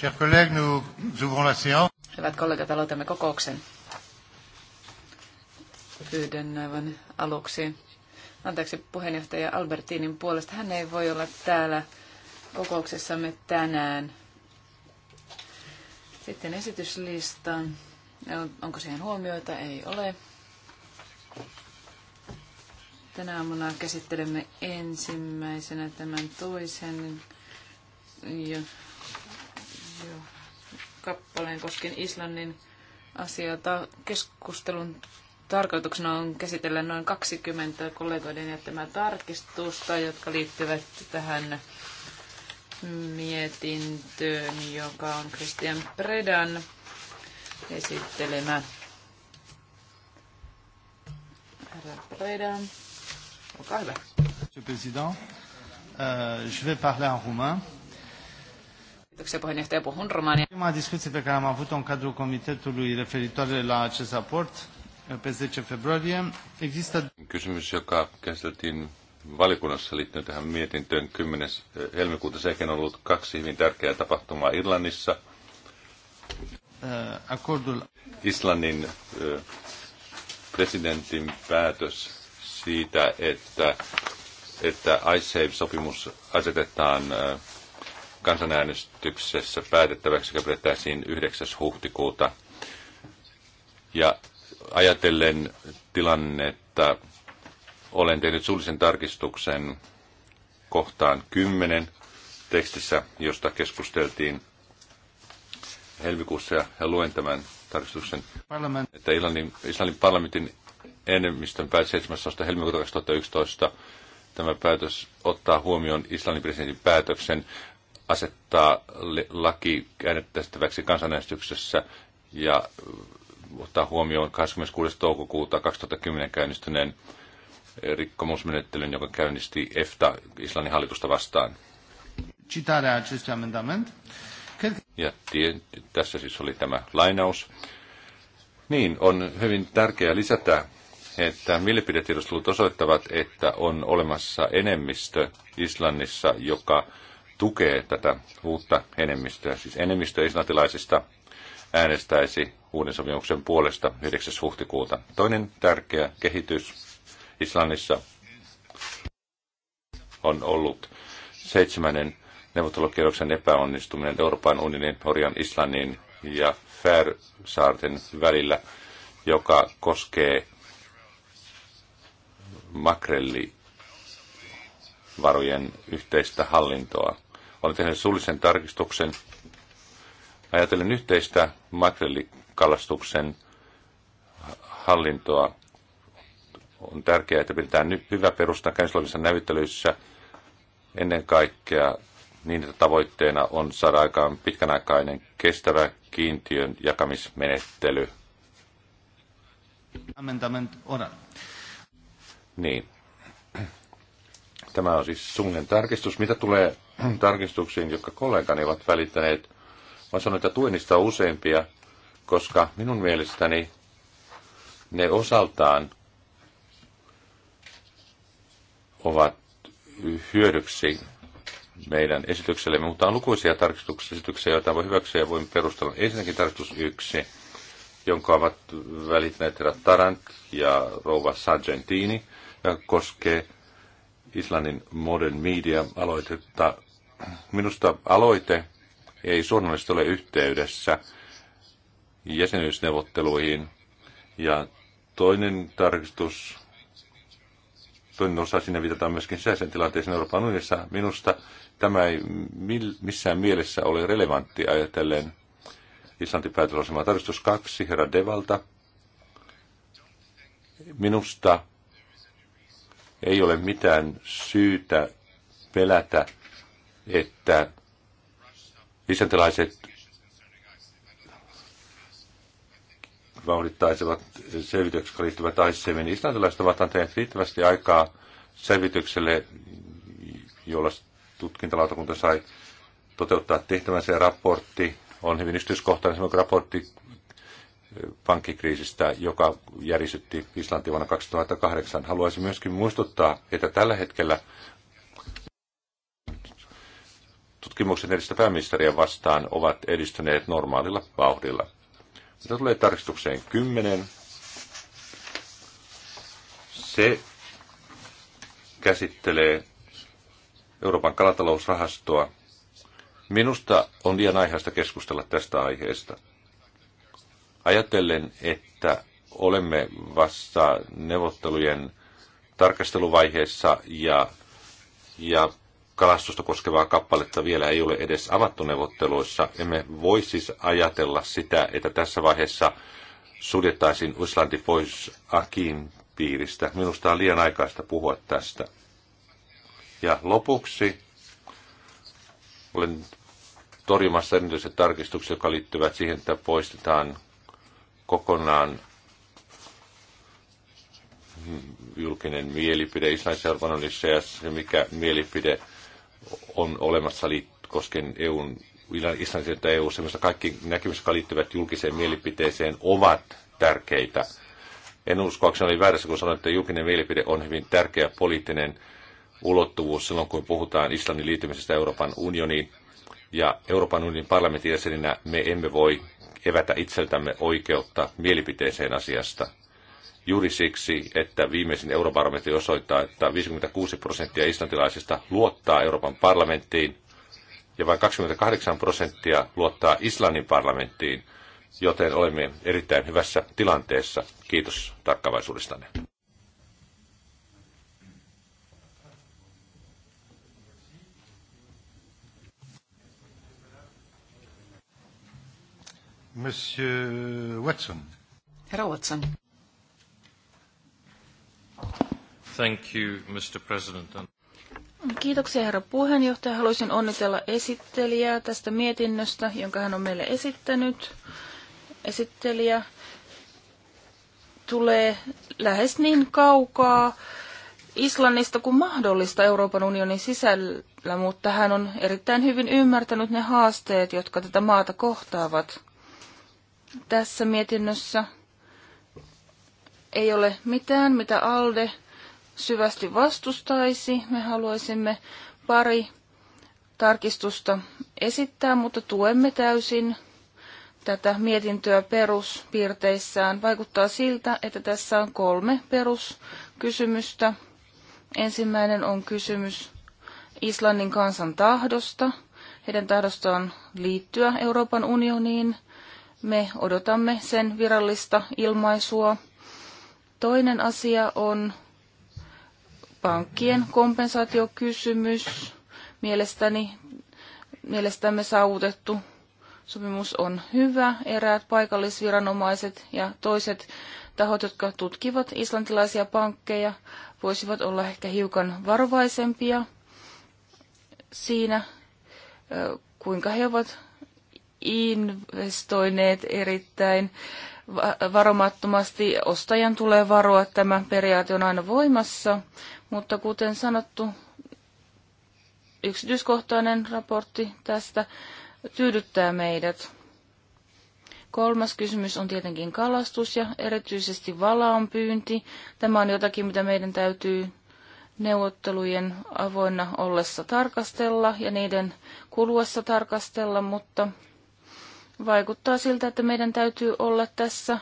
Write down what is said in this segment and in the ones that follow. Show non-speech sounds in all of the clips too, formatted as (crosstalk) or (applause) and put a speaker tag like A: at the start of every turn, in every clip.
A: Chers collègues, nous ouvrons la séance.
B: Hyvät kollegat, aloitamme kokouksen. Pyydän aivan aluksi anteeksi puheenjohtaja Albertinin puolesta. Hän ei voi olla täällä kokouksessamme tänään. Sitten esityslista. Onko siihen huomioita? Ei ole. Tänä aamuna käsittelemme ensimmäisenä tämän toisen kappaleen koskien Islannin asioita. Keskustelun tarkoituksena on käsitellä noin 20 kollegoiden jättämää tarkistusta, jotka liittyvät tähän mietintöön, joka on Christian Predan
A: esittelemä.
C: Herra
B: Predan,
A: olkaa hyvä. Monsieur le Président, euh, je vais parler en roumain. Kiitoksia puheenjohtaja. Puhun Prima discuție pe care am avut-o în cadrul comitetului referitoare la acest raport pe 10 februarie. Există...
D: Kysymys, joka käsiteltiin valikunnassa liittyen tähän mietintöön 10. Eh, helmikuuta. Sekin on ollut kaksi hyvin tärkeää tapahtumaa Irlannissa.
A: Eh, Akordul...
D: Islannin eh, presidentin päätös siitä, että, että ISAVE-sopimus asetetaan kansanäänestyksessä päätettäväksi, joka pidettäisiin 9. huhtikuuta. Ja ajatellen tilannetta, olen tehnyt suullisen tarkistuksen kohtaan 10 tekstissä, josta keskusteltiin helmikuussa ja luen tämän tarkistuksen, Parlament. että Islannin, Islannin parlamentin enemmistön päätös 17. helmikuuta 2011 tämä päätös ottaa huomioon Islannin presidentin päätöksen asettaa laki käännettäväksi kansanäänestyksessä ja ottaa huomioon 26. toukokuuta 2010 käynnistyneen rikkomusmenettelyn, joka käynnisti EFTA Islannin hallitusta vastaan. Ja tie, tässä siis oli tämä lainaus. Niin, on hyvin tärkeää lisätä, että mielipidetiedostelut osoittavat, että on olemassa enemmistö Islannissa, joka tukee tätä uutta enemmistöä, siis enemmistö islantilaisista äänestäisi uuden sopimuksen puolesta 9. huhtikuuta. Toinen tärkeä kehitys Islannissa on ollut seitsemännen neuvottelukierroksen epäonnistuminen Euroopan unionin, Norjan, Islannin ja Färsaarten välillä, joka koskee makrellivarojen yhteistä hallintoa. Olen tehnyt suullisen tarkistuksen. Ajatellen yhteistä makrellikalastuksen hallintoa on tärkeää, että pidetään nyt hyvä perusta käynnissä näyttelyissä ennen kaikkea niin, että tavoitteena on saada aikaan pitkänaikainen kestävä kiintiön jakamismenettely.
A: Amendament oral.
D: Niin. Tämä on siis Sungen tarkistus. Mitä tulee (clears throat) tarkistuksiin, jotka kollegani ovat välittäneet. Mä sanon, että tuenista on useampia, koska minun mielestäni ne osaltaan ovat hyödyksi meidän esityksellemme, mutta on lukuisia tarkistuksia, joita voi hyväksyä ja voimme perustella. Ensinnäkin tarkistus yksi, jonka ovat välittäneet herra Tarant ja rouva Sargentini, ja koskee Islannin Modern Media-aloitetta Minusta aloite ei suunnallisesti ole yhteydessä jäsenyysneuvotteluihin. Ja toinen tarkistus, toinen osa sinne viitataan myöskin sisäisen tilanteeseen Euroopan unionissa. Minusta tämä ei missään mielessä ole relevantti ajatellen Islantin päätösosemaa. Tarkistus kaksi, herra Devalta. Minusta ei ole mitään syytä pelätä että islantilaiset vauhdittaisivat selvityksiä jotka liittyvät ICEMin. Islantilaiset ovat antaneet riittävästi aikaa selvitykselle, jolla tutkintalautakunta sai toteuttaa tehtävänsä raportti on hyvin yksityiskohtainen semmoinen raportti eh, pankkikriisistä, joka järisytti Islanti vuonna 2008. Haluaisin myöskin muistuttaa, että tällä hetkellä tutkimuksen edistä pääministeriä vastaan ovat edistyneet normaalilla vauhdilla. Mitä tulee tarkistukseen 10, se käsittelee Euroopan kalatalousrahastoa. Minusta on liian aiheesta keskustella tästä aiheesta. Ajatellen, että olemme vasta neuvottelujen tarkasteluvaiheessa ja, ja kalastusta koskevaa kappaletta vielä ei ole edes avattu neuvotteluissa. Emme voi siis ajatella sitä, että tässä vaiheessa suljettaisiin Islanti pois Akin piiristä. Minusta on liian aikaista puhua tästä. Ja lopuksi olen torjumassa erityiset tarkistukset, jotka liittyvät siihen, että poistetaan kokonaan julkinen mielipide Islannissa ja se mikä mielipide on olemassa koskien EUn Islannin EU, semmoista kaikki näkemykset, jotka liittyvät julkiseen mielipiteeseen, ovat tärkeitä. En se oli väärässä, kun sanoin, että julkinen mielipide on hyvin tärkeä poliittinen ulottuvuus silloin, kun puhutaan Islannin liittymisestä Euroopan unioniin. Ja Euroopan unionin parlamentin jäseninä me emme voi evätä itseltämme oikeutta mielipiteeseen asiasta juuri siksi, että viimeisin eurobarometri osoittaa, että 56 prosenttia islantilaisista luottaa Euroopan parlamenttiin ja vain 28 prosenttia luottaa Islannin parlamenttiin, joten olemme erittäin hyvässä tilanteessa. Kiitos tarkkavaisuudestanne.
A: Monsieur Watson. Herra Watson. Thank you, Mr. President.
C: Kiitoksia herra puheenjohtaja. Haluaisin onnitella esittelijää tästä mietinnöstä, jonka hän on meille esittänyt. Esittelijä tulee lähes niin kaukaa Islannista kuin mahdollista Euroopan unionin sisällä, mutta hän on erittäin hyvin ymmärtänyt ne haasteet, jotka tätä maata kohtaavat. Tässä mietinnössä ei ole mitään, mitä ALDE syvästi vastustaisi. Me haluaisimme pari tarkistusta esittää, mutta tuemme täysin tätä mietintöä peruspiirteissään. Vaikuttaa siltä, että tässä on kolme peruskysymystä. Ensimmäinen on kysymys Islannin kansan tahdosta, heidän tahdostaan liittyä Euroopan unioniin. Me odotamme sen virallista ilmaisua. Toinen asia on pankkien kompensaatiokysymys. Mielestäni, mielestämme saavutettu sopimus on hyvä. Eräät paikallisviranomaiset ja toiset tahot, jotka tutkivat islantilaisia pankkeja, voisivat olla ehkä hiukan varovaisempia siinä, kuinka he ovat investoineet erittäin varomattomasti. Ostajan tulee varoa, tämä periaate on aina voimassa, mutta kuten sanottu, yksityiskohtainen raportti tästä tyydyttää meidät. Kolmas kysymys on tietenkin kalastus ja erityisesti pyynti. Tämä on jotakin, mitä meidän täytyy neuvottelujen avoinna ollessa tarkastella ja niiden kuluessa tarkastella, mutta Vaikuttaa siltä, että meidän täytyy olla tässä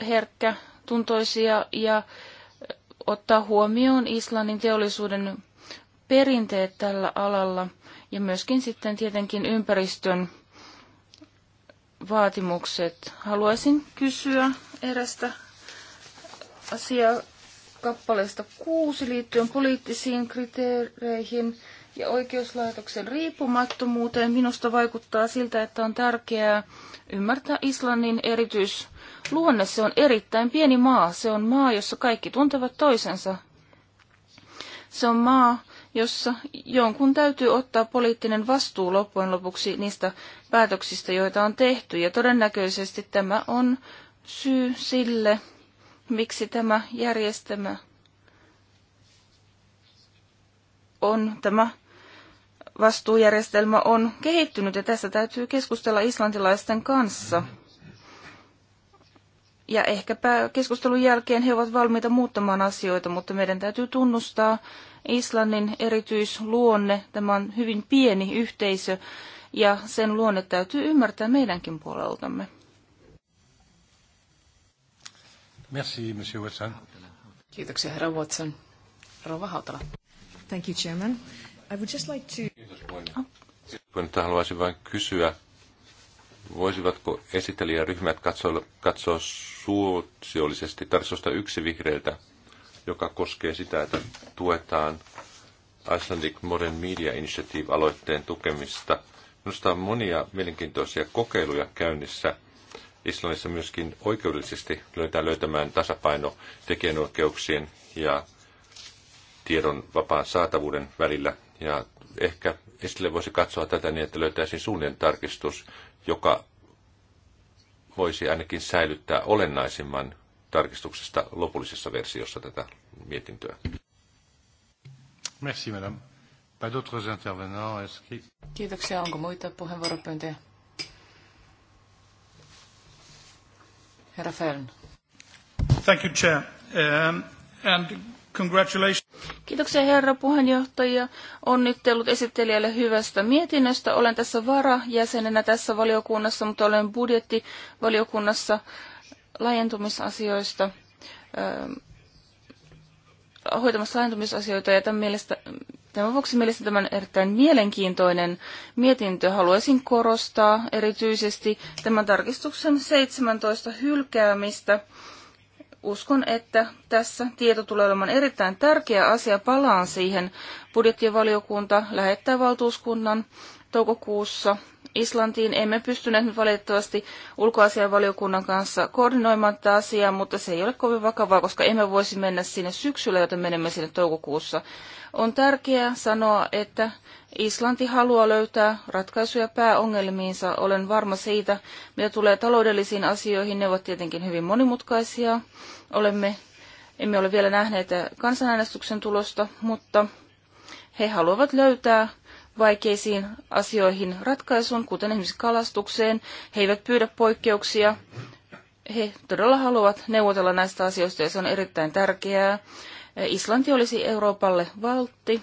C: herkkä tuntoisia ja ottaa huomioon Islannin teollisuuden perinteet tällä alalla ja myöskin sitten tietenkin ympäristön vaatimukset. Haluaisin kysyä erästä asiaa kuusi liittyen poliittisiin kriteereihin ja oikeuslaitoksen riippumattomuuteen. Minusta vaikuttaa siltä, että on tärkeää ymmärtää Islannin erityisluonne. Se on erittäin pieni maa. Se on maa, jossa kaikki tuntevat toisensa. Se on maa, jossa jonkun täytyy ottaa poliittinen vastuu loppujen lopuksi niistä päätöksistä, joita on tehty. Ja todennäköisesti tämä on syy sille, miksi tämä järjestelmä on tämä vastuujärjestelmä on kehittynyt ja tässä täytyy keskustella islantilaisten kanssa. Ja ehkäpä keskustelun jälkeen he ovat valmiita muuttamaan asioita, mutta meidän täytyy tunnustaa Islannin erityisluonne. Tämä on hyvin pieni yhteisö ja sen luonne täytyy ymmärtää meidänkin puoleltamme.
A: Merci, monsieur Watson.
B: Kiitoksia, herra Watson. Rova Hautala. Thank you, Chairman. I would just like
D: to... Kiitos Haluaisin vain kysyä, voisivatko esittelijäryhmät katsoa, katsoa suosiollisesti tarsosta yksi vihreiltä, joka koskee sitä, että tuetaan Icelandic Modern Media Initiative-aloitteen tukemista. Minusta on monia mielenkiintoisia kokeiluja käynnissä. Islannissa myöskin oikeudellisesti löytää löytämään tasapaino tekijänoikeuksien ja tiedon vapaan saatavuuden välillä. Ja ehkä esille voisi katsoa tätä niin, että löytäisiin suunnilleen tarkistus, joka voisi ainakin säilyttää olennaisimman tarkistuksesta lopullisessa versiossa tätä mietintöä.
A: Merci, madame. Pas d'autres intervenants inscrits.
B: Kiitoksia. Onko muita puheenvuoropyyntöjä? Herra Fern.
A: Thank you, Chair. Um, and congratulations.
C: Kiitoksia herra puheenjohtaja. Onnittelut esittelijälle hyvästä mietinnöstä. Olen tässä varajäsenenä tässä valiokunnassa, mutta olen budjettivaliokunnassa laajentumisasioista ähm, hoitamassa laajentumisasioita ja tämän, mielestä, tämän vuoksi mielestäni tämä on erittäin mielenkiintoinen mietintö. Haluaisin korostaa erityisesti tämän tarkistuksen 17 hylkäämistä uskon, että tässä tieto tulee olemaan erittäin tärkeä asia. Palaan siihen. Budjettivaliokunta lähettää valtuuskunnan toukokuussa Islantiin. Emme pystyneet nyt valitettavasti ulkoasianvaliokunnan kanssa koordinoimaan tätä asiaa, mutta se ei ole kovin vakavaa, koska emme voisi mennä sinne syksyllä, joten menemme sinne toukokuussa. On tärkeää sanoa, että Islanti haluaa löytää ratkaisuja pääongelmiinsa. Olen varma siitä, mitä tulee taloudellisiin asioihin. Ne ovat tietenkin hyvin monimutkaisia. Olemme, emme ole vielä nähneet kansanäänestyksen tulosta, mutta he haluavat löytää vaikeisiin asioihin ratkaisun, kuten esimerkiksi kalastukseen. He eivät pyydä poikkeuksia. He todella haluavat neuvotella näistä asioista ja se on erittäin tärkeää. Islanti olisi Euroopalle valtti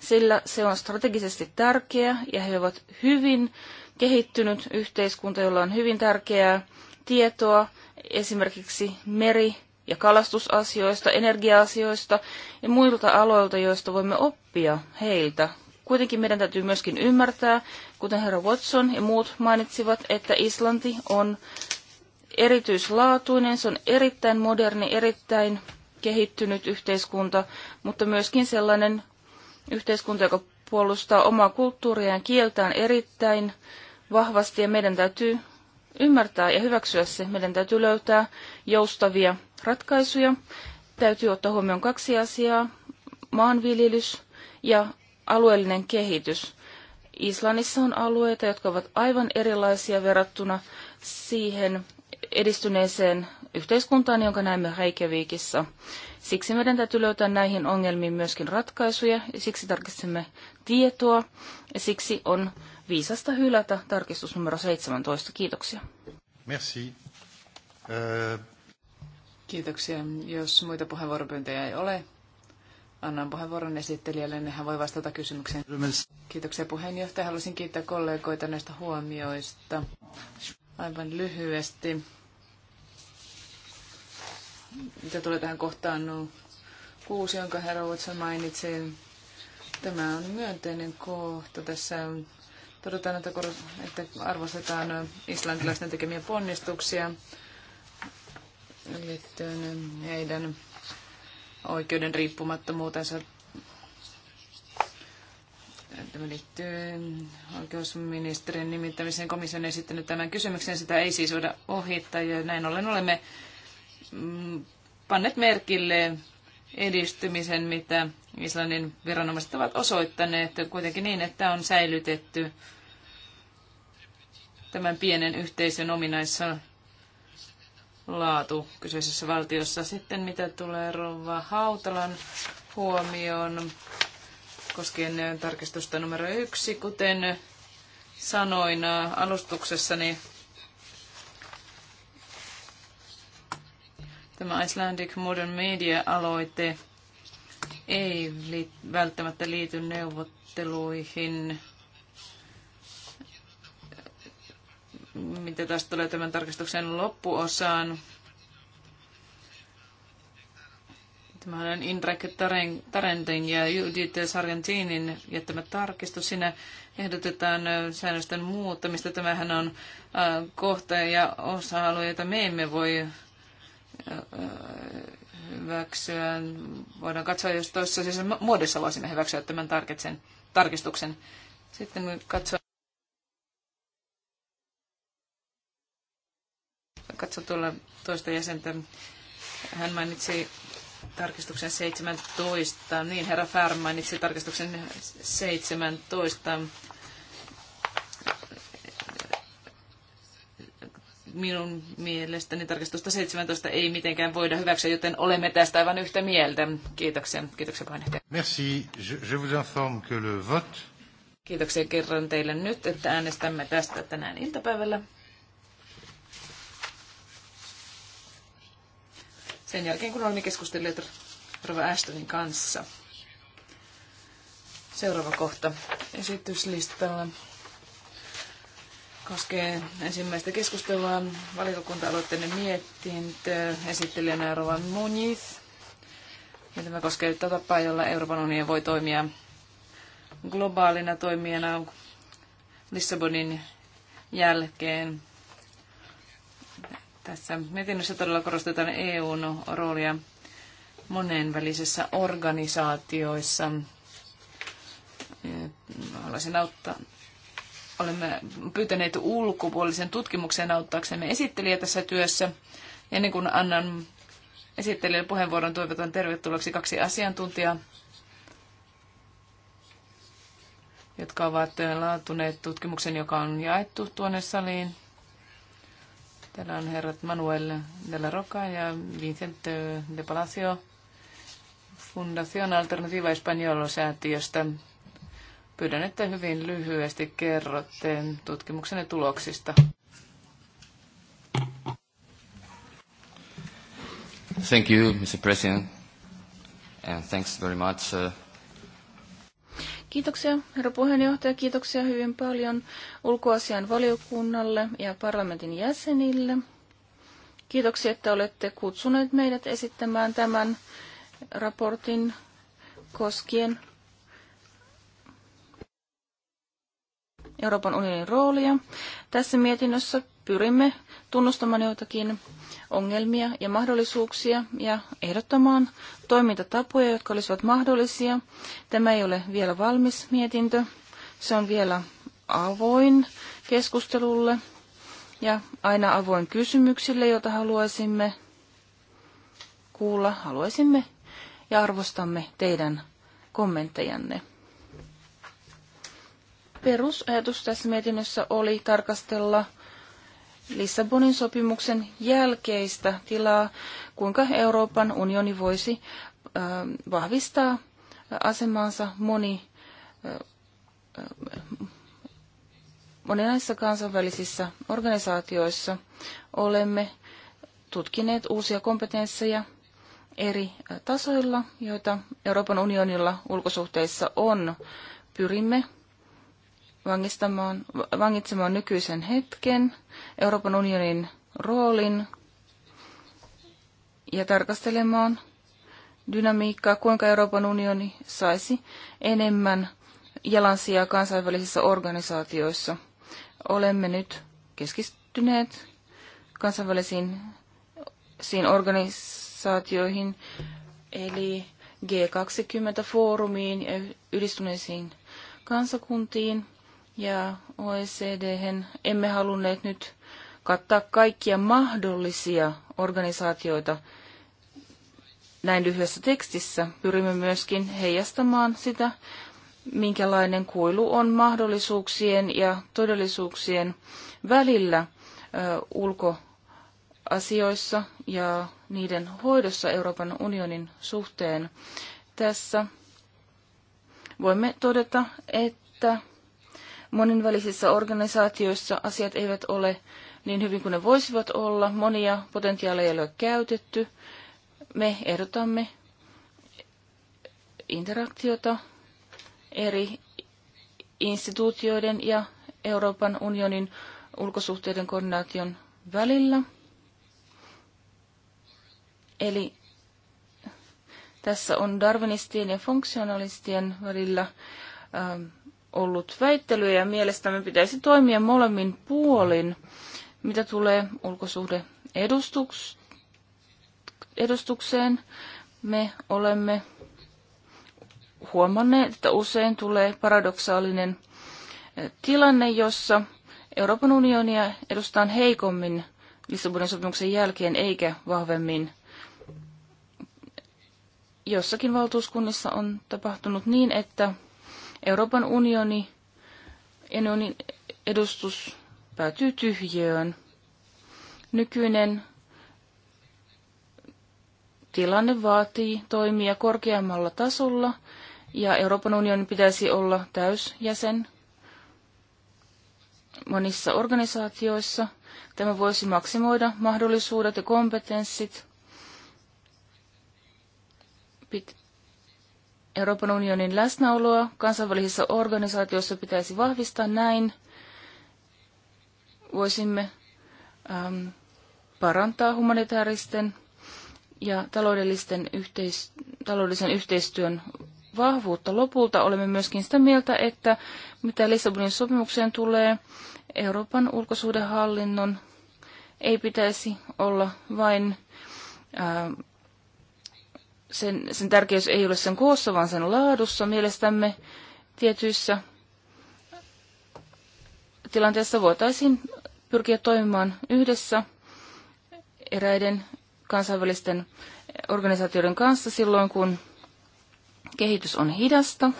C: sillä se on strategisesti tärkeä ja he ovat hyvin kehittynyt yhteiskunta, jolla on hyvin tärkeää tietoa esimerkiksi meri- ja kalastusasioista, energia-asioista ja muilta aloilta, joista voimme oppia heiltä. Kuitenkin meidän täytyy myöskin ymmärtää, kuten herra Watson ja muut mainitsivat, että Islanti on erityislaatuinen, se on erittäin moderni, erittäin kehittynyt yhteiskunta, mutta myöskin sellainen yhteiskunta, joka puolustaa omaa kulttuuriaan ja kieltään erittäin vahvasti ja meidän täytyy ymmärtää ja hyväksyä se. Meidän täytyy löytää joustavia ratkaisuja. Täytyy ottaa huomioon kaksi asiaa, maanviljelys ja alueellinen kehitys. Islannissa on alueita, jotka ovat aivan erilaisia verrattuna siihen edistyneeseen yhteiskuntaan, jonka näemme Reikeviikissä. Siksi meidän täytyy löytää näihin ongelmiin myöskin ratkaisuja, ja siksi tarkistamme tietoa, ja siksi on viisasta hylätä tarkistus numero 17. Kiitoksia.
A: Merci. Äh.
C: Kiitoksia. Jos muita
B: puheenvuoropyyntöjä ei ole, annan puheenvuoron esittelijälle, niin hän voi vastata kysymykseen. Kiitoksia puheenjohtaja. Haluaisin kiittää kollegoita näistä huomioista. Aivan lyhyesti mitä tulee tähän kohtaan no, kuusi, jonka herra Watson mainitsi, tämä on myönteinen kohta. Tässä todetaan, että, että arvostetaan islantilaisten tekemiä ponnistuksia liittyen heidän oikeuden riippumattomuutensa. Tämä liittyy oikeusministerin nimittämiseen. Komission esittänyt tämän kysymyksen. Sitä ei siis voida ohittaa ja näin ollen olemme Mm, panneet merkille edistymisen, mitä Islannin viranomaiset ovat osoittaneet, kuitenkin niin, että on säilytetty tämän pienen yhteisön ominaissa laatu kyseisessä valtiossa. Sitten mitä tulee Rova Hautalan huomioon koskien tarkistusta numero yksi, kuten sanoin alustuksessani, Tämä Icelandic Modern Media-aloite ei li- välttämättä liity neuvotteluihin, mitä tästä tulee tämän tarkistuksen loppuosaan. Tämä on Indrek Tarentin ja Judith Sargentinin jättämä tarkistus. Siinä ehdotetaan säännösten muuttamista. Tämähän on kohta ja osa-alue, jota me emme voi hyväksyä. Voidaan katsoa, jos toisessa siis muodossa voisimme hyväksyä tämän tarkistuksen. Sitten katsoa. Katso tuolla toista jäsentä. Hän mainitsi tarkistuksen 17. Niin, herra Färm mainitsi tarkistuksen 17. minun mielestäni tarkistusta 17 ei mitenkään voida hyväksyä, joten olemme tästä aivan yhtä mieltä. Kiitoksia. Kiitoksia puheenjohtaja.
A: Merci. Je, je vous informe que le vote...
B: Kiitoksia kerran teille nyt, että äänestämme tästä tänään iltapäivällä. Sen jälkeen, kun olemme keskustelleet Rova Ashtonin kanssa. Seuraava kohta esityslistalla koskee ensimmäistä keskustelua valiokunta-aloitteinen mietintö esittelijänä Rovan Muniz. Ja tämä koskee tapaa, jolla Euroopan unioni voi toimia globaalina toimijana Lissabonin jälkeen. Tässä mietinnössä todella korostetaan EUn roolia monenvälisissä organisaatioissa. Haluaisin auttaa, olemme pyytäneet ulkopuolisen tutkimuksen auttaaksemme esittelijä tässä työssä. Ennen niin kuin annan esittelijälle puheenvuoron, toivotan tervetulleeksi kaksi asiantuntijaa, jotka ovat laatuneet tutkimuksen, joka on jaettu tuonne saliin. Täällä on herrat Manuel de la Roca ja Vincent de Palacio Fundación Alternativa Española säätiöstä Pyydän, että hyvin lyhyesti kerrotte tutkimuksenne tuloksista. Thank you, Mr. President,
E: and thanks very much. Uh...
C: Kiitoksia, herra puheenjohtaja. Kiitoksia hyvin paljon ulkoasian valiokunnalle ja parlamentin jäsenille. Kiitoksia, että olette kutsuneet meidät esittämään tämän raportin koskien Euroopan unionin roolia. Tässä mietinnössä pyrimme tunnustamaan joitakin ongelmia ja mahdollisuuksia ja ehdottamaan toimintatapoja, jotka olisivat mahdollisia. Tämä ei ole vielä valmis mietintö. Se on vielä avoin keskustelulle ja aina avoin kysymyksille, joita haluaisimme kuulla. Haluaisimme ja arvostamme teidän kommenttejanne perusajatus tässä mietinnössä oli tarkastella Lissabonin sopimuksen jälkeistä tilaa, kuinka Euroopan unioni voisi vahvistaa asemaansa moni, moninaisissa kansainvälisissä organisaatioissa. Olemme tutkineet uusia kompetensseja eri tasoilla, joita Euroopan unionilla ulkosuhteissa on. Pyrimme vangitsemaan nykyisen hetken, Euroopan unionin roolin ja tarkastelemaan dynamiikkaa, kuinka Euroopan unioni saisi enemmän jalansijaa kansainvälisissä organisaatioissa. Olemme nyt keskittyneet kansainvälisiin siin organisaatioihin, eli G20-foorumiin ja yhdistyneisiin kansakuntiin ja oecd emme halunneet nyt kattaa kaikkia mahdollisia organisaatioita näin lyhyessä tekstissä. Pyrimme myöskin heijastamaan sitä, minkälainen kuilu on mahdollisuuksien ja todellisuuksien välillä ulkoasioissa ja niiden hoidossa Euroopan unionin suhteen. Tässä voimme todeta, että Monenvälisissä organisaatioissa asiat eivät ole niin hyvin kuin ne voisivat olla. Monia potentiaaleja ei ole käytetty. Me ehdotamme interaktiota eri instituutioiden ja Euroopan unionin ulkosuhteiden koordinaation välillä. Eli tässä on darwinistien ja funktionalistien välillä ähm, ollut väittelyä ja mielestämme pitäisi toimia molemmin puolin, mitä tulee ulkosuhde edustukseen. Me olemme huomanneet, että usein tulee paradoksaalinen eh, tilanne, jossa Euroopan unionia edustaan heikommin Lissabonin sopimuksen jälkeen eikä vahvemmin. Jossakin valtuuskunnissa on tapahtunut niin, että Euroopan unioni, unionin edustus päätyy tyhjöön. Nykyinen tilanne vaatii toimia korkeammalla tasolla ja Euroopan unionin pitäisi olla täysjäsen monissa organisaatioissa. Tämä voisi maksimoida mahdollisuudet ja kompetenssit pit- Euroopan unionin läsnäoloa kansainvälisissä organisaatioissa pitäisi vahvistaa näin. Voisimme ähm, parantaa humanitaaristen ja taloudellisten yhteis- taloudellisen yhteistyön vahvuutta. Lopulta olemme myöskin sitä mieltä, että mitä Lissabonin sopimukseen tulee, Euroopan ulkosuhdehallinnon ei pitäisi olla vain äh, sen, sen tärkeys ei ole sen koossa, vaan sen laadussa. Mielestämme tietyissä tilanteissa voitaisiin pyrkiä toimimaan yhdessä eräiden kansainvälisten organisaatioiden kanssa silloin, kun kehitys on hidasta.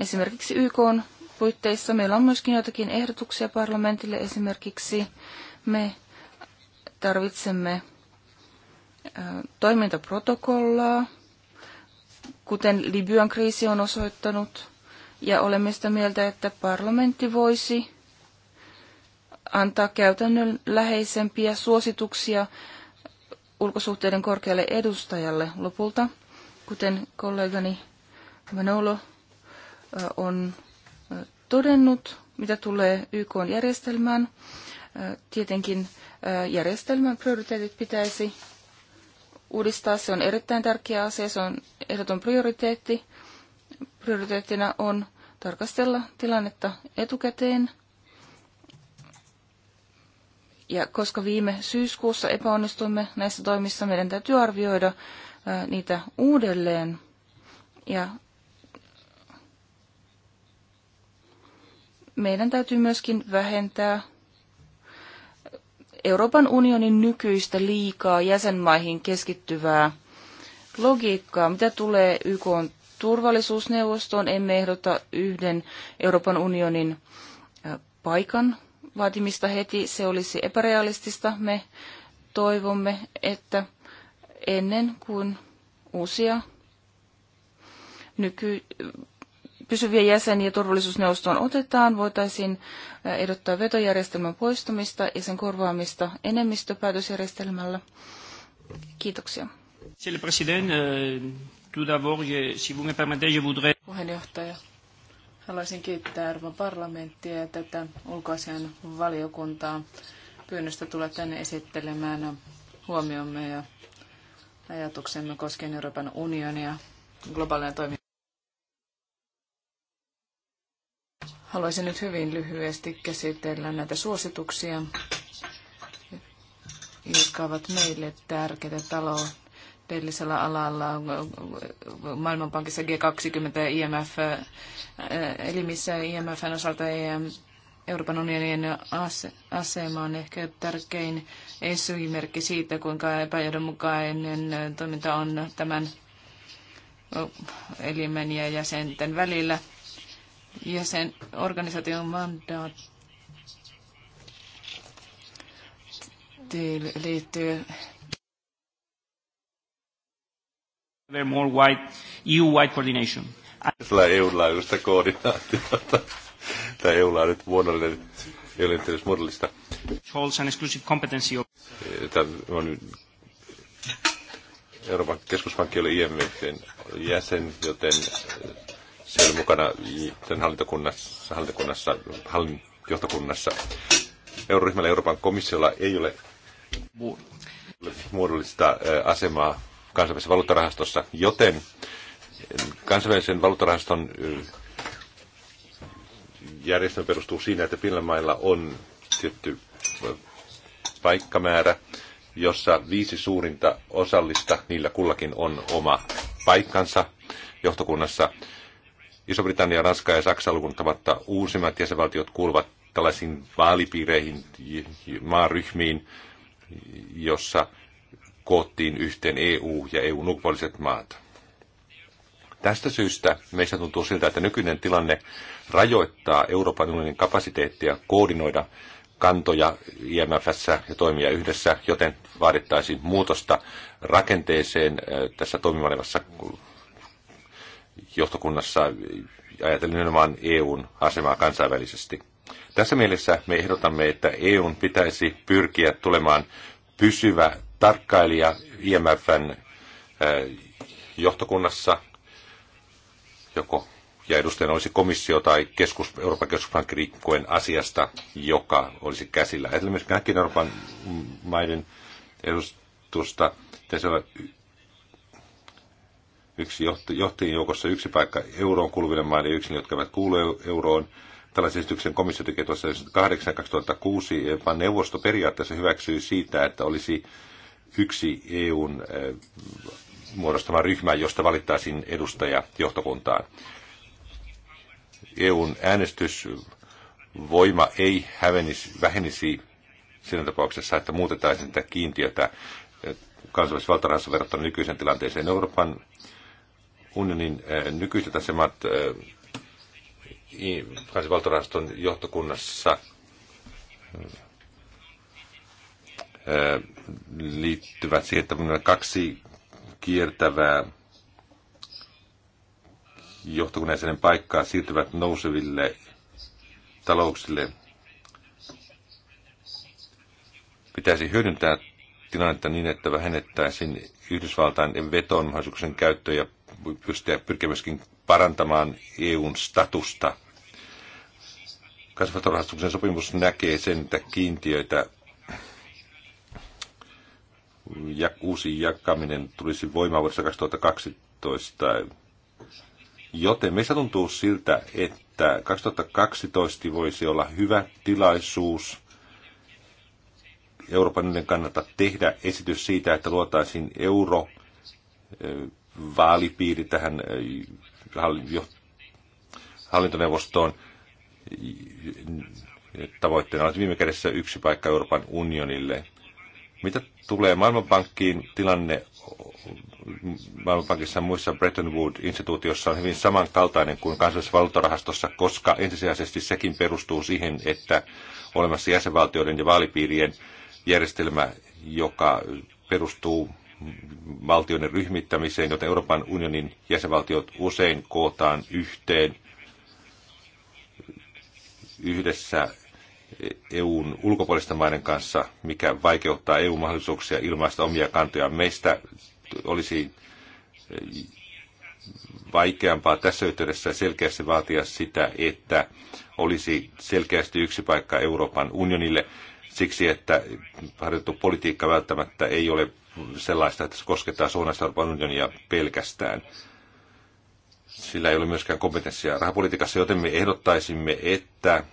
C: Esimerkiksi YK on puitteissa meillä on myöskin joitakin ehdotuksia parlamentille. Esimerkiksi me tarvitsemme toimintaprotokollaa, kuten Libyan kriisi on osoittanut, ja olemme sitä mieltä, että parlamentti voisi antaa käytännön läheisempiä suosituksia ulkosuhteiden korkealle edustajalle lopulta, kuten kollegani Manolo on todennut, mitä tulee YK-järjestelmään. Tietenkin järjestelmän prioriteetit pitäisi uudistaa. Se on erittäin tärkeä asia, se on ehdoton prioriteetti. Prioriteettina on tarkastella tilannetta etukäteen. Ja koska viime syyskuussa epäonnistuimme näissä toimissa, meidän täytyy arvioida niitä uudelleen. Ja meidän täytyy myöskin vähentää Euroopan unionin nykyistä liikaa jäsenmaihin keskittyvää logiikkaa. Mitä tulee YK turvallisuusneuvostoon, emme ehdota yhden Euroopan unionin paikan vaatimista heti. Se olisi epärealistista. Me toivomme, että ennen kuin uusia nyky- pysyviä jäseniä turvallisuusneuvostoon otetaan, voitaisiin ehdottaa vetojärjestelmän poistumista ja sen korvaamista enemmistöpäätösjärjestelmällä. Kiitoksia.
E: Monsieur le Président, euh, tout d'abord, si vous me permettez, je voudrais...
C: Puheenjohtaja, haluaisin kiittää Euroopan
B: parlamenttia ja tätä ulkoasian valiokuntaa pyynnöstä tulla tänne esittelemään huomiomme ja ajatuksemme koskien Euroopan unionia globaaleja toimintaa. Haluaisin nyt hyvin lyhyesti käsitellä näitä suosituksia, jotka ovat meille tärkeitä taloudellisella alalla Maailmanpankissa G20 ja IMF, elimissä IMFn osalta ei Euroopan unionin asema on ehkä tärkein esimerkki siitä, kuinka epäjohdonmukainen toiminta on tämän elimen ja jäsenten välillä – ja sen organisaation mandaatti liittyy
D: more wide, EU-wide coordination. Tällä EU-laajuista koordinaatiota. Tämä EU on nyt muodollinen, ei ole edes
E: Holds an exclusive competency of...
D: Tämä on Euroopan keskuspankki oli IMFn jäsen, joten se oli mukana sen hallintokunnassa, hallintokunnassa hallintokunnassa. Euroryhmällä Euroopan komissiolla ei ole muodollista asemaa kansainvälisessä valuuttarahastossa, joten kansainvälisen valuuttarahaston järjestelmä perustuu siinä, että Finlandmailla on tietty paikkamäärä, jossa viisi suurinta osallista, niillä kullakin on oma paikkansa johtokunnassa. Iso-Britannia, Ranska ja Saksa lukuntamatta uusimmat jäsenvaltiot kuuluvat tällaisiin vaalipiireihin, maaryhmiin, jossa koottiin yhteen EU ja EUn ulkopuoliset maat. Tästä syystä meistä tuntuu siltä, että nykyinen tilanne rajoittaa Euroopan unionin kapasiteettia koordinoida kantoja IMFssä ja toimia yhdessä, joten vaadittaisiin muutosta rakenteeseen äh, tässä toimivalevassa johtokunnassa ajatellen nimenomaan EUn asemaa kansainvälisesti. Tässä mielessä me ehdotamme, että EUn pitäisi pyrkiä tulemaan pysyvä tarkkailija IMFn äh, johtokunnassa, joko ja edustajana olisi komissio tai keskus, Euroopan keskuspankki riippuen asiasta, joka olisi käsillä. Esimerkiksi kaikkien Euroopan maiden edustusta pitäisi olla yksi johtajien joukossa yksi paikka euroon kuuluville maille ja yksi, ne, jotka eivät kuulu euroon. Tällaisen esityksen komissio teki tuossa 2008-2006, vaan neuvosto periaatteessa hyväksyi siitä, että olisi yksi EUn eh, muodostama ryhmä, josta valittaisiin edustaja johtokuntaan. EUn äänestysvoima ei hävenisi, vähenisi siinä tapauksessa, että muutetaan sitä kiintiötä eh, kansallisvaltarahansa verrattuna nykyisen tilanteeseen. Euroopan unionin äh, nykyiset asemat kansanvaltoraston äh, johtokunnassa äh, liittyvät siihen, että on kaksi kiertävää johtokunnan paikkaa siirtyvät nouseville talouksille. Pitäisi hyödyntää tilannetta niin, että vähennettäisiin Yhdysvaltain veton mahdollisuuksien käyttöä ja pystyä pyrkiä myöskin parantamaan EUn statusta. Kasvatorahastuksen sopimus näkee sen, että kiintiöitä ja uusi jakaminen tulisi voimaan vuodessa 2012. Joten meistä tuntuu siltä, että 2012 voisi olla hyvä tilaisuus Euroopan unionin kannalta tehdä esitys siitä, että luotaisiin euro vaalipiiri tähän hallintoneuvostoon. Tavoitteena on viime kädessä yksi paikka Euroopan unionille. Mitä tulee Maailmanpankkiin, tilanne Maailmanpankissa ja muissa Bretton Woods-instituutiossa on hyvin samankaltainen kuin kansallisessa valuuttarahastossa, koska ensisijaisesti sekin perustuu siihen, että olemassa jäsenvaltioiden ja vaalipiirien järjestelmä, joka perustuu valtioiden ryhmittämiseen, joten Euroopan unionin jäsenvaltiot usein kootaan yhteen yhdessä EUn ulkopuolisten maiden kanssa, mikä vaikeuttaa EU-mahdollisuuksia ilmaista omia kantoja. Meistä olisi vaikeampaa tässä yhteydessä selkeästi vaatia sitä, että olisi selkeästi yksi paikka Euroopan unionille siksi, että harjoitettu politiikka välttämättä ei ole sellaista, että se koskettaa suunnasta Euroopan unionia pelkästään. Sillä ei ole myöskään kompetenssia rahapolitiikassa, joten me ehdottaisimme, että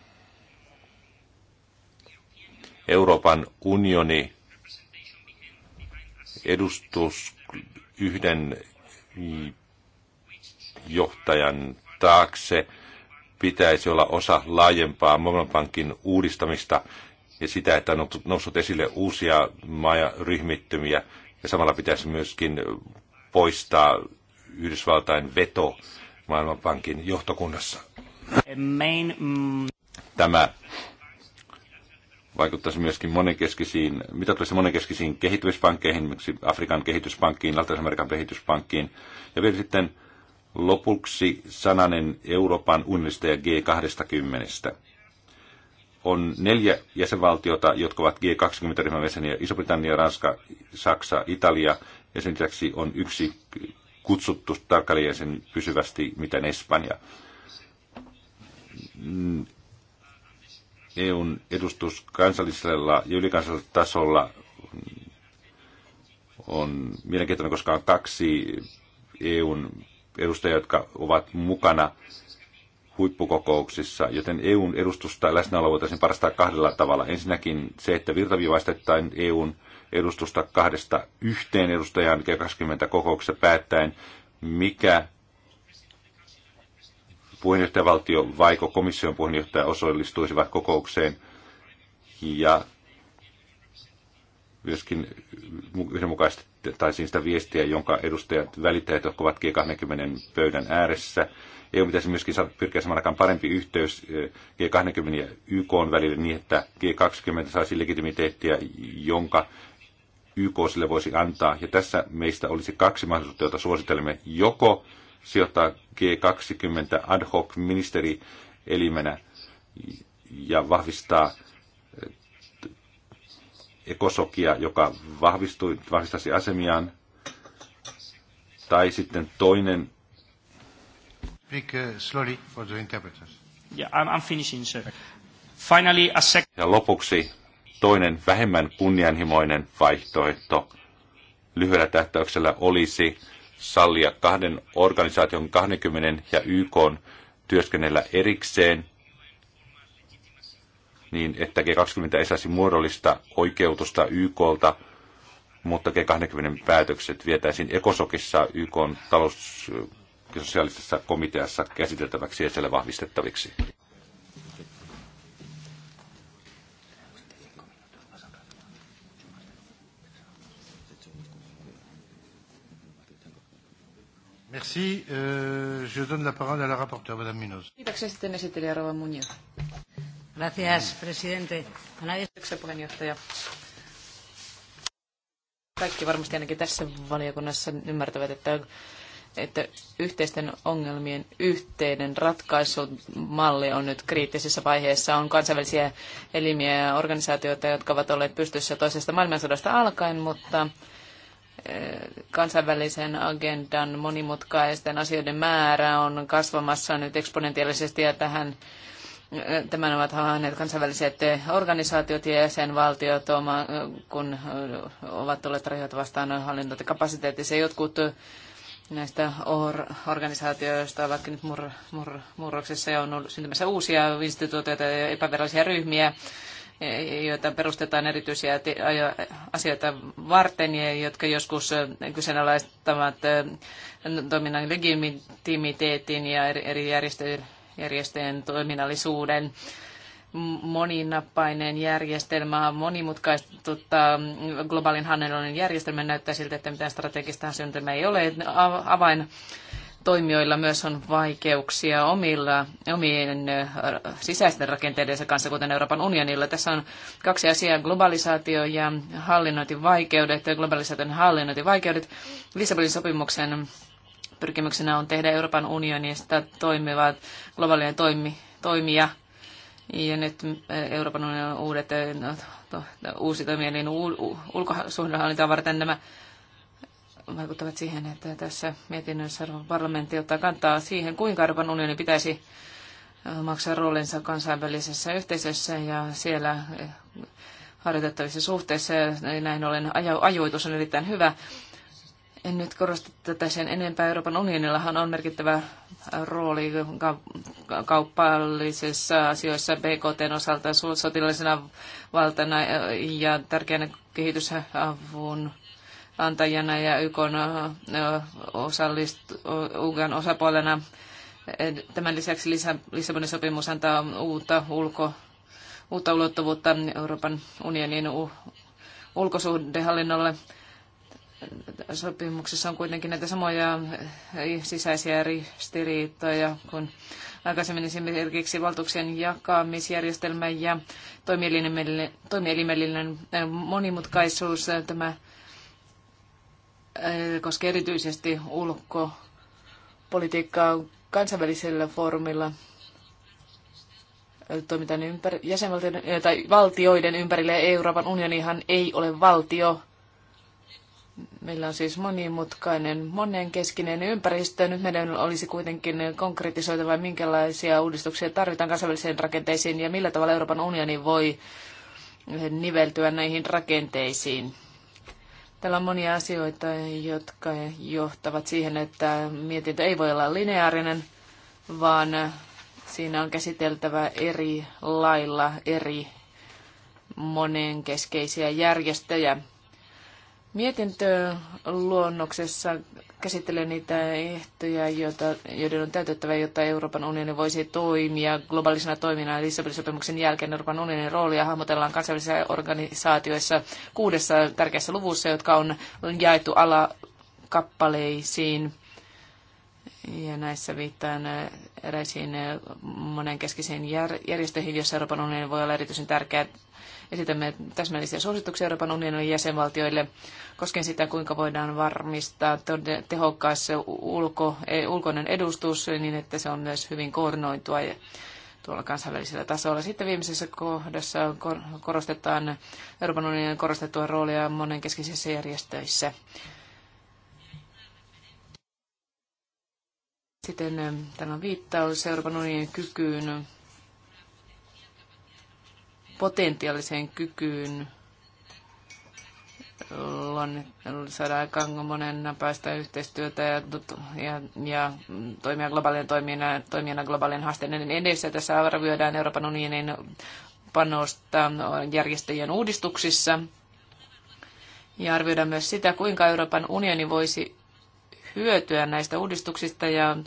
D: Euroopan unioni edustus yhden johtajan taakse pitäisi olla osa laajempaa Maailmanpankin uudistamista, ja sitä, että on noussut esille uusia ryhmittymiä ja samalla pitäisi myöskin poistaa Yhdysvaltain veto Maailmanpankin johtokunnassa.
E: Main, mm.
D: Tämä vaikuttaisi myöskin monenkeskisiin, mitä tulisi monenkeskisiin kehityspankkeihin, esimerkiksi Afrikan kehityspankkiin, Latinalaisen kehityspankkiin. Ja vielä sitten lopuksi sananen Euroopan unionista ja G20 on neljä jäsenvaltiota, jotka ovat G20-ryhmän jäseniä, Iso-Britannia, Ranska, Saksa, Italia, ja sen lisäksi on yksi kutsuttu tarkkailijäsen pysyvästi, miten Espanja. EUn edustus kansallisella ja ylikansallisella tasolla on mielenkiintoinen, koska on kaksi EUn edustajia, jotka ovat mukana huippukokouksissa, joten EUn edustusta läsnäolo voitaisiin parastaa kahdella tavalla. Ensinnäkin se, että virtaviivaistettaen EUn edustusta kahdesta yhteen edustajaan G20 kokouksessa päättäen, mikä puheenjohtajavaltio vaiko komission puheenjohtaja osallistuisivat kokoukseen ja myöskin yhdenmukaistettaisiin sitä viestiä, jonka edustajat välittäjät, jotka ovat G20 pöydän ääressä, EU pitäisi myöskin pyrkiä saman aikaan parempi yhteys eh, G20 ja YK välille niin, että G20 saisi legitimiteettiä, jonka YK sille voisi antaa. Ja tässä meistä olisi kaksi mahdollisuutta, joita suosittelemme. Joko sijoittaa G20 ad hoc ministerielimenä ja vahvistaa eh, ekosokia, joka vahvistui, vahvistaisi asemiaan. Tai sitten toinen
A: Speak uh, slowly for the interpreters.
D: Yeah, I'm, I'm finishing, sir. Finally, a sec- ja lopuksi toinen vähemmän kunnianhimoinen vaihtoehto lyhyellä tähtäyksellä olisi sallia kahden organisaation 20 ja YK työskennellä erikseen niin, että G20 ei saisi muodollista oikeutusta YKlta, mutta G20 päätökset vietäisiin ekosokissa YK talous- sosiaalisessa komiteassa käsiteltäväksi ja siellä vahvistettaviksi.
A: Merci. Euh, je donne la parole à la rapporteure, Madame Munoz.
B: Kiitoksia sitten esittelijä Rova Munoz. Gracias, presidente. Kiitoksia puheenjohtaja. Kaikki varmasti ainakin tässä valiokunnassa ymmärtävät, että että yhteisten ongelmien yhteinen ratkaisumalli on nyt kriittisessä vaiheessa. On kansainvälisiä elimiä ja organisaatioita, jotka ovat olleet pystyssä toisesta maailmansodasta alkaen, mutta eh, kansainvälisen agendan monimutkaisten asioiden määrä on kasvamassa nyt eksponentiaalisesti ja tähän eh, Tämän ovat havainneet kansainväliset eh, organisaatiot ja jäsenvaltiot, kun ovat tulleet rajoita vastaan hallintointikapasiteetissa. Jotkut näistä or- organisaatioista, vaikka nyt mur- mur- murroksessa ja on ollut syntymässä uusia instituutioita ja epävirallisia ryhmiä, e, joita perustetaan erityisiä asioita varten ja jotka joskus e, kyseenalaistavat e, toiminnan legitimiteetin ja eri järjestöjen toiminnallisuuden moninappainen järjestelmä monimutkaistuttaa globaalin hanneloinen järjestelmä. Näyttää siltä, että mitään strategista suunnitelmaa ei ole. Avain toimijoilla myös on vaikeuksia omilla, omien sisäisten rakenteidensa kanssa, kuten Euroopan unionilla. Tässä on kaksi asiaa, globalisaatio ja hallinnointivaikeudet, ja globalisaation hallinnointivaikeudet. Lissabonin sopimuksen pyrkimyksenä on tehdä Euroopan unionista toimivat globaalien toimi, toimija – ja nyt mm, Euroopan unionin uudet, eh, no, to, uusi niin ulkosuhdehallintaa varten nämä vaikuttavat siihen, että tässä mietinnössä parlamentti ottaa kantaa siihen, kuinka Euroopan unioni pitäisi eh, maksaa roolinsa kansainvälisessä yhteisössä ja siellä eh, harjoitettavissa suhteissa. Ja näin ollen ajoitus on erittäin hyvä. En nyt korosta tätä sen enempää. Euroopan unionillahan on merkittävä rooli kauppallisissa asioissa BKTn osalta sotilaisena valtana ja tärkeänä kehitysavun antajana ja YK osallistu, osapuolena. Tämän lisäksi Lissabonin sopimus antaa uutta, ulko, uutta ulottuvuutta Euroopan unionin ulkosuhdehallinnolle sopimuksessa on kuitenkin näitä samoja eh, sisäisiä ristiriitoja kuin aikaisemmin esimerkiksi valtuuksien jakamisjärjestelmä ja toimielimellinen eh, monimutkaisuus. Eh, tämä koskee erityisesti ulkopolitiikkaa kansainvälisellä foorumilla toimitaan ympär- jäsenvaltioiden tai valtioiden ympärille. Euroopan unionihan ei ole valtio, Meillä on siis monimutkainen, monenkeskinen ympäristö. Nyt meidän olisi kuitenkin konkretisoitava, minkälaisia uudistuksia tarvitaan kansainvälisiin rakenteisiin ja millä tavalla Euroopan unioni voi niveltyä näihin rakenteisiin. Täällä on monia asioita, jotka johtavat siihen, että mietintö ei voi olla lineaarinen, vaan siinä on käsiteltävä eri lailla eri monenkeskeisiä järjestöjä. Mietintöluonnoksessa käsittelee niitä ehtoja, joita, joiden on täytettävä, jotta Euroopan unioni voisi toimia globaalisena toimina Lissabonin sopimuksen jälkeen. Euroopan unionin roolia hahmotellaan kansainvälisissä organisaatioissa kuudessa tärkeässä luvussa, jotka on jaettu alakappaleisiin. Ja näissä viittaan eräisiin monenkeskisiin järjestöihin, joissa Euroopan unioni voi olla erityisen tärkeä Esitämme täsmällisiä suosituksia Euroopan unionin jäsenvaltioille koskien sitä, kuinka voidaan varmistaa tehokkaas ulko, e, ulkoinen edustus niin, että se on myös hyvin koordinoitua ja tuolla kansainvälisellä tasolla. Sitten viimeisessä kohdassa korostetaan Euroopan unionin korostettua roolia monenkeskisissä järjestöissä. Sitten eh, täällä on viittaus Euroopan unionin kykyyn potentiaaliseen kykyyn saada aikaan monen päästä yhteistyötä ja, ja, ja toimia globaalien toimijana, toimijana globaalien haasteiden edessä. Tässä arvioidaan Euroopan unionin panosta järjestäjien uudistuksissa ja arvioidaan myös sitä, kuinka Euroopan unioni voisi hyötyä näistä uudistuksista ja,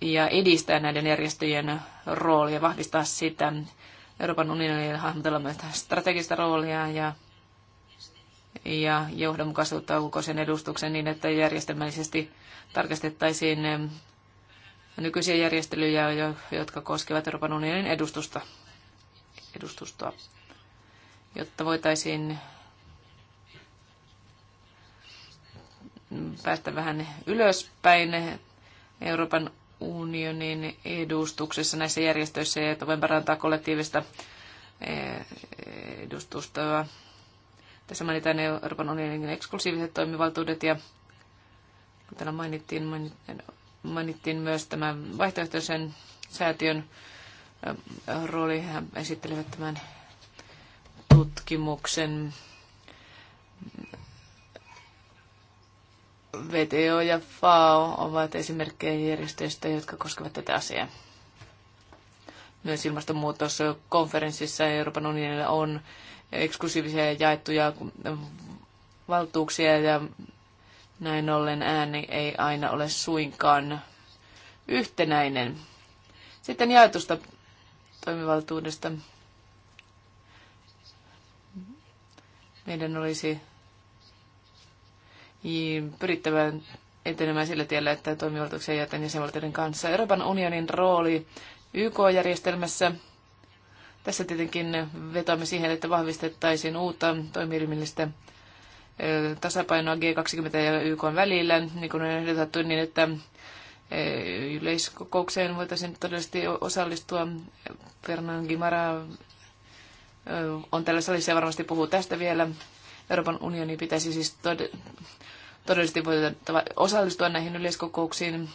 B: ja edistää näiden järjestöjen roolia, vahvistaa sitä. Euroopan unionille hahmotella myös strategista roolia ja, ja johdonmukaisuutta ulkoisen edustuksen niin, että järjestelmällisesti tarkastettaisiin nykyisiä järjestelyjä, jotka koskevat Euroopan unionin edustusta, edustustoa, jotta voitaisiin päästä vähän ylöspäin Euroopan unionin edustuksessa näissä järjestöissä ja voin parantaa kollektiivista eh, edustusta. Tässä mainitaan Euroopan unionin eksklusiiviset toimivaltuudet ja kun täällä mainittiin, mainittiin myös tämä vaihtoehtoisen säätiön eh, rooli. Hän esittelevät tämän tutkimuksen VTO ja FAO ovat esimerkkejä järjestöistä, jotka koskevat tätä asiaa. Myös ilmastonmuutoskonferenssissa Euroopan unionilla on eksklusiivisia jaettuja valtuuksia ja näin ollen ääni ei aina ole suinkaan yhtenäinen. Sitten jaetusta toimivaltuudesta. Meidän olisi pyrittävän etenemään sillä tiellä, että toimivaltuuksia jätän jäsenvaltioiden kanssa. Euroopan unionin rooli YK-järjestelmässä. Tässä tietenkin vetoamme siihen, että vahvistettaisiin uutta toimielimellistä tasapainoa G20 ja YK välillä, niin kuin on ehdotettu, niin että yleiskokoukseen voitaisiin todellisesti osallistua. Fernand Gimara on tällä salissa ja varmasti puhuu tästä vielä. Euroopan unioni pitäisi siis tod- todellisesti voitettava osallistua näihin yleiskokouksiin.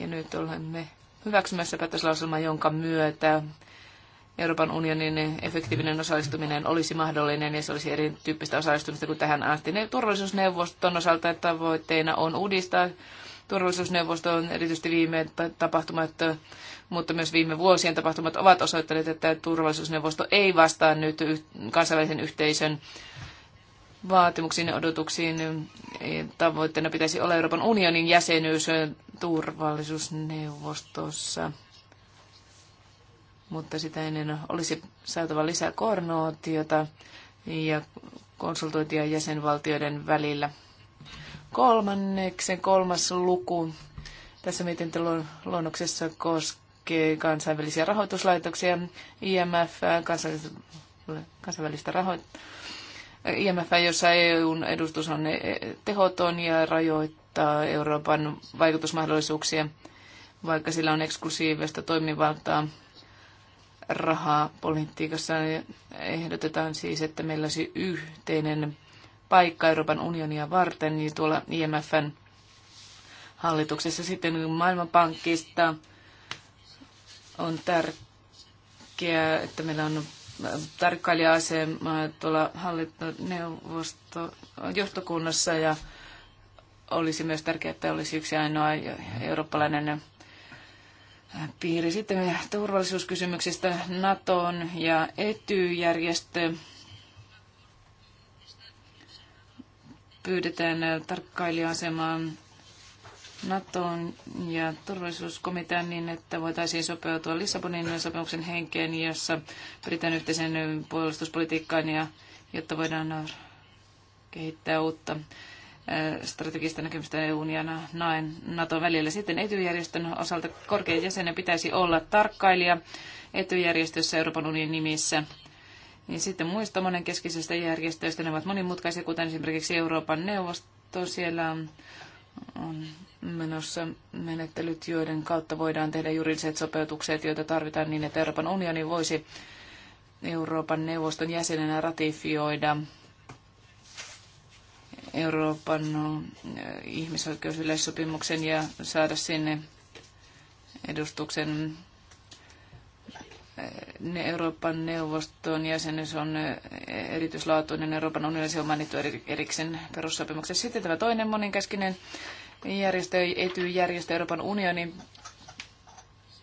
B: Ja nyt olemme hyväksymässä päätöslauselman, jonka myötä Euroopan unionin efektiivinen osallistuminen olisi mahdollinen ja se olisi erityyppistä osallistumista kuin tähän asti. Turvallisuusneuvoston osalta tavoitteena on uudistaa turvallisuusneuvosto on erityisesti viime tapahtumat mutta myös viime vuosien tapahtumat ovat osoittaneet, että turvallisuusneuvosto ei vastaa nyt kansainvälisen yhteisön vaatimuksiin ja odotuksiin. Tavoitteena pitäisi olla Euroopan unionin jäsenyys turvallisuusneuvostossa. Mutta sitä ennen olisi saatava lisää koordinaatiota ja konsultointia jäsenvaltioiden välillä. Kolmanneksi kolmas luku tässä mietintöluonnoksessa koskee koskee kansainvälisiä rahoituslaitoksia, IMF, kansainvälistä rahoitusta, IMF, jossa EUn edustus on tehoton ja rajoittaa Euroopan vaikutusmahdollisuuksia, vaikka sillä on eksklusiivista toimivaltaa rahapolitiikassa. Ehdotetaan siis, että meillä olisi yhteinen paikka Euroopan unionia varten, niin tuolla IMFn hallituksessa sitten Maailmanpankista – on tärkeää, että meillä on tarkkailija-asema tuolla hallintoneuvosto johtokunnassa ja olisi myös tärkeää, että olisi yksi ainoa eurooppalainen piiri. Sitten turvallisuuskysymyksistä NATOn ja ETY-järjestö. Pyydetään tarkkailija-asemaan NATOon ja turvallisuuskomitean niin, että voitaisiin sopeutua Lissabonin sopimuksen henkeen, jossa pyritään yhteisen puolustuspolitiikkaan ja jotta voidaan kehittää uutta strategista näkemystä EUn ja NATOn välillä. Sitten etujärjestön osalta korkean jäsenen pitäisi olla tarkkailija etujärjestössä Euroopan unionin nimissä. Niin sitten muista monenkeskisestä järjestöistä ne ovat monimutkaisia, kuten esimerkiksi Euroopan neuvosto. Siellä on on menossa menettelyt, joiden kautta voidaan tehdä juridiset sopeutukset, joita tarvitaan niin, että Euroopan unioni voisi Euroopan neuvoston jäsenenä ratifioida Euroopan ihmisoikeusyleissopimuksen ja saada sinne edustuksen ne Euroopan neuvoston jäsenyys on erityislaatuinen Euroopan unionissa on mainittu erikseen perussopimuksessa. Sitten tämä toinen moninkäskinen järjestö, etyjärjestö Euroopan unioni,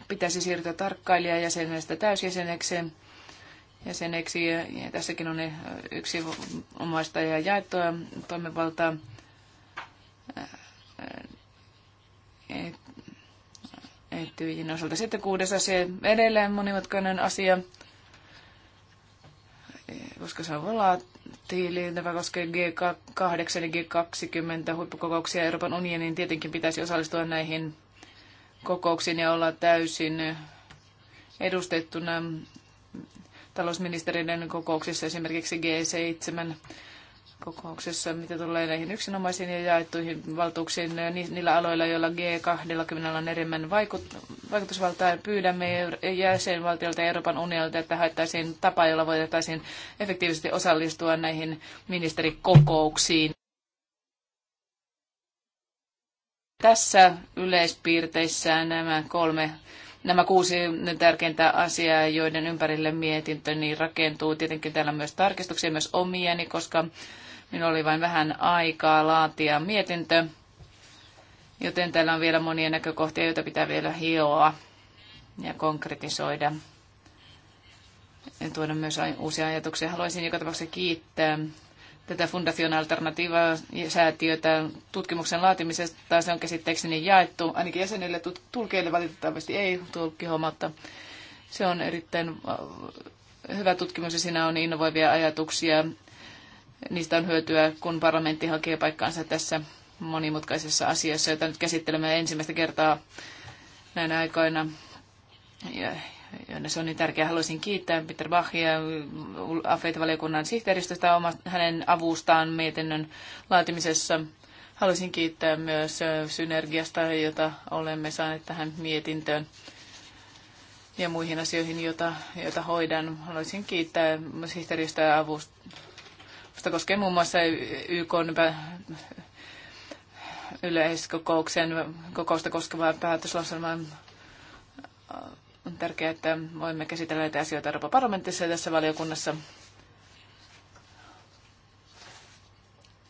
B: pitäisi siirtyä tarkkailijajäsenestä täysjäsenekseen jäseneksi. Ja tässäkin on yksi omaista ja jaettua toimivaltaa Etyjin osalta. Sitten kuudes asia, edelleen monimutkainen asia, koska se on volatiili, tämä koskee G8 ja G20 huippukokouksia. Euroopan unionin tietenkin pitäisi osallistua näihin kokouksiin ja olla täysin edustettuna talousministeriöiden kokouksissa, esimerkiksi G7 kokouksessa, mitä tulee näihin yksinomaisiin ja jaettuihin valtuuksiin niin niillä aloilla, joilla G20 on enemmän vaikut- vaikutusvaltaa. Pyydämme jäsenvaltiolta ja Euroopan unionilta, että haettaisiin tapa, jolla voitaisiin efektiivisesti osallistua näihin ministerikokouksiin. Tässä yleispiirteissä nämä kolme nämä kuusi tärkeintä asiaa, joiden ympärille mietintöni niin rakentuu. Tietenkin täällä on myös tarkistuksia, myös omieni, koska Minulla oli vain vähän aikaa laatia mietintö, joten täällä on vielä monia näkökohtia, joita pitää vielä hioa ja konkretisoida. En tuoda myös uusia ajatuksia. Haluaisin joka tapauksessa kiittää tätä Fundación Alternativa-säätiötä tutkimuksen laatimisesta. Se on käsitteekseni jaettu, ainakin jäsenille, tulkeille valitettavasti ei mutta Se on erittäin hyvä tutkimus ja siinä on innovoivia ajatuksia niistä on hyötyä, kun parlamentti hakee paikkaansa tässä monimutkaisessa asiassa, jota nyt käsittelemme ensimmäistä kertaa näinä aikoina. Ja, ja se on niin tärkeää. Haluaisin kiittää Peter Bachia AFEIT-valiokunnan sihteeristöstä oma, hänen avustaan mietinnön laatimisessa. Haluaisin kiittää myös synergiasta, jota olemme saaneet tähän mietintöön ja muihin asioihin, joita, joita hoidan. Haluaisin kiittää sihteeristöä avust, Sopimusta koskee muun muassa YK yleiskokouksen kokousta koskevaa päätöslauselmaa. On tärkeää, että voimme käsitellä näitä asioita Euroopan parlamentissa ja tässä valiokunnassa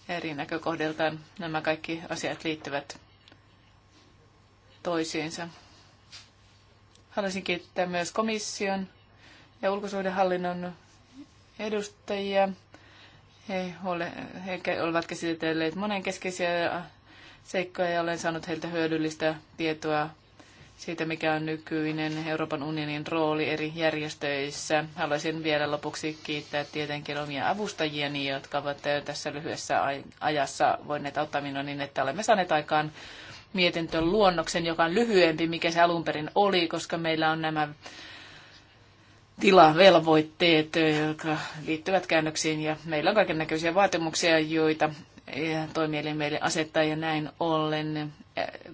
B: eri näkökohdiltaan. Nämä kaikki asiat liittyvät toisiinsa. Haluaisin kiittää myös komission ja ulkosuhdehallinnon edustajia he, ole, he olivat käsitelleet monenkeskeisiä seikkoja ja olen saanut heiltä hyödyllistä tietoa siitä, mikä on nykyinen Euroopan unionin rooli eri järjestöissä. Haluaisin vielä lopuksi kiittää tietenkin omia avustajieni, jotka ovat tässä lyhyessä ajassa voineet auttaa minua niin, että olemme saaneet aikaan mietintön luonnoksen, joka on lyhyempi, mikä se alun perin oli, koska meillä on nämä tilavelvoitteet, jotka liittyvät käännöksiin. Ja meillä on kaiken näköisiä vaatimuksia, joita e, toimielin meille asettaa ja näin ollen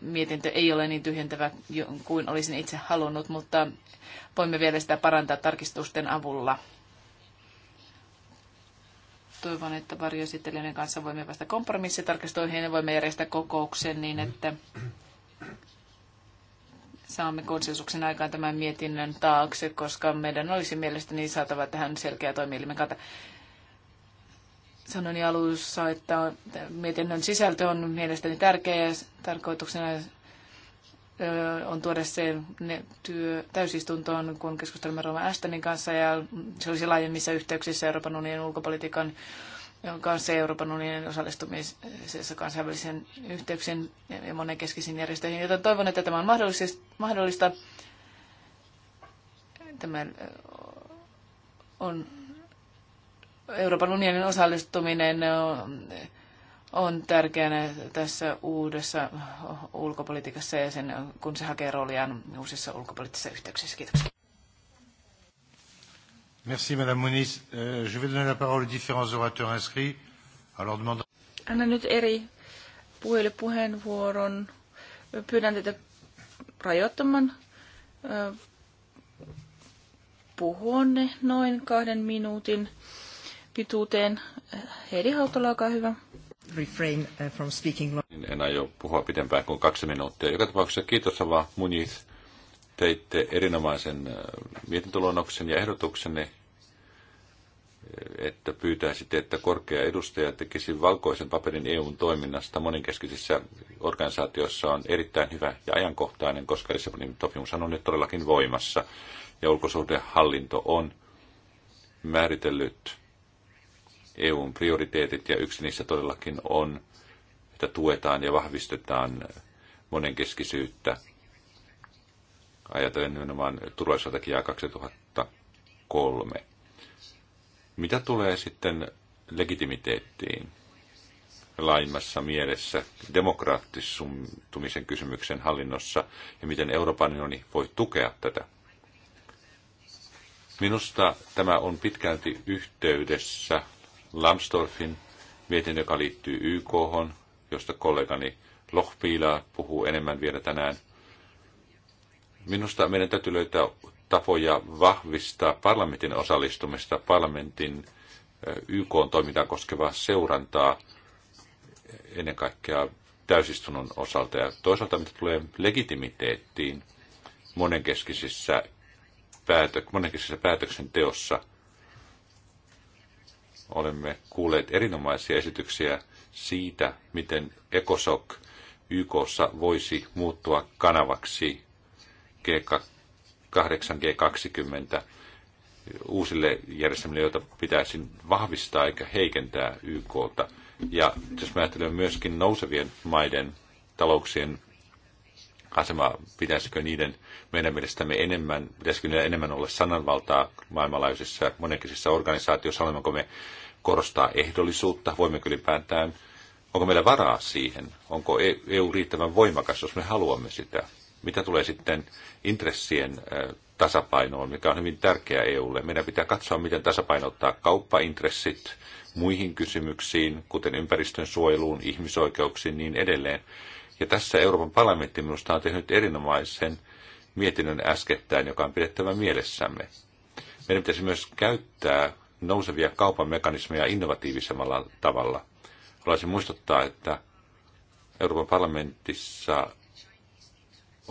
B: mietintö ei ole niin tyhjentävä kuin olisin itse halunnut, mutta voimme vielä sitä parantaa tarkistusten avulla. Toivon, että varjoesittelijöiden kanssa voimme päästä kompromissitarkistoihin ja voimme järjestää kokouksen niin, että saamme konsensuksen aikaan tämän mietinnön taakse, koska meidän olisi mielestäni saatava tähän selkeä toimielimen kanta. Sanoin jo alussa, että mietinnön sisältö on mielestäni tärkeä ja tarkoituksena on tuoda se ne työ täysistuntoon, kun keskustelemme Roma Ashtonin kanssa ja se olisi laajemmissa yhteyksissä Euroopan unionin ulkopolitiikan jonka kanssa Euroopan unionin osallistumisessa kansainvälisen yhteyksien ja monenkeskisiin järjestöihin, joten toivon, että tämä on mahdollista. Tämä on Euroopan unionin osallistuminen on tärkeänä tässä uudessa ulkopolitiikassa ja sen, kun se hakee rooliaan uusissa ulkopoliittisissa yhteyksissä.
C: Kiitoksia.
A: Merci Madame euh, Je vais donner la parole aux différents orateurs inscrits. Alors
C: Anna nyt eri puhujille puheenvuoron. Pyydän teitä rajoittamaan puhuonne noin kahden minuutin pituuteen. Heidi Hautala, olkaa hyvä.
E: Refrain uh, from speaking long.
D: En aio puhua pidempään kuin kaksi minuuttia. Joka tapauksessa kiitos vaan Muniz teitte erinomaisen äh, mietintöluonnoksen ja ehdotuksenne, äh, että pyytäisitte, että korkea edustaja tekisi valkoisen paperin EUn toiminnasta moninkeskisissä organisaatioissa on erittäin hyvä ja ajankohtainen, koska Lissabonin sopimus on nyt todellakin voimassa ja ulkosuhdehallinto on määritellyt EUn prioriteetit ja yksi niistä todellakin on, että tuetaan ja vahvistetaan monenkeskisyyttä ajatellen nimenomaan turvallisuusstrategiaa 2003. Mitä tulee sitten legitimiteettiin laajemmassa mielessä demokraattistumisen kysymyksen hallinnossa ja miten Euroopan unioni voi tukea tätä? Minusta tämä on pitkälti yhteydessä Lambsdorffin mietin, joka liittyy YK, josta kollegani Lohpiila puhuu enemmän vielä tänään – Minusta meidän täytyy löytää tapoja vahvistaa parlamentin osallistumista, parlamentin eh, yk toimintaan koskevaa seurantaa ennen kaikkea täysistunnon osalta. Ja toisaalta mitä tulee legitimiteettiin monenkeskisissä, päätö- monenkeskisessä päätöksenteossa, olemme kuulleet erinomaisia esityksiä siitä, miten ECOSOC YKssa voisi muuttua kanavaksi G8, G20 uusille järjestelmille, joita pitäisi vahvistaa eikä heikentää YKta. Ja jos mä ajattelen myöskin nousevien maiden talouksien asema, pitäisikö niiden meidän mielestämme enemmän, pitäisikö niillä enemmän olla sananvaltaa maailmanlaajuisissa monenkisissä organisaatioissa, olemmeko me korostaa ehdollisuutta, voimmeko ylipäätään, onko meillä varaa siihen, onko e- EU riittävän voimakas, jos me haluamme sitä. Mitä tulee sitten intressien tasapainoon, mikä on hyvin tärkeää EUlle. Meidän pitää katsoa, miten tasapainottaa kauppaintressit muihin kysymyksiin, kuten ympäristön suojeluun, ihmisoikeuksiin niin edelleen. Ja tässä Euroopan parlamentti minusta on tehnyt erinomaisen mietinnön äskettäin, joka on pidettävä mielessämme. Meidän pitäisi myös käyttää nousevia kaupan mekanismeja innovatiivisemmalla tavalla. Haluaisin muistuttaa, että Euroopan parlamentissa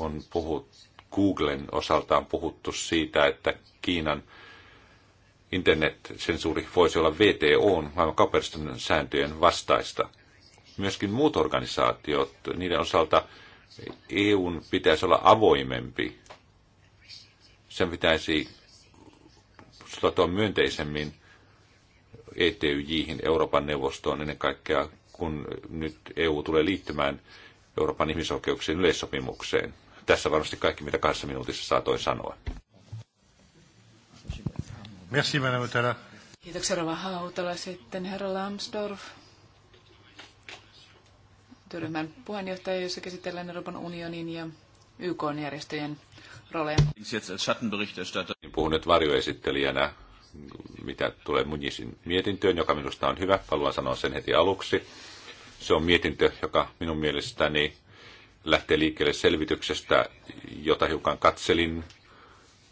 D: on puhuttu, Googlen osalta on puhuttu siitä, että Kiinan internetsensuuri voisi olla VTO, maailman kaupallisten sääntöjen vastaista. Myöskin muut organisaatiot, niiden osalta EUn pitäisi olla avoimempi. Sen pitäisi suhtautua myönteisemmin ETYJihin, Euroopan neuvostoon ennen kaikkea, kun nyt EU tulee liittymään Euroopan ihmisoikeuksien yleissopimukseen. Tässä varmasti kaikki, mitä kahdessa minuutissa saatoi sanoa. Merci, madame Kiitoksia, Rova Hautala.
B: Sitten herra Lambsdorff, työryhmän puheenjohtaja, jossa käsitellään Euroopan unionin ja YK-järjestöjen rooleja.
D: Niin puhun nyt varjoesittelijänä, mitä tulee Munisin mietintöön, joka minusta on hyvä. Haluan sanoa sen heti aluksi. Se on mietintö, joka minun mielestäni lähtee liikkeelle selvityksestä, jota hiukan katselin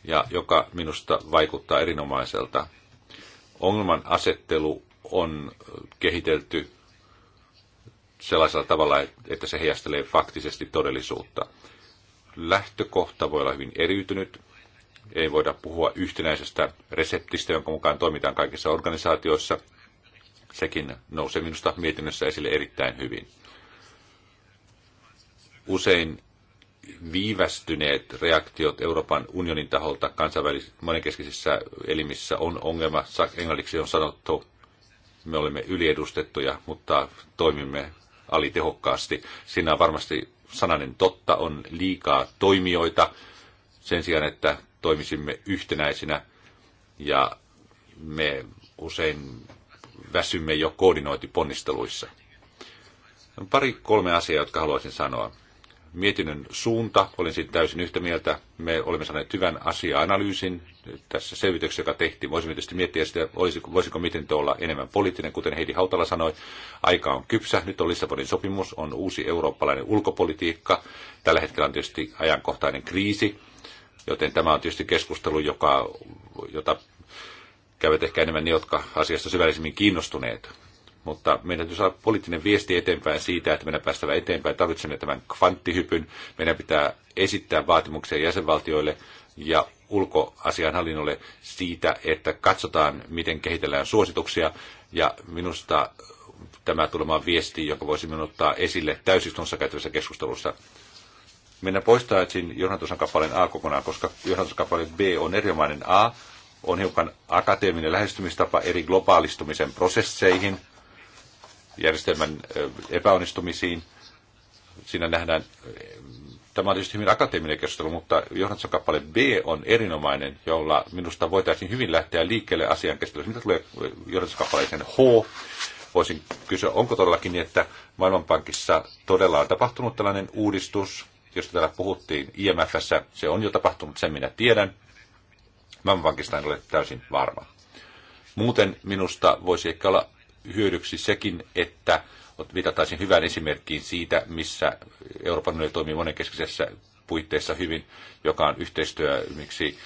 D: ja joka minusta vaikuttaa erinomaiselta. Ongelman asettelu on kehitelty sellaisella tavalla, että se heijastelee faktisesti todellisuutta. Lähtökohta voi olla hyvin eriytynyt. Ei voida puhua yhtenäisestä reseptistä, jonka mukaan toimitaan kaikissa organisaatioissa. Sekin nousee minusta mietinnössä esille erittäin hyvin usein viivästyneet reaktiot Euroopan unionin taholta kansainvälisissä monenkeskisissä elimissä on ongelma. Englanniksi on sanottu, me olemme yliedustettuja, mutta toimimme alitehokkaasti. Siinä on varmasti sananen totta, on liikaa toimijoita sen sijaan, että toimisimme yhtenäisinä ja me usein väsymme jo koordinointiponnisteluissa. On pari kolme asiaa, jotka haluaisin sanoa mietinnön suunta. Olen siitä täysin yhtä mieltä. Me olemme saaneet hyvän asia-analyysin tässä selvityksessä, joka tehtiin. Voisimme tietysti miettiä sitä, olisiko, voisiko mietintö olla enemmän poliittinen, kuten Heidi Hautala sanoi. Aika on kypsä. Nyt on Lissabonin sopimus, on uusi eurooppalainen ulkopolitiikka. Tällä hetkellä on tietysti ajankohtainen kriisi, joten tämä on tietysti keskustelu, joka, jota käyvät ehkä enemmän ne, jotka asiasta syvällisemmin kiinnostuneet mutta meidän täytyy saada poliittinen viesti eteenpäin siitä, että meidän päästävä eteenpäin. Tarvitsemme tämän kvanttihypyn. Meidän pitää esittää vaatimuksia jäsenvaltioille ja ulkoasianhallinnolle siitä, että katsotaan, miten kehitellään suosituksia. Ja minusta tämä tulemaan viesti, joka voisi ottaa esille täysistunnossa käytävässä keskustelussa. Minä etsin johdantosan kappaleen A kokonaan, koska johdantosan B on erinomainen A, on hiukan akateeminen lähestymistapa eri globaalistumisen prosesseihin – järjestelmän epäonnistumisiin. Siinä nähdään, tämä on tietysti hyvin akateeminen keskustelu, mutta Johansson kappale B on erinomainen, jolla minusta voitaisiin hyvin lähteä liikkeelle asian keskustelussa. Mitä tulee Johansson kappaleeseen H, voisin kysyä, onko todellakin niin, että Maailmanpankissa todella on tapahtunut tällainen uudistus, josta täällä puhuttiin IMFssä, se on jo tapahtunut, sen minä tiedän. Maailmanpankista en ole täysin varma. Muuten minusta voisi ehkä olla hyödyksi sekin, että viitataisin hyvään esimerkkiin siitä, missä Euroopan unioni toimii monenkeskisessä puitteissa hyvin, joka on yhteistyö miksi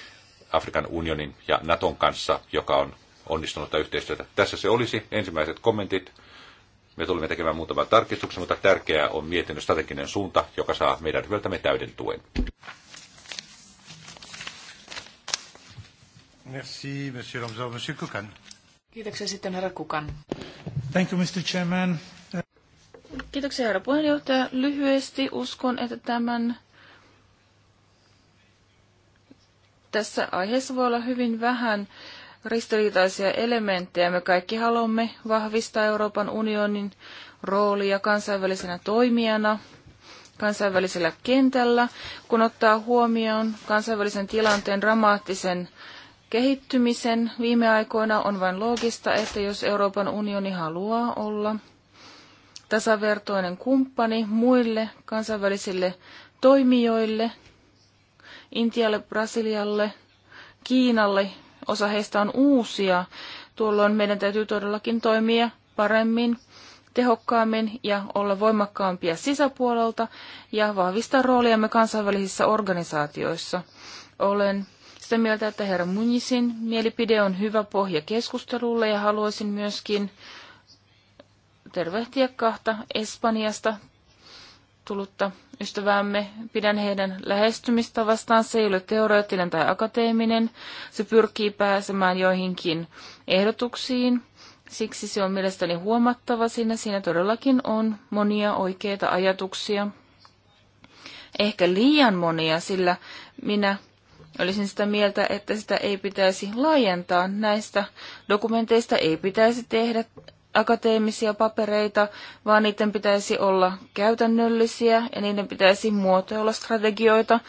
D: Afrikan unionin ja Naton kanssa, joka on onnistunutta yhteistyötä. Tässä se olisi ensimmäiset kommentit. Me tulemme tekemään muutaman tarkistuksen, mutta tärkeää on mietinnön strateginen suunta, joka saa meidän hyvältämme täyden tuen.
A: Merci, monsieur Lomzor. Monsieur Kukan.
B: Kiitoksia sitten herra
A: Kukan. Thank you, Mr. Chairman.
C: Kiitoksia herra puheenjohtaja. Lyhyesti uskon, että tämän tässä aiheessa voi olla hyvin vähän ristiriitaisia elementtejä. Me kaikki haluamme vahvistaa Euroopan unionin roolia kansainvälisenä toimijana kansainvälisellä kentällä, kun ottaa huomioon kansainvälisen tilanteen dramaattisen kehittymisen viime aikoina, on vain loogista, että jos Euroopan unioni haluaa olla tasavertoinen kumppani muille kansainvälisille toimijoille, Intialle, Brasilialle, Kiinalle, osa heistä on uusia, tuolloin meidän täytyy todellakin toimia paremmin, tehokkaammin ja olla voimakkaampia sisäpuolelta ja vahvistaa rooliamme kansainvälisissä organisaatioissa. Olen sitä mieltä, että herra Munisin mielipide on hyvä pohja keskustelulle ja haluaisin myöskin tervehtiä kahta Espanjasta tullutta ystäväämme. Pidän heidän lähestymistavastaan. Se ei ole teoreettinen tai akateeminen. Se pyrkii pääsemään joihinkin ehdotuksiin. Siksi se on mielestäni huomattava siinä. Siinä todellakin on monia oikeita ajatuksia. Ehkä liian monia, sillä minä Olisin sitä mieltä, että sitä ei pitäisi laajentaa. Näistä dokumenteista ei pitäisi tehdä akateemisia papereita, vaan niiden pitäisi olla käytännöllisiä ja niiden pitäisi muotoilla strategioita,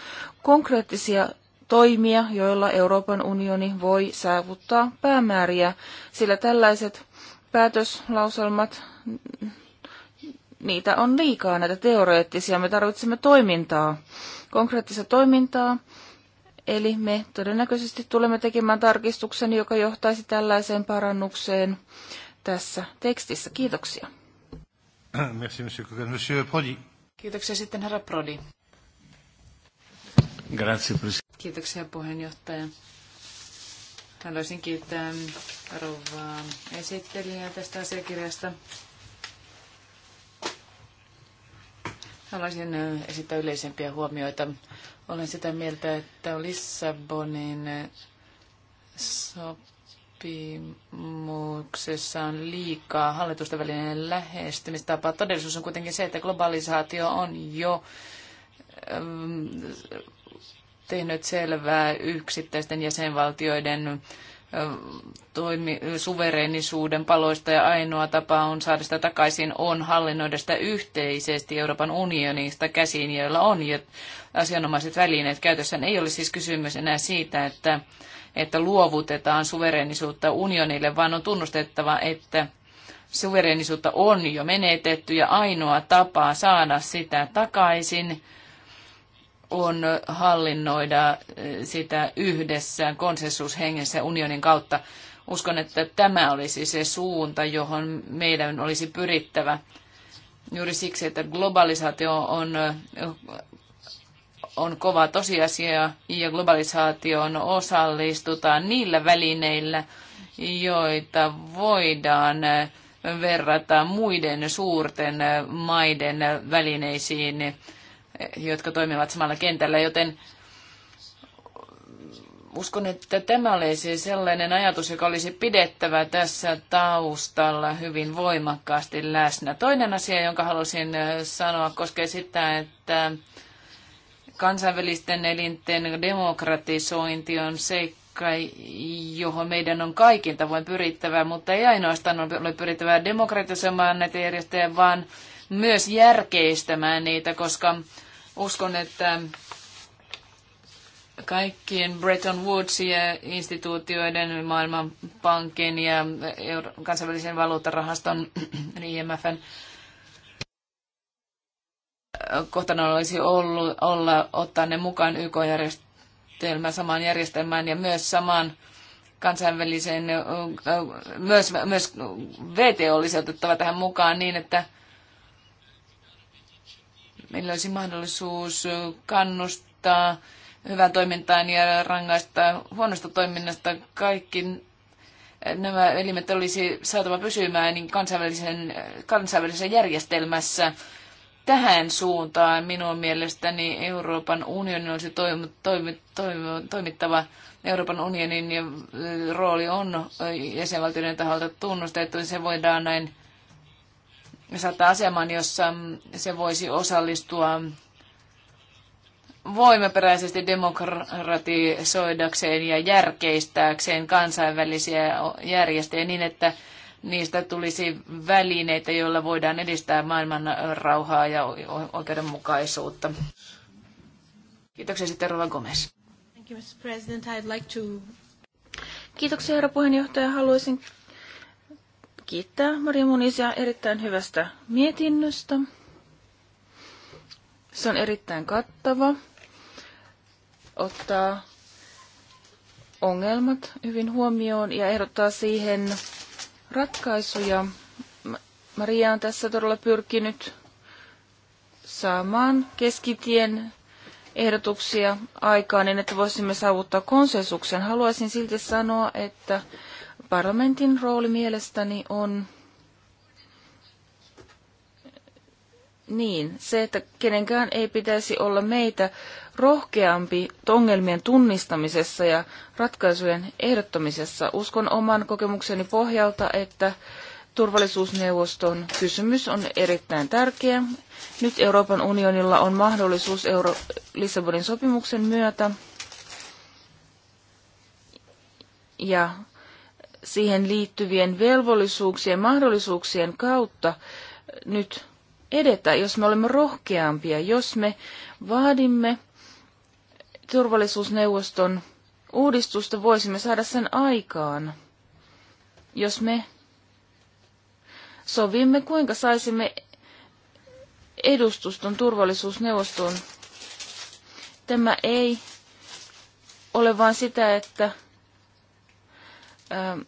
C: konkreettisia toimia, joilla Euroopan unioni voi saavuttaa päämääriä, sillä tällaiset päätöslauselmat, niitä on liikaa näitä teoreettisia, me tarvitsemme toimintaa, konkreettista toimintaa, Eli me todennäköisesti tulemme tekemään tarkistuksen, joka johtaisi tällaiseen parannukseen tässä tekstissä. Kiitoksia. (coughs)
A: Merci, monsieur Monsieur Prodi.
B: Kiitoksia sitten herra Prodi. Grazie, Kiitoksia puheenjohtaja. Haluaisin kiittää rouvaa esittelijää tästä asiakirjasta. Haluaisin äh, esittää yleisempiä huomioita olen sitä mieltä, että Lissabonin sopimuksessa on liikaa hallitusten välinen lähestymistapa. Todellisuus on kuitenkin se, että globalisaatio on jo ähm, tehnyt selvää yksittäisten jäsenvaltioiden toimi, suvereenisuuden paloista ja ainoa tapa on saada sitä takaisin on hallinnoida sitä yhteisesti Euroopan unionista käsiin, joilla on jo asianomaiset välineet käytössä. Ei ole siis kysymys enää siitä, että, että luovutetaan suvereenisuutta unionille, vaan on tunnustettava, että suvereenisuutta on jo menetetty ja ainoa tapa saada sitä takaisin – on hallinnoida eh, sitä yhdessä konsensushengessä unionin kautta. Uskon, että tämä olisi se suunta, johon meidän olisi pyrittävä. Juuri siksi, että globalisaatio on, eh, on kova tosiasia ja globalisaation osallistutaan niillä välineillä, joita voidaan eh, verrata muiden suurten maiden välineisiin jotka toimivat samalla kentällä, joten uskon, että tämä olisi sellainen ajatus, joka olisi pidettävä tässä taustalla hyvin voimakkaasti läsnä. Toinen asia, jonka halusin äh, sanoa, koskee sitä, että kansainvälisten elinten demokratisointi on seikka, johon meidän on kaikin tavoin pyrittävä, mutta ei ainoastaan ole pyrittävä demokratisoimaan näitä järjestöjä, vaan myös järkeistämään niitä, koska Uskon, että kaikkien Bretton Woods-instituutioiden, Maailmanpankin ja kansainvälisen valuuttarahaston (clears throat) IMFn kohtana olisi ollut olla, ottaa ne mukaan YK-järjestelmään, samaan järjestelmään ja myös samaan kansainväliseen, myös, myös VT olisi otettava tähän mukaan niin, että Meillä olisi mahdollisuus kannustaa hyvään toimintaan ja rangaista huonosta toiminnasta. Kaikki nämä elimet olisi saatava pysymään niin kansainvälisen, kansainvälisessä järjestelmässä. Tähän suuntaan minun mielestäni Euroopan unionin olisi toim, toim, toim, toimittava. Euroopan unionin rooli on jäsenvaltioiden taholta tunnustettu. Se voidaan näin saattaa aseman, jossa se voisi osallistua voimaperäisesti demokratisoidakseen ja järkeistääkseen kansainvälisiä järjestöjä niin, että niistä tulisi välineitä, joilla voidaan edistää maailman rauhaa ja oikeudenmukaisuutta. Kiitoksia sitten Rova Gomez.
A: Thank you, Mr. President.
C: I'd like to... Kiitoksia herra puheenjohtaja. Haluaisin kiittää Maria Munisia erittäin hyvästä mietinnöstä. Se on erittäin kattava, ottaa ongelmat hyvin huomioon ja ehdottaa siihen ratkaisuja. Maria on tässä todella pyrkinyt saamaan keskitien ehdotuksia aikaan niin, että voisimme saavuttaa konsensuksen. Haluaisin silti sanoa, että Parlamentin rooli mielestäni on niin, se, että kenenkään ei pitäisi olla meitä rohkeampi ongelmien tunnistamisessa ja ratkaisujen ehdottamisessa. Uskon oman kokemukseni pohjalta, että turvallisuusneuvoston kysymys on erittäin tärkeä. Nyt Euroopan unionilla on mahdollisuus Euro- Lissabonin sopimuksen myötä ja siihen liittyvien velvollisuuksien mahdollisuuksien kautta nyt edetä, jos me olemme rohkeampia, jos me vaadimme turvallisuusneuvoston uudistusta, voisimme saada sen aikaan, jos me sovimme, kuinka saisimme edustuston turvallisuusneuvostoon. Tämä ei ole vain sitä, että ähm,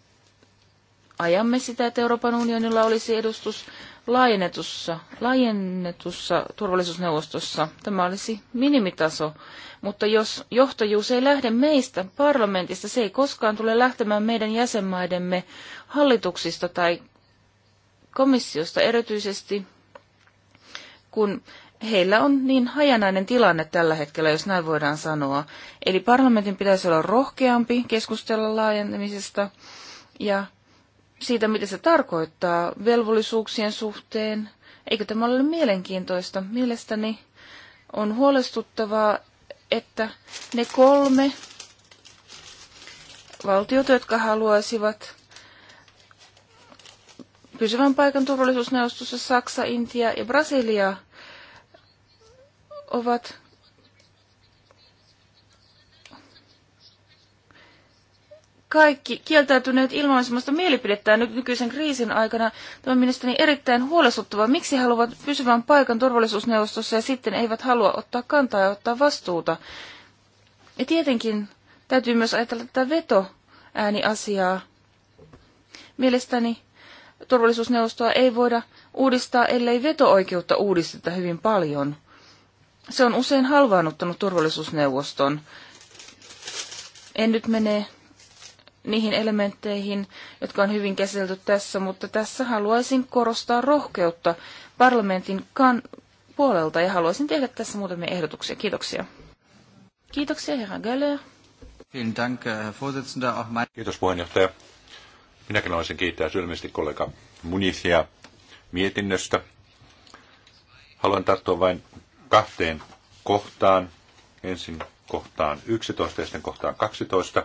C: ajamme sitä, että Euroopan unionilla olisi edustus laajennetussa, laajennetussa turvallisuusneuvostossa. Tämä olisi minimitaso, mutta jos johtajuus ei lähde meistä parlamentista, se ei koskaan tule lähtemään meidän jäsenmaidemme hallituksista tai komissiosta erityisesti, kun heillä on niin hajanainen tilanne tällä hetkellä, jos näin voidaan sanoa. Eli parlamentin pitäisi olla rohkeampi keskustella laajentamisesta ja siitä, mitä se tarkoittaa velvollisuuksien suhteen. Eikö tämä ole mielenkiintoista? Mielestäni on huolestuttavaa, että ne kolme valtiota, jotka haluaisivat pysyvän paikan turvallisuusneuvostossa Saksa, Intia ja Brasilia, ovat kaikki kieltäytyneet ilmaisemasta mielipidettään nyt nykyisen kriisin aikana. Tämä on mielestäni erittäin huolestuttava. Miksi haluavat pysyvän paikan turvallisuusneuvostossa ja sitten eivät halua ottaa kantaa ja ottaa vastuuta? Ja tietenkin täytyy myös ajatella tätä vetoääniasiaa. Mielestäni turvallisuusneuvostoa ei voida uudistaa, ellei veto-oikeutta uudisteta hyvin paljon. Se on usein halvaannuttanut turvallisuusneuvoston. En nyt mene niihin elementteihin, jotka on hyvin käsitelty tässä, mutta tässä haluaisin korostaa rohkeutta parlamentin kan- puolelta ja haluaisin tehdä tässä muutamia ehdotuksia. Kiitoksia. Kiitoksia, herra Göller.
D: Äh, Kiitos puheenjohtaja. Minäkin haluaisin kiittää sylmästi kollega Munisia mietinnöstä. Haluan tarttua vain kahteen kohtaan. Ensin kohtaan 11 ja sitten kohtaan 12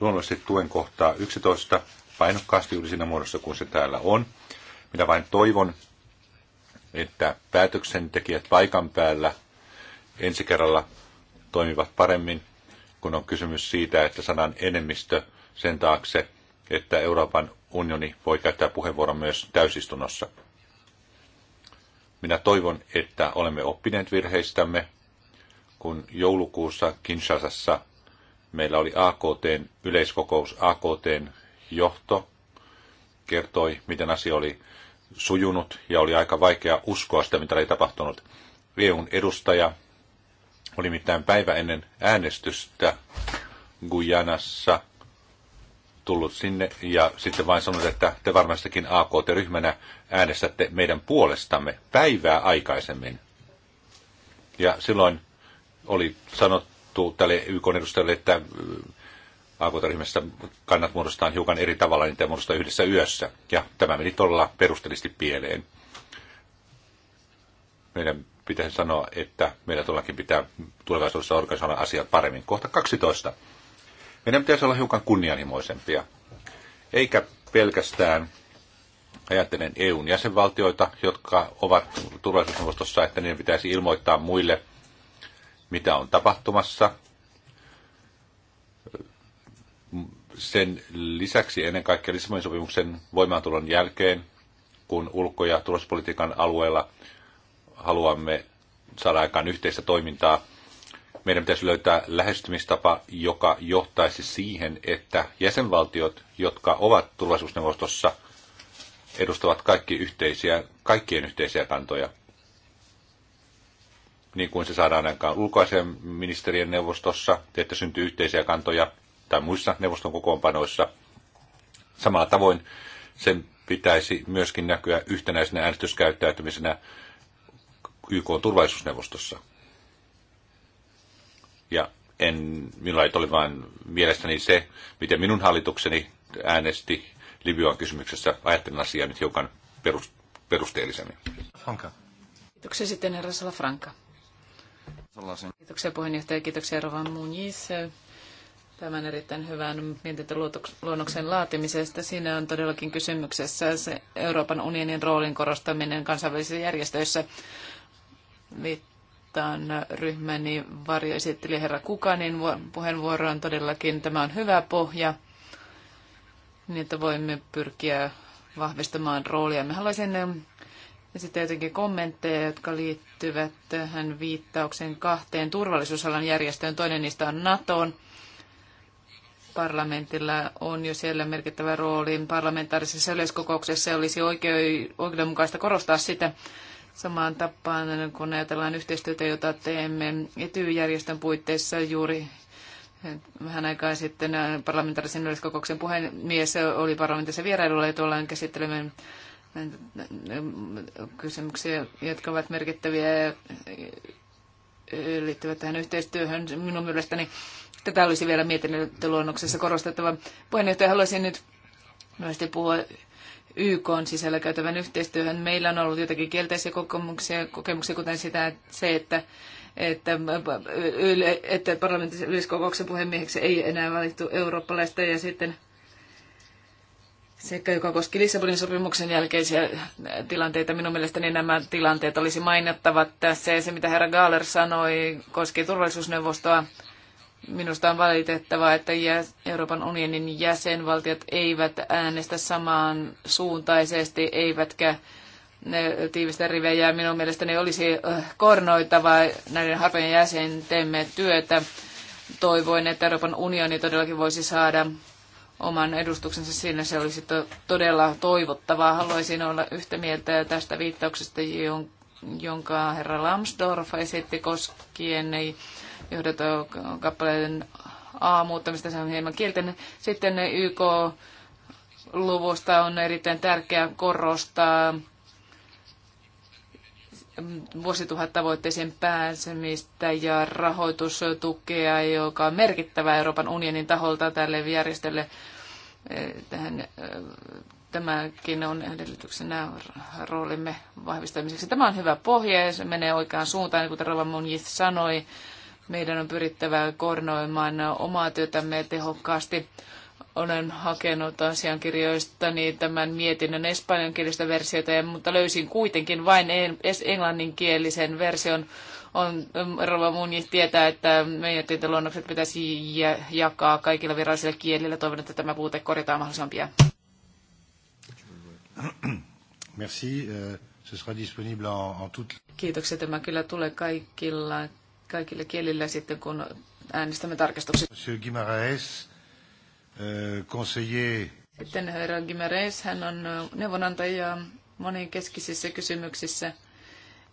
D: luonnollisesti tuen kohtaa 11 painokkaasti juuri siinä muodossa, kun se täällä on. Minä vain toivon, että päätöksentekijät paikan päällä ensi kerralla toimivat paremmin, kun on kysymys siitä, että sanan enemmistö sen taakse, että Euroopan unioni voi käyttää puheenvuoron myös täysistunnossa. Minä toivon, että olemme oppineet virheistämme, kun joulukuussa Kinshasassa meillä oli AKTn yleiskokous, AKTn johto kertoi, miten asia oli sujunut ja oli aika vaikea uskoa sitä, mitä oli tapahtunut. EUn edustaja oli mitään päivä ennen äänestystä Gujanassa tullut sinne ja sitten vain sanoi, että te varmastikin AKT-ryhmänä äänestätte meidän puolestamme päivää aikaisemmin. Ja silloin oli sanottu, sanottu tälle YK edustajalle, että äh, AKT-ryhmässä kannat muodostaa hiukan eri tavalla, niitä muodostaa yhdessä yössä. Ja tämä meni todella perusteellisesti pieleen. Meidän pitäisi sanoa, että meillä todellakin pitää tulevaisuudessa organisoida asiat paremmin. Kohta 12. Meidän pitäisi olla hiukan kunnianhimoisempia, eikä pelkästään ajattelen EUn jäsenvaltioita, jotka ovat turvallisuusneuvostossa, että niiden pitäisi ilmoittaa muille – mitä on tapahtumassa. Sen lisäksi ennen kaikkea Lissabonin sopimuksen voimaantulon jälkeen, kun ulko- ja turvallisuuspolitiikan alueella haluamme saada aikaan yhteistä toimintaa, meidän pitäisi löytää lähestymistapa, joka johtaisi siihen, että jäsenvaltiot, jotka ovat turvallisuusneuvostossa, edustavat kaikki yhteisiä, kaikkien yhteisiä kantoja – niin kuin se saadaan aikaan ulkoasiaministerien neuvostossa, että syntyy yhteisiä kantoja tai muissa neuvoston kokoonpanoissa. Samalla tavoin sen pitäisi myöskin näkyä yhtenäisenä äänestyskäyttäytymisenä YK turvallisuusneuvostossa. Ja en, minulla ei ole vain mielestäni se, miten minun hallitukseni äänesti Libyan kysymyksessä. Ajattelen asiaa nyt hiukan perusteellisemmin. Franka.
B: Kiitoksia sitten herra Franka. Kiitoksia puheenjohtaja, kiitoksia Rova Muniz tämän erittäin hyvän mietintöluonnoksen laatimisesta. Siinä on todellakin kysymyksessä se Euroopan unionin roolin korostaminen kansainvälisissä järjestöissä. Viittaan ryhmäni varjoesitteli herra Kukanin puheenvuoroon todellakin. Tämä on hyvä pohja, niin että voimme pyrkiä vahvistamaan roolia. Me haluaisin ja sitten jotenkin kommentteja, jotka liittyvät tähän viittauksen kahteen turvallisuusalan järjestöön. Toinen niistä on Naton. Parlamentilla on jo siellä merkittävä rooli. Parlamentaarisessa yleiskokouksessa olisi oikeudenmukaista korostaa sitä samaan tapaan, kun ajatellaan yhteistyötä, jota teemme etyjärjestön puitteissa juuri vähän aikaa sitten parlamentaarisen yleiskokouksen puhemies oli parlamentissa vierailulla ja tuollaan käsittelemme kysymyksiä, jotka ovat merkittäviä ja liittyvät tähän yhteistyöhön. Minun mielestäni tätä olisi vielä mietintöluonnoksessa korostettava. Puheenjohtaja, haluaisin nyt myös puhua YK on sisällä käytävän yhteistyöhön. Meillä on ollut jotakin kielteisiä kokemuksia, kokemuksia kuten sitä, se, että, että, että parlamentin yleiskokouksen puhemieheksi ei enää valittu eurooppalaista ja sitten sekä joka koski Lissabonin sopimuksen jälkeisiä tilanteita. Minun mielestäni nämä tilanteet olisi mainittavat tässä. Ja se, mitä herra Gaaler sanoi, koski turvallisuusneuvostoa. Minusta on valitettavaa, että Euroopan unionin jäsenvaltiot eivät äänestä samaan suuntaisesti, eivätkä ne tiivistä rivejä. Minun mielestäni olisi äh, kornoitava näiden harvojen jäsentemme työtä. Toivoin, että Euroopan unioni todellakin voisi saada oman edustuksensa siinä. Se olisi to- todella toivottavaa. Haluaisin olla yhtä mieltä tästä viittauksesta, jonka herra Lambsdorff esitti koskien ei johdato kappaleiden A muuttamista. Se on hieman kielten. Sitten YK luvusta on erittäin tärkeää korostaa vuosituhattavoitteeseen pääsemistä ja rahoitustukea, joka on merkittävä Euroopan unionin taholta tälle järjestölle. Eh, tähän, eh, tämäkin on edellytyksenä roolimme vahvistamiseksi. Tämä on hyvä pohja ja se menee oikeaan suuntaan, niin kuten Rova Munjith sanoi. Meidän on pyrittävä koordinoimaan omaa työtämme tehokkaasti olen hakenut niin tämän mietinnön espanjankielistä versiota, mutta löysin kuitenkin vain englanninkielisen version. On, mm, Rova Muni tietää, että meidän luonnokset pitäisi jakaa kaikilla virallisilla kielillä. Toivon, että tämä puute korjataan mahdollisimman pian.
A: (clears throat) Merci. Euh, ce sera disponible en, en tout...
B: Kiitoksia. Tämä kyllä tulee kaikilla, kaikilla kielillä sitten, kun äänestämme tarkastuksia.
A: Monsieur Guimaraes, Euh, conseiller.
B: Sitten herra Gimereis, hän on neuvonantaja monenkeskisissä kysymyksissä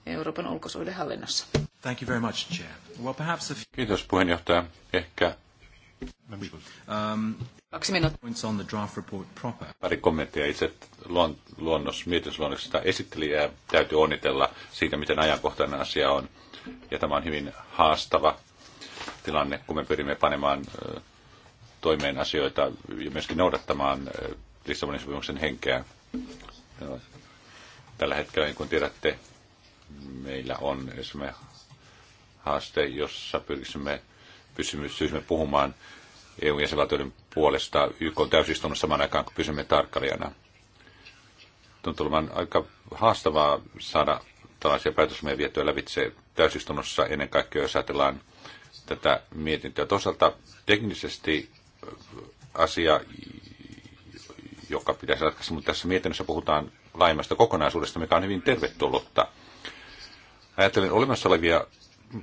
B: Euroopan ulkosuhdehallinnossa.
D: Thank you very much, Chair. Well, perhaps if... Kiitos puheenjohtaja. Ehkä
B: um, Kaksi minuuttia. On the draft report proper.
D: Pari kommenttia itse luon, luonnos, mietinnösluonnoksesta esittelijää täytyy onnitella siitä, miten ajankohtainen asia on. Ja tämä on hyvin haastava tilanne, kun me pyrimme panemaan toimeen asioita ja myöskin noudattamaan Lissabonin sopimuksen henkeä. No, tällä hetkellä, niin kuin tiedätte, meillä on esimerkiksi haaste, jossa pyrkisimme pysymme puhumaan EU-jäsenvaltioiden puolesta YK täysistunnossa samaan aikaan, kun pysymme tarkkailijana. Tuntuu olevan aika haastavaa saada tällaisia päätösmeen vietyä lävitse täysistunnossa ennen kaikkea, jos ajatellaan tätä mietintöä. Toisaalta teknisesti asia, joka pitäisi ratkaista, mutta tässä mietinnössä puhutaan laajemmasta kokonaisuudesta, mikä on hyvin tervetullutta. Ajattelen olemassa olevia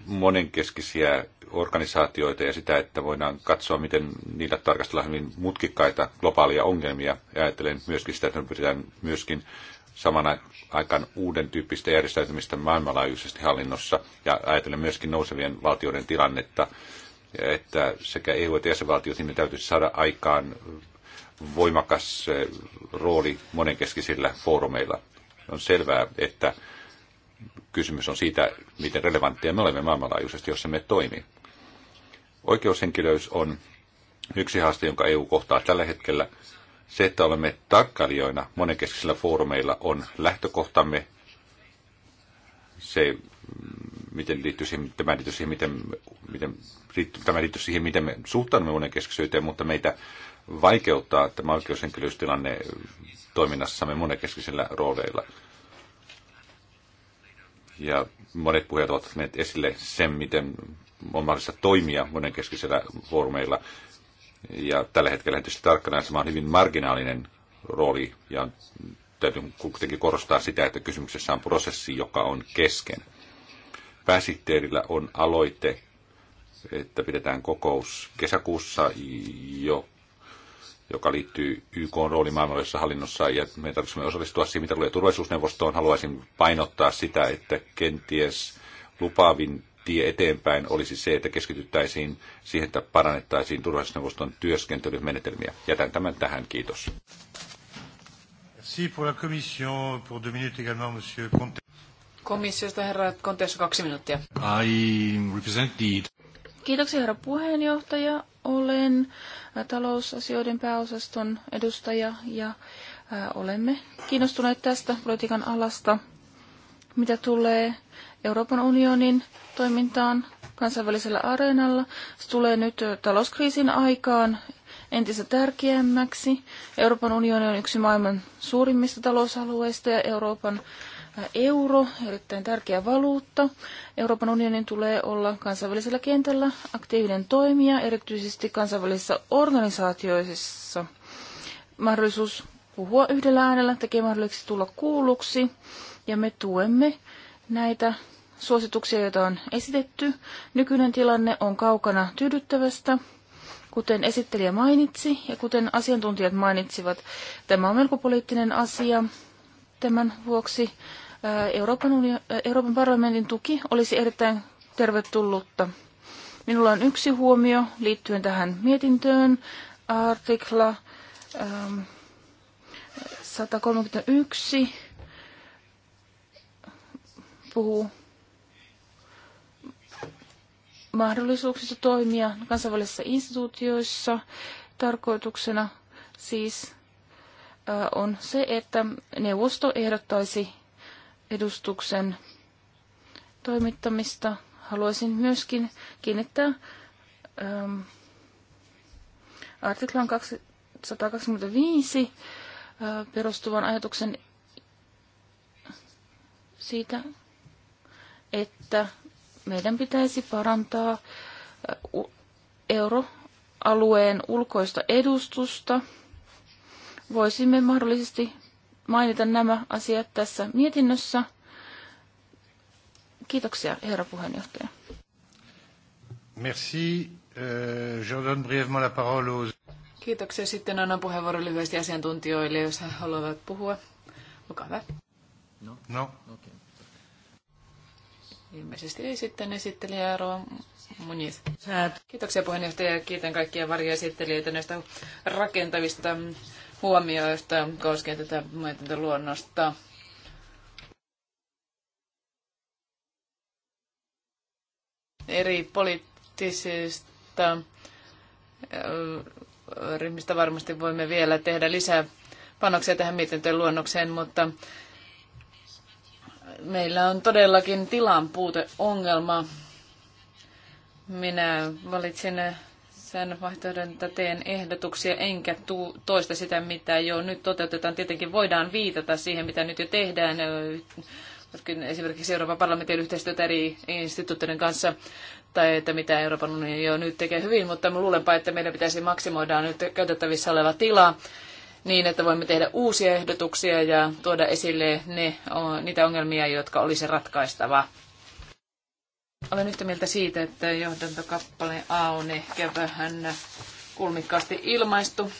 D: monenkeskisiä organisaatioita ja sitä, että voidaan katsoa, miten niillä tarkastellaan hyvin mutkikkaita globaalia ongelmia. Ja ajattelen myöskin sitä, että me pyritään myöskin samana aikaan uuden tyyppistä järjestäytymistä maailmanlaajuisesti hallinnossa ja ajatellen myöskin nousevien valtioiden tilannetta että sekä EU- että jäsenvaltiot, niin täytyisi saada aikaan voimakas eh, rooli monenkeskisillä foorumeilla. On selvää, että kysymys on siitä, miten relevanttia me olemme maailmanlaajuisesti, jos me toimii. Oikeushenkilöys on yksi haaste, jonka EU kohtaa tällä hetkellä. Se, että olemme tarkkailijoina monenkeskisillä foorumeilla, on lähtökohtamme. Se miten liittyy siihen, tämä liittyy siihen, miten, miten, tämä liittyy siihen, miten me suhtaudumme monenkeskisyyteen, mutta meitä vaikeuttaa tämä oikeushenkilöstilanne toiminnassamme monenkeskisillä rooleilla. Ja monet puheet ovat menneet esille sen, miten on mahdollista toimia monenkeskisillä foorumeilla. Ja tällä hetkellä tietysti tarkkana on hyvin marginaalinen rooli ja täytyy kuitenkin korostaa sitä, että kysymyksessä on prosessi, joka on kesken pääsihteerillä on aloite, että pidetään kokous kesäkuussa jo joka liittyy YK rooli maailmallisessa hallinnossa, ja me tarvitsemme osallistua siihen, mitä tulee turvallisuusneuvostoon. Haluaisin painottaa sitä, että kenties lupaavin tie eteenpäin olisi se, että keskityttäisiin siihen, että parannettaisiin turvallisuusneuvoston työskentelymenetelmiä. Jätän tämän tähän, kiitos.
A: Komissiosta herra Konteessa kaksi minuuttia. I represent the...
C: Kiitoksia herra puheenjohtaja. Olen äh, talousasioiden pääosaston edustaja ja äh, olemme kiinnostuneet tästä politiikan alasta, mitä tulee Euroopan unionin toimintaan kansainvälisellä areenalla. Se tulee nyt äh, talouskriisin aikaan entistä tärkeämmäksi. Euroopan unioni on yksi maailman suurimmista talousalueista ja Euroopan euro, erittäin tärkeä valuutta. Euroopan unionin tulee olla kansainvälisellä kentällä aktiivinen toimija, erityisesti kansainvälisissä organisaatioissa. Mahdollisuus puhua yhdellä äänellä tekee mahdolliseksi tulla kuulluksi, ja me tuemme näitä suosituksia, joita on esitetty. Nykyinen tilanne on kaukana tyydyttävästä, kuten esittelijä mainitsi ja kuten asiantuntijat mainitsivat. Tämä on melko poliittinen asia. Tämän vuoksi Äh, Euroopan, äh, Euroopan parlamentin tuki olisi erittäin tervetullutta. Minulla on yksi huomio liittyen tähän mietintöön. Artikla ähm, 131 puhuu mahdollisuuksista toimia kansainvälisissä instituutioissa. Tarkoituksena siis äh, on se, että neuvosto ehdottaisi edustuksen toimittamista. Haluaisin myöskin kiinnittää ähm, artiklan 125 äh, perustuvan ajatuksen siitä, että meidän pitäisi parantaa äh, euroalueen ulkoista edustusta. Voisimme mahdollisesti mainita nämä asiat tässä mietinnössä. Kiitoksia, herra puheenjohtaja.
A: Merci. Euh, la
B: Kiitoksia. Sitten annan puheenvuoron lyhyesti asiantuntijoille, jos he haluavat puhua. Olkaa hyvä. No. no. Okay. Ilmeisesti ei sitten esittelijä Roa Muniz. Kiitoksia puheenjohtaja ja kiitän kaikkia varjoesittelijöitä näistä rakentavista huomioista koskien tätä luonnosta. Eri poliittisista ryhmistä varmasti voimme vielä tehdä lisää panoksia tähän mietintöön luonnokseen, mutta meillä on todellakin tilan puute ongelma. Minä valitsin sen vaihtoehdon, että teen ehdotuksia enkä toista sitä, mitä jo nyt toteutetaan. Tietenkin voidaan viitata siihen, mitä nyt jo tehdään, äh, esimerkiksi Euroopan parlamentin yhteistyötä eri instituutioiden kanssa, tai että mitä Euroopan unioni jo nyt tekee hyvin, mutta luulenpa, että meidän pitäisi maksimoida nyt käytettävissä oleva tila niin, että voimme tehdä uusia ehdotuksia ja tuoda esille ne, niitä ongelmia, jotka olisi ratkaistava. Olen yhtä mieltä siitä, että johdantokappale A on ehkä vähän kulmikkaasti ilmaistu.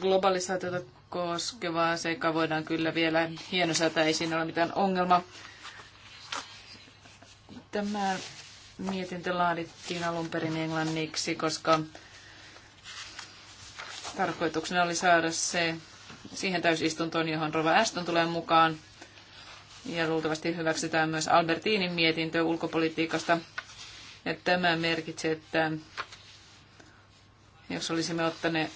B: Globalisaatiota koskevaa seikkaa voidaan kyllä vielä hienosäätää, ei siinä ole mitään ongelmaa. Tämä mietintö laadittiin alun perin englanniksi, koska tarkoituksena oli saada se siihen täysistuntoon, johon Rova Aston tulee mukaan – ja luultavasti hyväksytään myös Albertinin mietintö ulkopolitiikasta. Ja tämä merkitsee, että jos olisimme ottaneet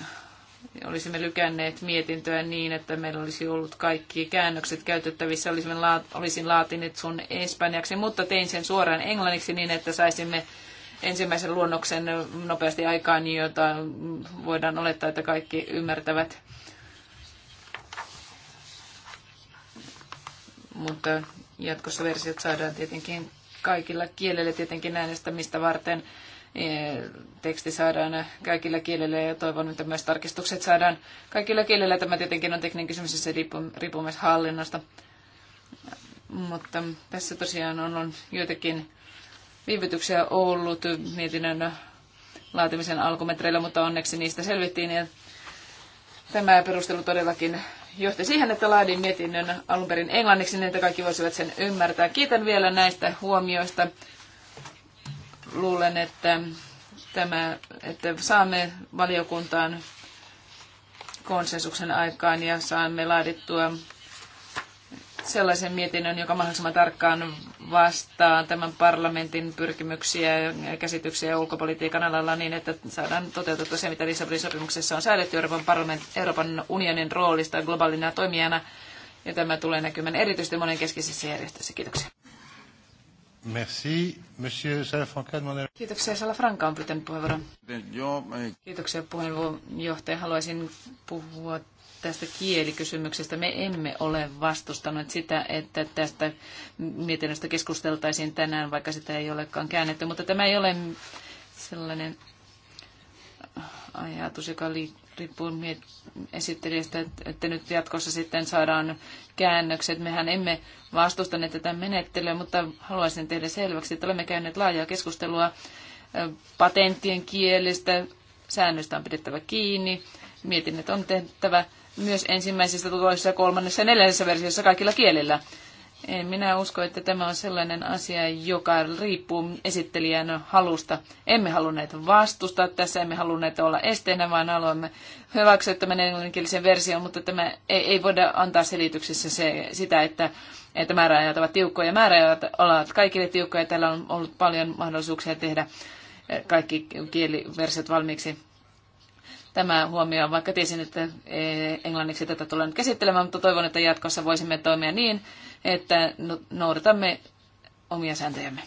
B: olisimme lykänneet mietintöä niin, että meillä olisi ollut kaikki käännökset käytettävissä. Olisimme laat, olisin laatinut sun espanjaksi, mutta tein sen suoraan englanniksi niin, että saisimme ensimmäisen luonnoksen nopeasti aikaan, jota voidaan olettaa, että kaikki ymmärtävät. mutta jatkossa versiot saadaan tietenkin kaikilla kielillä tietenkin äänestämistä varten. E, teksti saadaan kaikilla kielillä ja toivon, että myös tarkistukset saadaan kaikilla kielillä. Tämä tietenkin on tekninen kysymys ja se riippuu, riippuu myös hallinnosta. Mutta tässä tosiaan on, on joitakin viivytyksiä ollut mietinnön laatimisen alkumetreillä, mutta onneksi niistä selvittiin. Ja tämä perustelu todellakin johti siihen, että laadin mietinnön alun perin englanniksi, niin että kaikki voisivat sen ymmärtää. Kiitän vielä näistä huomioista. Luulen, että, tämä, että saamme valiokuntaan konsensuksen aikaan ja saamme laadittua sellaisen mietinnön, joka mahdollisimman tarkkaan vastaa tämän parlamentin pyrkimyksiä ja käsityksiä ulkopolitiikan alalla niin, että saadaan toteutettua se, mitä Lissabonin sopimuksessa on säädetty Euroopan, Euroopan unionin roolista globaalina toimijana. Ja tämä tulee näkymään erityisesti monenkeskisissä järjestöissä. Kiitoksia.
A: Merci. Monsieur Salafranca,
B: Kiitoksia. Salafranca on pyytänyt puheenvuoron. Eh, Kiitoksia puheenjohtaja. Haluaisin puhua tästä kielikysymyksestä. Me emme ole vastustaneet sitä, että tästä mietinnöstä keskusteltaisiin tänään, vaikka sitä ei olekaan käännetty. Mutta tämä ei ole sellainen ajatus, joka riippuu esittelijästä, että nyt jatkossa sitten saadaan käännökset. Mehän emme vastustaneet tätä menettelyä, mutta haluaisin tehdä selväksi, että olemme käyneet laajaa keskustelua patenttien kielistä. Säännöistä on pidettävä kiinni, mietinnöt on tehtävä myös ensimmäisessä, toisessa, kolmannessa ja neljännessä versiossa kaikilla kielillä. En minä usko, että tämä on sellainen asia, joka riippuu esittelijän halusta. Emme halunneet vastustaa tässä, emme halunneet olla esteenä, vaan haluamme hyväksyä tämän englanninkielisen version, mutta tämä ei, ei voida antaa selityksessä se, sitä, että, että määräajat ovat tiukkoja. Määräajat ovat kaikille tiukkoja. Täällä on ollut paljon mahdollisuuksia tehdä kaikki kieliversiot valmiiksi tämä huomio vaikka tiesin, että e, englanniksi tätä tulee käsittelemään, mutta toivon, että jatkossa voisimme toimia niin, että no, noudatamme omia sääntöjämme.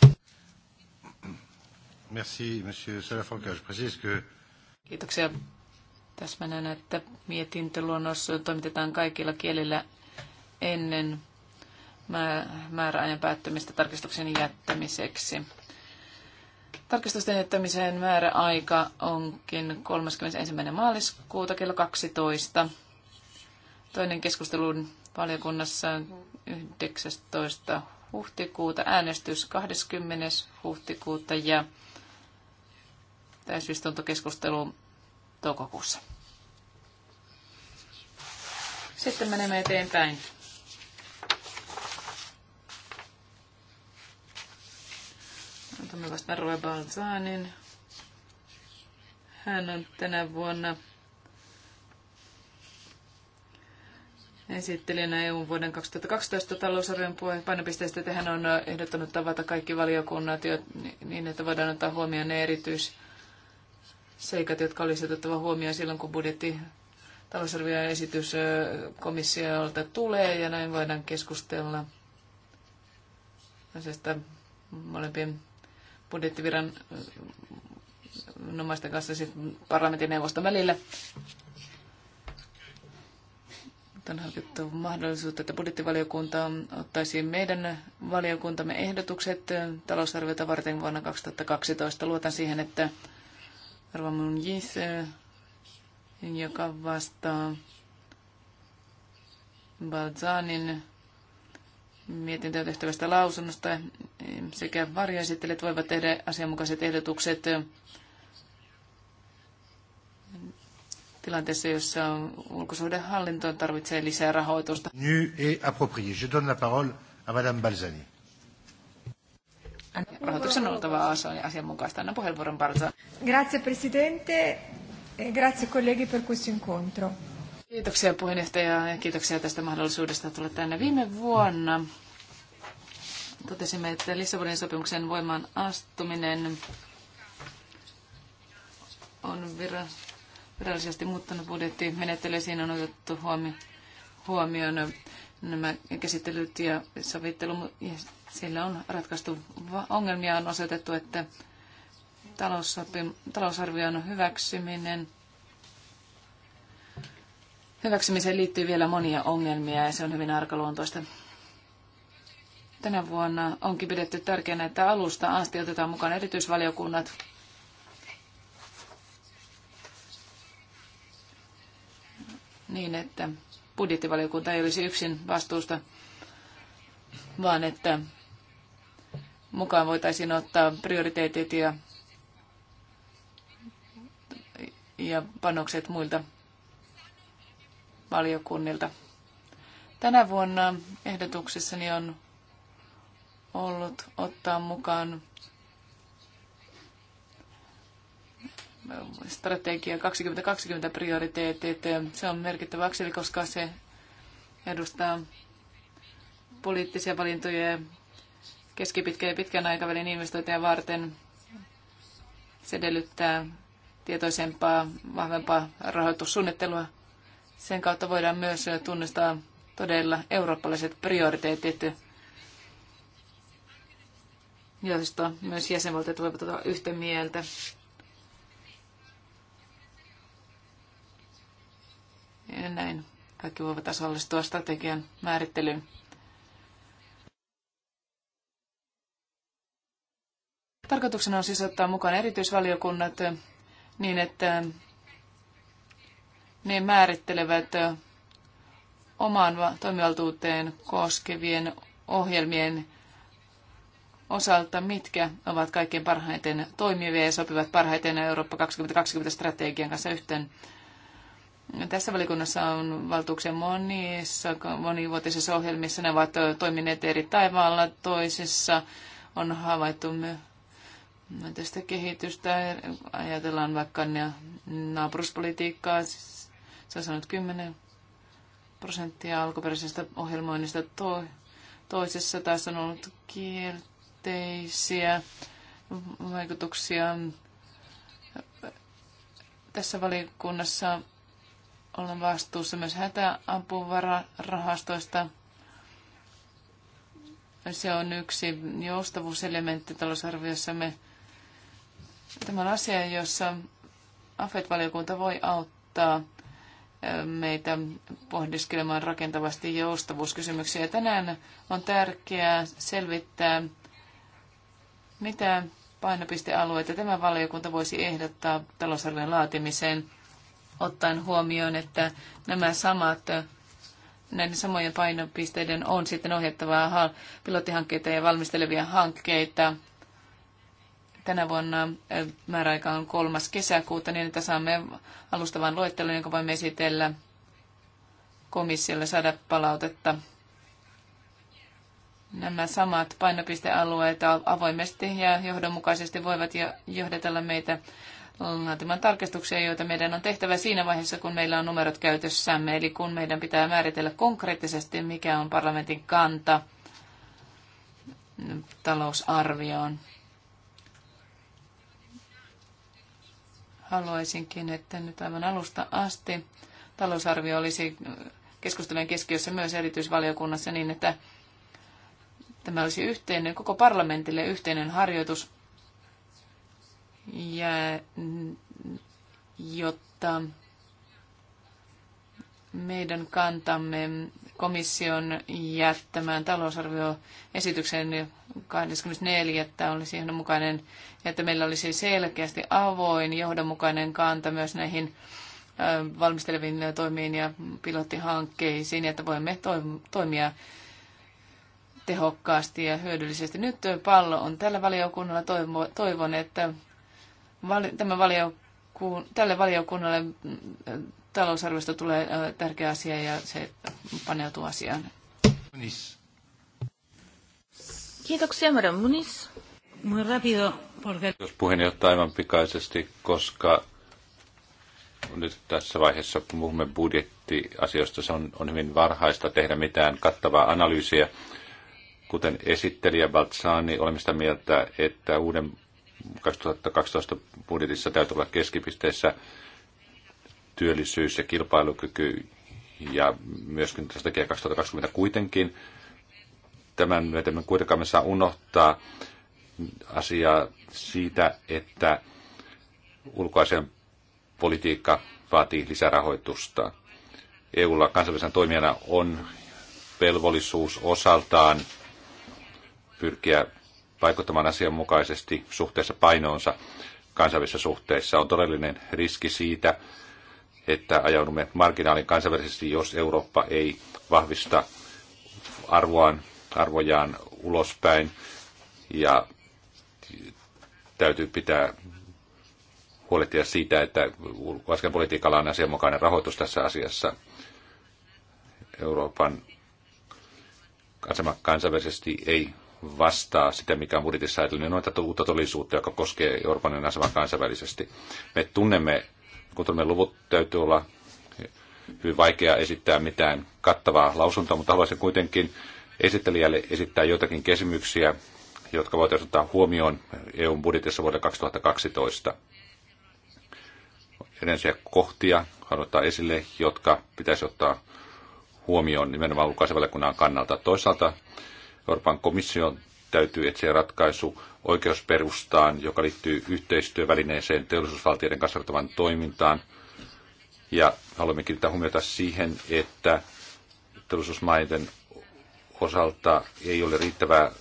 A: Merci, monsieur Salafranca. Je précise que...
B: Kiitoksia. Täsmänän, että mietintöluonnos toimitetaan kaikilla kielillä ennen määräajan päättymistä tarkistuksen jättämiseksi. Tarkistusten jättämiseen määräaika onkin 31. maaliskuuta kello 12. Toinen keskustelun valiokunnassa 19. huhtikuuta, äänestys 20. huhtikuuta ja täysistuntokeskustelu toukokuussa. Sitten menemme eteenpäin. Otamme vasta Roy Balzanin. Hän on tänä vuonna esittelijänä EUn vuoden 2012 talousarvion painopisteestä. hän on ehdottanut tavata kaikki valiokunnat jo, niin, että voidaan ottaa huomioon ne erityisseikat, jotka olisi otettava huomioon silloin, kun budjetti talousarvion esitys komissiolta tulee ja näin voidaan keskustella asiasta molempien budjettiviran äh, nomaisten kanssa siis parlamentin neuvoston välillä. On hankittu mahdollisuutta, että budjettivaliokunta ottaisi meidän valiokuntamme ehdotukset äh, talousarviota varten vuonna 2012. Luotan siihen, että Arva Munjis, äh, joka vastaa Balzanin mietintöön tehtävästä lausunnosta sekä varjoesittelijät voivat tehdä asianmukaiset ehdotukset tilanteessa, jossa ulkosuhdehallintoon tarvitsee
A: lisää rahoitusta. Je donne la parole à Madame Balzani.
B: Rahoituksen on oltava asianmukaista. Anna puheenvuoron Balzani.
E: Grazie
A: Presidente. e Grazie colleghi per questo incontro.
B: Kiitoksia puheenjohtaja ja kiitoksia tästä mahdollisuudesta tulla tänne. Viime vuonna totesimme, että Lissabonin sopimuksen voimaan astuminen on virallisesti muuttanut budjettimenettelyä. Siinä on otettu huomioon nämä käsittelyt ja sovittelu. Ja sillä on ratkaistu ongelmia. On osoitettu, että talousarvion hyväksyminen hyväksymiseen liittyy vielä monia ongelmia ja se on hyvin arkaluontoista. Tänä vuonna onkin pidetty tärkeänä, että alusta asti otetaan mukaan erityisvaliokunnat. Niin, että budjettivaliokunta ei olisi yksin vastuusta, vaan että mukaan voitaisiin ottaa prioriteetit ja, ja panokset muilta valiokunnilta. Tänä vuonna ehdotuksessani on ollut ottaa mukaan strategia 2020 prioriteetit. Se on merkittävä akseli, koska se edustaa poliittisia valintoja keskipitkän ja pitkän aikavälin investointeja varten. Se edellyttää tietoisempaa, vahvempaa rahoitussuunnittelua. Sen kautta voidaan myös tunnistaa todella eurooppalaiset prioriteetit, joista myös jäsenvaltiot voivat olla yhtä mieltä. Ja näin kaikki voivat osallistua strategian määrittelyyn. Tarkoituksena on siis ottaa mukaan erityisvaliokunnat niin, että ne määrittelevät omaan toimivaltuuteen koskevien ohjelmien osalta, mitkä ovat kaikkein parhaiten toimivia ja sopivat parhaiten Eurooppa 2020-strategian kanssa yhteen. Tässä valikunnassa on valtuuksia monissa monivuotisissa ohjelmissa. Ne ovat toimineet eri taivaalla. Toisissa on havaittu myös kehitystä. Ajatellaan vaikka naapuruspolitiikkaa, sä sanoit 10 prosenttia alkuperäisestä ohjelmoinnista. To, toisessa taas on ollut kielteisiä vaikutuksia. Tässä valiokunnassa olen vastuussa myös hätäapuvararahastoista. Se on yksi joustavuuselementti talousarviossamme. Tämä on asia, jossa AFET-valiokunta voi auttaa meitä pohdiskelemaan rakentavasti joustavuuskysymyksiä. Tänään on tärkeää selvittää, mitä painopistealueita tämä valiokunta voisi ehdottaa talousarvion laatimiseen, ottaen huomioon, että nämä samat näiden samojen painopisteiden on sitten ohjattavaa pilottihankkeita ja valmistelevia hankkeita – tänä vuonna määräaika on kolmas kesäkuuta, niin että saamme alustavan luettelon, jonka voimme esitellä komissiolle saada palautetta. Nämä samat painopistealueet avoimesti ja johdonmukaisesti voivat jo johdatella meitä laatimaan tarkistuksia, joita meidän on tehtävä siinä vaiheessa, kun meillä on numerot käytössämme, eli kun meidän pitää määritellä konkreettisesti, mikä on parlamentin kanta talousarvioon. Haluaisinkin, että nyt aivan alusta asti talousarvio olisi keskustelujen keskiössä myös erityisvaliokunnassa niin, että tämä olisi yhteinen, koko parlamentille yhteinen harjoitus, ja, jotta meidän kantamme komission jättämään talousarvioesitykseen 24. olisi ihan mukainen, että meillä olisi siis selkeästi avoin, johdonmukainen kanta myös näihin valmisteleviin toimiin ja pilottihankkeisiin, että voimme toimia tehokkaasti ja hyödyllisesti. Nyt pallo on tällä valiokunnalla. Toivon, että tämä valiokunta tälle valiokunnalle Talousarvosta tulee tärkeä asia ja se
C: paneutuu asiaan. Munis. Kiitoksia, Madame Munis. Muy rápido, porque... Jos
D: puheenjohtaja aivan pikaisesti, koska nyt tässä vaiheessa puhumme budjettiasioista, se on, on hyvin varhaista tehdä mitään kattavaa analyysiä. Kuten esittelijä Baltsaani, olemme sitä mieltä, että uuden 2012 budjetissa täytyy olla keskipisteessä työllisyys ja kilpailukyky ja myöskin strategia 2020 kuitenkin. Tämän myötä me kuitenkaan me saa unohtaa asiaa siitä, että ulkoisen politiikka vaatii lisärahoitusta. EUlla kansallisena toimijana on velvollisuus osaltaan pyrkiä vaikuttamaan asianmukaisesti suhteessa painoonsa kansainvälisissä suhteissa. On todellinen riski siitä, että ajaudumme marginaalin kansainvälisesti, jos Eurooppa ei vahvista arvoaan, arvojaan ulospäin. Ja täytyy pitää huolehtia siitä, että ulkoasian politiikalla on asianmukainen rahoitus tässä asiassa. Euroopan asema kansainvälisesti ei vastaa sitä, mikä on budjetissa ajatellen noita niin uutta todellisuutta, joka koskee Euroopan asemaa kansainvälisesti. Me tunnemme kun tulemme luvut, täytyy olla hyvin vaikea esittää mitään kattavaa lausuntoa, mutta haluaisin kuitenkin esittelijälle esittää joitakin kysymyksiä, jotka voitaisiin ottaa huomioon EUn budjetissa vuodelle 2012. Edellisiä kohtia halutaan esille, jotka pitäisi ottaa huomioon nimenomaan ulkoasevaliokunnan kannalta. Toisaalta Euroopan komission täytyy etsiä ratkaisu oikeusperustaan, joka liittyy yhteistyövälineeseen teollisuusvaltioiden kasvattavan toimintaan. Ja haluamme kiinnittää huomiota siihen, että teollisuusmaiden osalta ei ole riittävää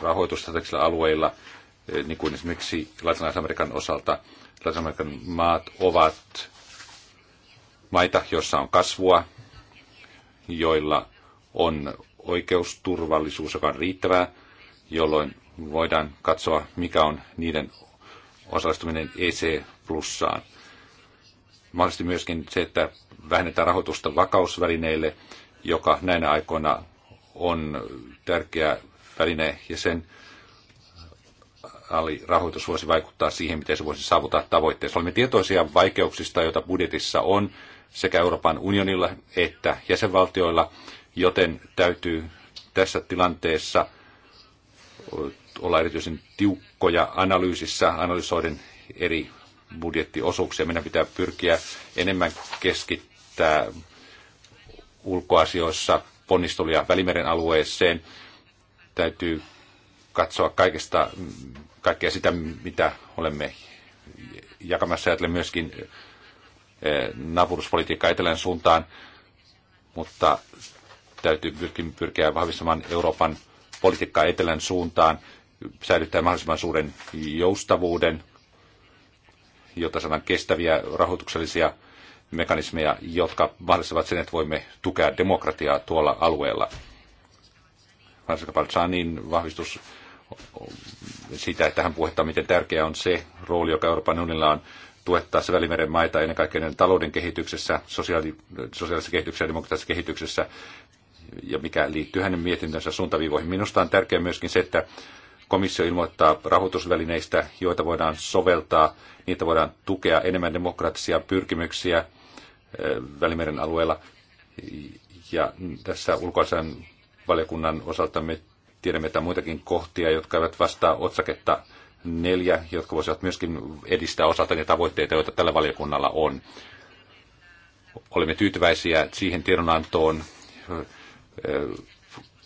D: rahoitusta tällaisilla alueilla, eh, niin kuin esimerkiksi Latinalais-Amerikan osalta. Latinalais-Amerikan maat ovat maita, joissa on kasvua, joilla on oikeusturvallisuus, joka on riittävää, jolloin voidaan katsoa, mikä on niiden osallistuminen EC plussaan. Mahdollisesti myöskin se, että vähennetään rahoitusta vakausvälineille, joka näinä aikoina on tärkeä väline ja sen rahoitus voisi vaikuttaa siihen, miten se voisi saavuttaa tavoitteensa. Olemme tietoisia vaikeuksista, joita budjetissa on sekä Euroopan unionilla että jäsenvaltioilla, joten täytyy tässä tilanteessa – olla erityisen tiukkoja analyysissä, analysoiden eri budjettiosuuksia. Meidän pitää pyrkiä enemmän keskittää ulkoasioissa ponnisteluja Välimeren alueeseen. Täytyy katsoa kaikesta, kaikkea sitä, mitä olemme jakamassa ajatellen myöskin e, naapuruspolitiikkaa etelän suuntaan, mutta täytyy pyrkiä vahvistamaan Euroopan politiikkaa etelän suuntaan, säilyttää mahdollisimman suuren joustavuuden, jotta saadaan kestäviä rahoituksellisia mekanismeja, jotka mahdollistavat sen, että voimme tukea demokratiaa tuolla alueella. Varsinkin vahvistus siitä, että hän puhetta, miten tärkeää on se rooli, joka Euroopan unionilla on tuettaessa Välimeren maita ennen kaikkea talouden kehityksessä, sosiaali- sosiaalisessa kehityksessä ja demokraattisessa kehityksessä ja mikä liittyy hänen mietintönsä suuntaviivoihin. Minusta on tärkeää myöskin se, että komissio ilmoittaa rahoitusvälineistä, joita voidaan soveltaa, niitä voidaan tukea enemmän demokraattisia pyrkimyksiä eh, Välimeren alueella. Ja tässä ulkoisen valiokunnan osalta me tiedämme, että muitakin kohtia, jotka eivät vastaa otsaketta neljä, jotka voisivat myöskin edistää osalta niitä tavoitteita, joita tällä valiokunnalla on. Olemme tyytyväisiä siihen tiedonantoon,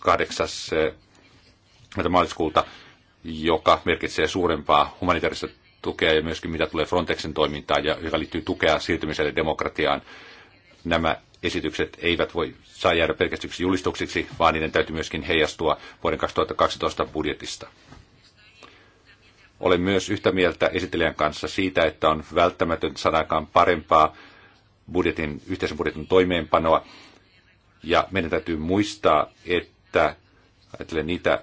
D: 8. Eh, maaliskuuta, joka merkitsee suurempaa humanitaarista tukea ja myöskin mitä tulee Frontexin toimintaan ja joka liittyy tukea siirtymiselle demokratiaan. Nämä esitykset eivät voi saa jäädä pelkästään julistuksiksi, vaan niiden täytyy myöskin heijastua vuoden 2012 budjetista. Olen myös yhtä mieltä esittelijän kanssa siitä, että on välttämätöntä saada parempaa budjetin, yhteisen budjetin toimeenpanoa ja meidän täytyy muistaa, että ajattelen niitä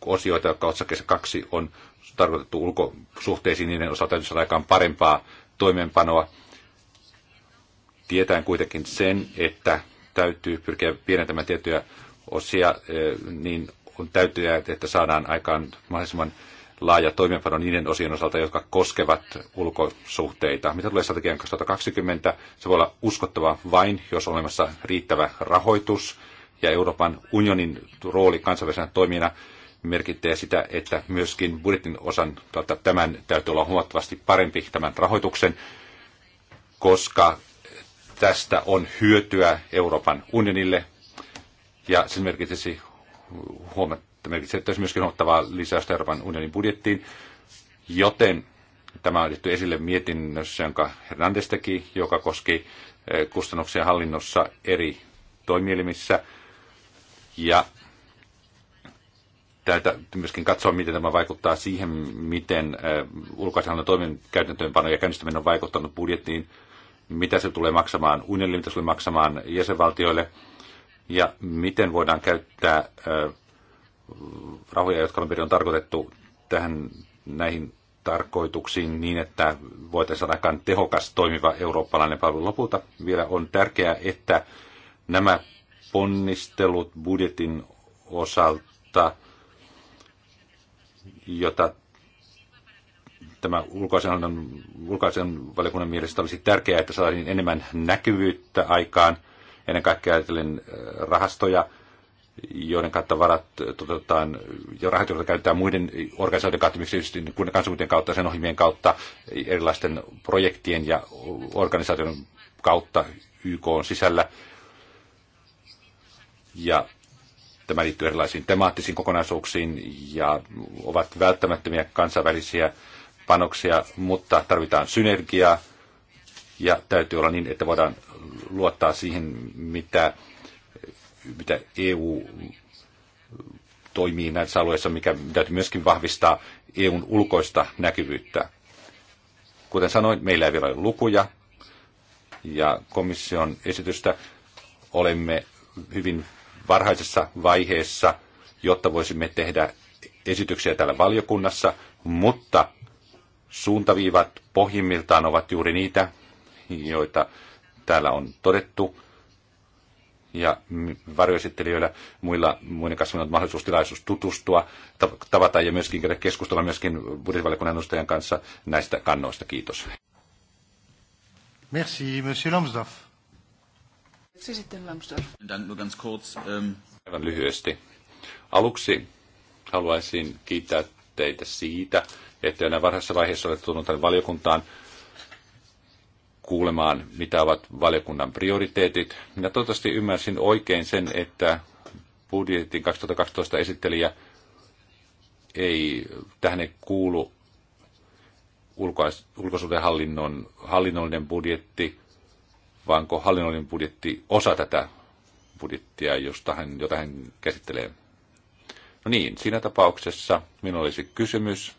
D: osioita, jotka otsakkeessa kaksi on tarkoitettu ulkosuhteisiin, niin niiden osalta täytyy saada aikaan parempaa toimeenpanoa. Tietään kuitenkin sen, että täytyy pyrkiä pienentämään tiettyjä osia, eh, niin on täytyy, että saadaan aikaan mahdollisimman laaja toimeenpano niiden osien osalta, jotka koskevat ulkosuhteita. Mitä tulee strategian 2020, se voi olla uskottava vain, jos on olemassa riittävä rahoitus ja Euroopan unionin rooli kansainvälisenä toimijana merkittää sitä, että myöskin budjetin osan tämän täytyy olla huomattavasti parempi tämän rahoituksen, koska tästä on hyötyä Euroopan unionille ja se merkitsisi huomattavasti merkitsettäisiin myöskin huomattavaa lisäystä Euroopan unionin budjettiin, joten tämä on liitty esille mietinnössä, jonka Hernandez teki, joka koski eh, kustannuksia hallinnossa eri toimielimissä. Ja täytä myöskin katsoa, miten tämä vaikuttaa siihen, miten eh, ulkoasianhallinnon toimen käytäntöönpano ja käynnistäminen on vaikuttanut budjettiin, mitä se tulee maksamaan unionille, mitä se tulee maksamaan jäsenvaltioille, ja miten voidaan käyttää eh, rahoja, jotka on tarkoitettu tähän näihin tarkoituksiin niin, että voitaisiin saada tehokas toimiva eurooppalainen palvelu. Lopulta vielä on tärkeää, että nämä ponnistelut budjetin osalta, jota tämä ulkoisen, ulkoisen valiokunnan mielestä olisi tärkeää, että saataisiin enemmän näkyvyyttä aikaan, ennen kaikkea ajatellen äh, rahastoja – joiden kautta varat toteutetaan ja rahat, joita käytetään muiden organisaatioiden kautta, myös niin kansakuntien kautta, sen ohjelmien kautta, erilaisten projektien ja organisaation kautta YK on sisällä. Ja tämä liittyy erilaisiin temaattisiin kokonaisuuksiin ja ovat välttämättömiä kansainvälisiä panoksia, mutta tarvitaan synergiaa ja täytyy olla niin, että voidaan luottaa siihen, mitä mitä EU toimii näissä alueissa, mikä täytyy myöskin vahvistaa EUn ulkoista näkyvyyttä. Kuten sanoin, meillä ei vielä ole lukuja ja komission esitystä olemme hyvin varhaisessa vaiheessa, jotta voisimme tehdä esityksiä täällä valiokunnassa, mutta suuntaviivat pohjimmiltaan ovat juuri niitä, joita täällä on todettu ja varjoesittelijöillä muilla muiden kanssa on mahdollisuus tilaisuus tutustua, tavata ja myöskin käydä keskustella myöskin budjettivaliokunnan edustajan kanssa näistä kannoista. Kiitos.
A: Merci, Monsieur Lambsdorff.
B: Sitten Lambsdorff.
D: Ähm, Aivan lyhyesti. Aluksi haluaisin kiittää teitä siitä, että jo näin varhaisessa vaiheessa olette tullut tänne valiokuntaan kuulemaan, mitä ovat valiokunnan prioriteetit. Minä toivottavasti ymmärsin oikein sen, että budjetin 2012 esittelijä ei, tähän ei kuulu ulkosuhdehallinnon hallinnollinen budjetti, vaanko hallinnollinen budjetti osa tätä budjettia, josta hän, jota hän käsittelee. No niin, siinä tapauksessa minulla olisi kysymys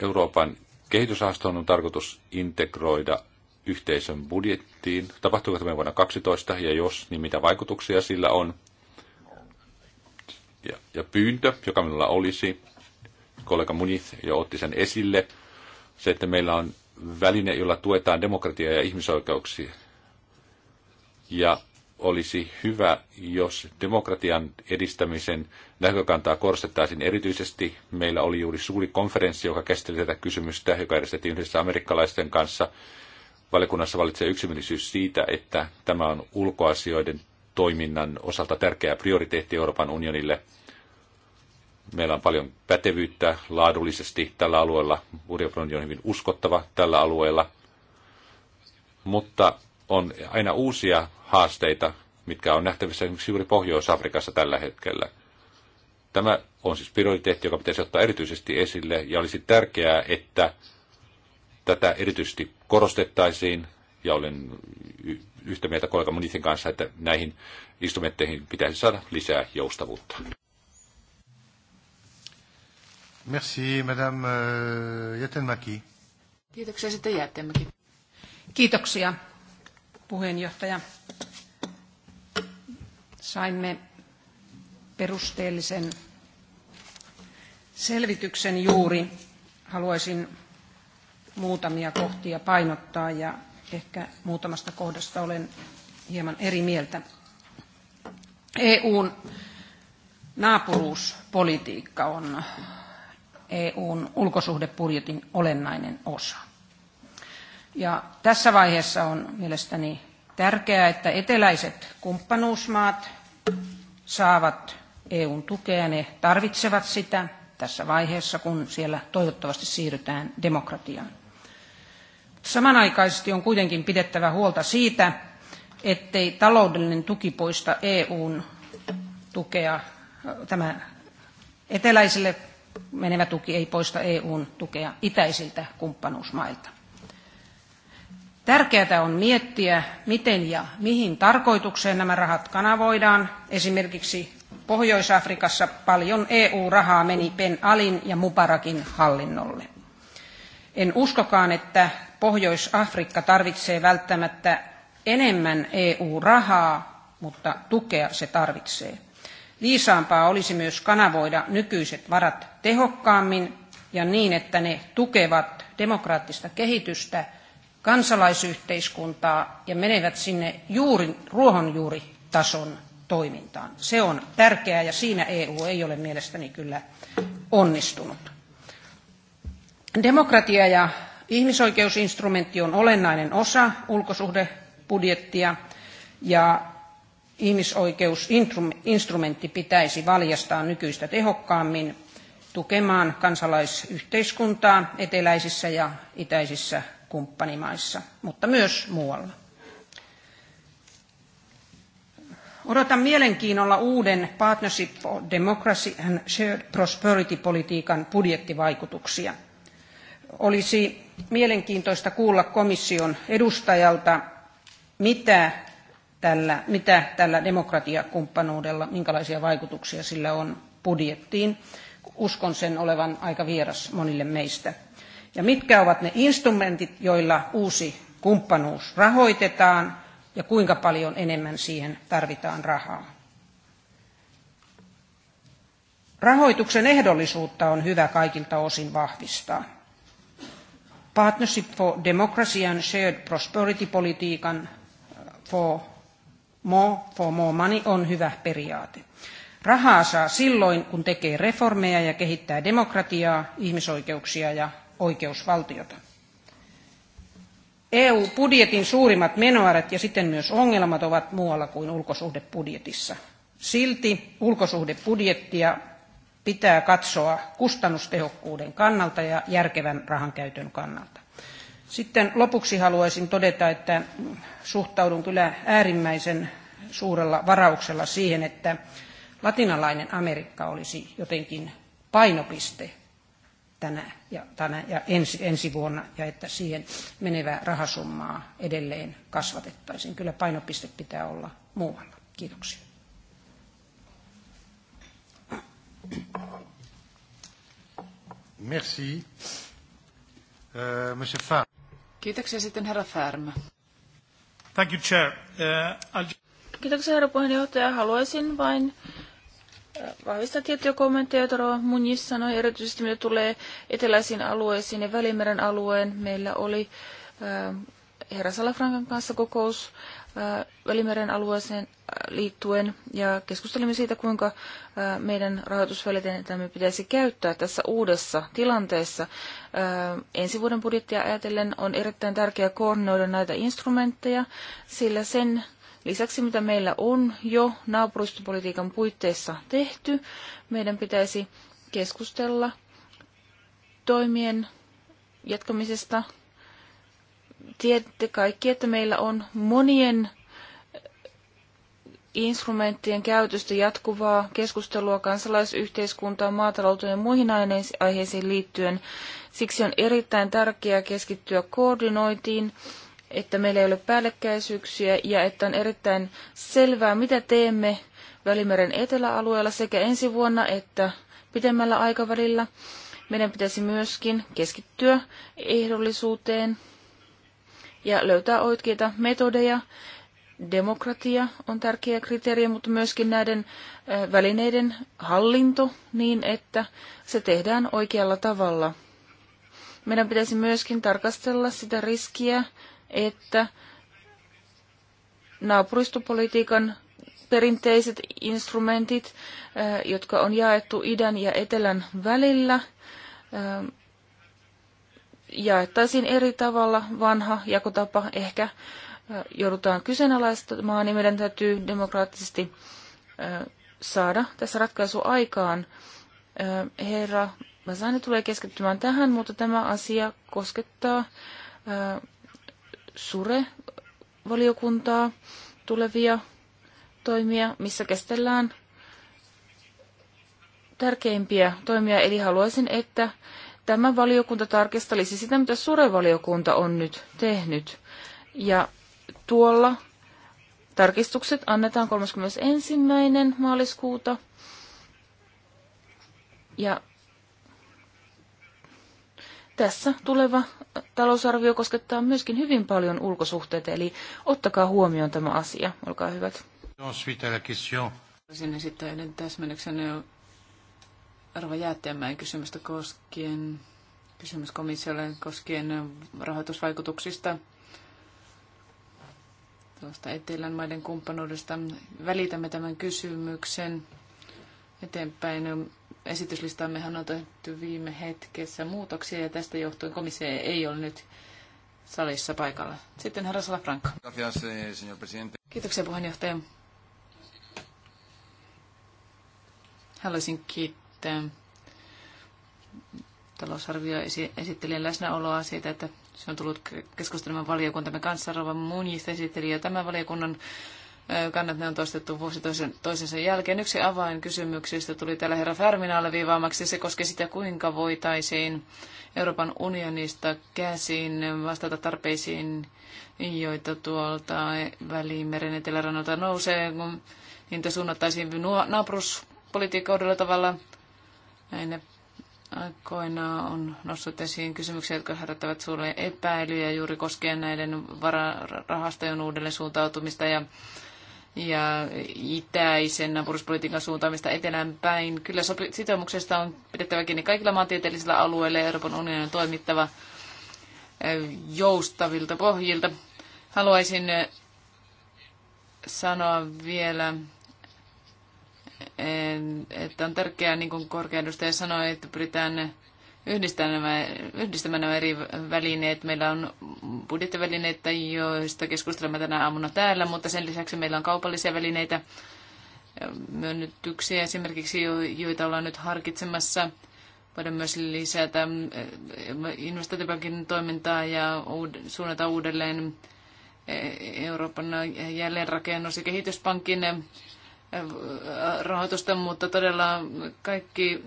D: Euroopan Kehitysrahaston on tarkoitus integroida yhteisön budjettiin. Tapahtuuko tämä vuonna 2012 ja jos, niin mitä vaikutuksia sillä on? Ja, ja pyyntö, joka minulla olisi, kollega Munith jo otti sen esille, se, että meillä on väline, jolla tuetaan demokratiaa ja ihmisoikeuksia. Ja olisi hyvä, jos demokratian edistämisen näkökantaa korostettaisiin erityisesti. Meillä oli juuri suuri konferenssi, joka käsitteli tätä kysymystä, joka järjestettiin yhdessä amerikkalaisten kanssa. Valiokunnassa valitsee yksimielisyys siitä, että tämä on ulkoasioiden toiminnan osalta tärkeä prioriteetti Euroopan unionille. Meillä on paljon pätevyyttä laadullisesti tällä alueella. Euroopan unioni on hyvin uskottava tällä alueella. Mutta on aina uusia haasteita, mitkä on nähtävissä esimerkiksi juuri Pohjois-Afrikassa tällä hetkellä. Tämä on siis prioriteetti, joka pitäisi ottaa erityisesti esille, ja olisi tärkeää, että tätä erityisesti korostettaisiin, ja olen yhtä mieltä kollega Munitin kanssa, että näihin instrumentteihin pitäisi saada lisää joustavuutta.
A: Merci, Madame euh, Jätenmäki.
E: Kiitoksia sitten Jätenmäki. Kiitoksia puheenjohtaja. Saimme perusteellisen selvityksen juuri. Haluaisin muutamia kohtia painottaa ja ehkä muutamasta kohdasta olen hieman eri mieltä. EUn naapuruuspolitiikka on EUn ulkosuhdebudjetin olennainen osa. Ja tässä vaiheessa on mielestäni tärkeää, että eteläiset kumppanuusmaat saavat EUn tukea, ne tarvitsevat sitä tässä vaiheessa, kun siellä toivottavasti siirrytään demokratiaan. Samanaikaisesti on kuitenkin pidettävä huolta siitä, ettei taloudellinen tuki poista EUn tukea, tämä eteläisille menevä tuki ei poista EUn tukea itäisiltä kumppanuusmailta. Tärkeää on miettiä, miten ja mihin tarkoitukseen nämä rahat kanavoidaan. Esimerkiksi Pohjois-Afrikassa paljon EU-rahaa meni Ben Alin ja Mubarakin hallinnolle. En uskokaan, että Pohjois-Afrikka tarvitsee välttämättä enemmän EU-rahaa, mutta tukea se tarvitsee. Viisaampaa olisi myös kanavoida nykyiset varat tehokkaammin ja niin, että ne tukevat demokraattista kehitystä – kansalaisyhteiskuntaa ja menevät sinne juuri, ruohonjuuritason toimintaan. Se on tärkeää ja siinä EU ei ole mielestäni kyllä onnistunut. Demokratia ja ihmisoikeusinstrumentti on olennainen osa ulkosuhdebudjettia ja ihmisoikeusinstrumentti pitäisi valjastaa nykyistä tehokkaammin tukemaan kansalaisyhteiskuntaa eteläisissä ja itäisissä kumppanimaissa, mutta myös muualla. Odotan mielenkiinnolla uuden Partnership for Democracy and Shared Prosperity-politiikan budjettivaikutuksia. Olisi mielenkiintoista kuulla komission edustajalta, mitä tällä, mitä tällä demokratiakumppanuudella, minkälaisia vaikutuksia sillä on budjettiin. Uskon sen olevan aika vieras monille meistä ja mitkä ovat ne instrumentit, joilla uusi kumppanuus rahoitetaan ja kuinka paljon enemmän siihen tarvitaan rahaa. Rahoituksen ehdollisuutta on hyvä kaikilta osin vahvistaa. Partnership for Democracy and Shared Prosperity-politiikan äh, for more for more money on hyvä periaate. Rahaa saa silloin, kun tekee reformeja ja kehittää demokratiaa, ihmisoikeuksia ja oikeusvaltiota. EU-budjetin suurimmat menoarät ja siten myös ongelmat ovat muualla kuin ulkosuhdebudjetissa. Silti ulkosuhdebudjettia pitää katsoa kustannustehokkuuden kannalta ja järkevän rahankäytön kannalta. Sitten lopuksi haluaisin todeta, että suhtaudun kyllä äärimmäisen suurella varauksella siihen, että latinalainen Amerikka olisi jotenkin painopiste tänä ja, tänä ja ensi, ensi vuonna ja että siihen menevää rahasummaa edelleen kasvatettaisiin. Kyllä painopiste pitää olla muualla. Kiitoksia.
A: Merci. Uh, Kiitoksia sitten herra Färmä. Thank you, Chair. Uh, I'll...
C: Kiitoksia herra puheenjohtaja. Haluaisin vain vahvistaa tiettyjä kommentteja, joita Rova Munis sanoi, erityisesti mitä tulee eteläisiin alueisiin ja Välimeren alueen. Meillä oli äh, herra Salafrankan kanssa kokous äh, Välimeren alueeseen äh, liittyen ja keskustelimme siitä, kuinka äh, meidän rahoitusvälineitämme pitäisi käyttää tässä uudessa tilanteessa. Äh, ensi vuoden budjettia ajatellen on erittäin tärkeää koordinoida näitä instrumentteja, sillä sen lisäksi, mitä meillä on jo naapuristopolitiikan puitteissa tehty, meidän pitäisi keskustella toimien jatkamisesta. Tiedätte kaikki, että meillä on monien instrumenttien käytöstä jatkuvaa keskustelua kansalaisyhteiskuntaan, maatalouteen ja muihin aiheisiin liittyen. Siksi on erittäin tärkeää keskittyä koordinointiin että meillä ei ole päällekkäisyyksiä ja että on erittäin selvää, mitä teemme Välimeren eteläalueella sekä ensi vuonna että pitemmällä aikavälillä. Meidän pitäisi myöskin keskittyä ehdollisuuteen ja löytää oikeita metodeja. Demokratia on tärkeä kriteeri, mutta myöskin näiden välineiden hallinto niin, että se tehdään oikealla tavalla. Meidän pitäisi myöskin tarkastella sitä riskiä, että naapuristopolitiikan perinteiset instrumentit, eh, jotka on jaettu idän ja etelän välillä, eh, jaettaisiin eri tavalla. Vanha jakotapa ehkä eh, joudutaan kyseenalaistamaan, niin meidän täytyy demokraattisesti saada tässä ratkaisu aikaan. Herra Vasani tulee keskittymään tähän, mutta tämä asia koskettaa SURE-valiokuntaa tulevia toimia, missä käsitellään tärkeimpiä toimia. Eli haluaisin, että tämä valiokunta tarkistelisi sitä, mitä SURE-valiokunta on nyt tehnyt. Ja tuolla tarkistukset annetaan 31. maaliskuuta. Ja tässä tuleva talousarvio koskettaa myöskin hyvin paljon ulkosuhteita, eli ottakaa huomioon tämä asia.
A: Olkaa hyvät.
B: Voisin esittää yhden täsmennyksen Arvo Jäätteenmäen kysymystä koskien, kysymys komissiolle koskien rahoitusvaikutuksista tuosta Etelän maiden kumppanuudesta. Välitämme tämän kysymyksen eteenpäin esityslistaammehan on tehty viime hetkessä muutoksia ja tästä johtuen komissio ei ole nyt salissa paikalla. Sitten herra Salafranco. Eh, Kiitoksia puheenjohtaja. Haluaisin kiittää talousarvioesittelijän läsnäoloa siitä, että se on tullut keskustelemaan valiokuntamme kanssa. Rova Munjista esitteli jo tämän valiokunnan kannat, ne on toistettu vuosi toisen, toisensa jälkeen. Yksi avainkysymyksistä tuli täällä herra Ferminaalle viivaamaksi. Se koski sitä, kuinka voitaisiin Euroopan unionista käsin vastata tarpeisiin, joita tuolta Välimeren etelärannalta nousee, kun niitä suunnattaisiin naapuruspolitiikka uudella tavalla. Näin aikoina on nostettu esiin kysymyksiä, jotka herättävät suuria epäilyjä juuri koskien näiden vararahastojen uudelleen suuntautumista ja ja itäisen naapuruspolitiikan suuntaamista etelään päin. Kyllä sitoumuksesta on pidettävä kiinni kaikilla maantieteellisillä alueilla ja Euroopan unionin on toimittava joustavilta pohjilta. Haluaisin sanoa vielä, että on tärkeää, niin kuin korkea edustaja sanoi, että pyritään yhdistämään nämä eri välineet. Meillä on budjettivälineitä, joista keskustelemme tänä aamuna täällä, mutta sen lisäksi meillä on kaupallisia välineitä, myönnytyksiä esimerkiksi, joita ollaan nyt harkitsemassa. Voidaan myös lisätä eh, investointipankin toimintaa ja suunnata uudelleen eh, Euroopan jälleenrakennus- ja kehityspankin rahoitusta, mutta todella kaikki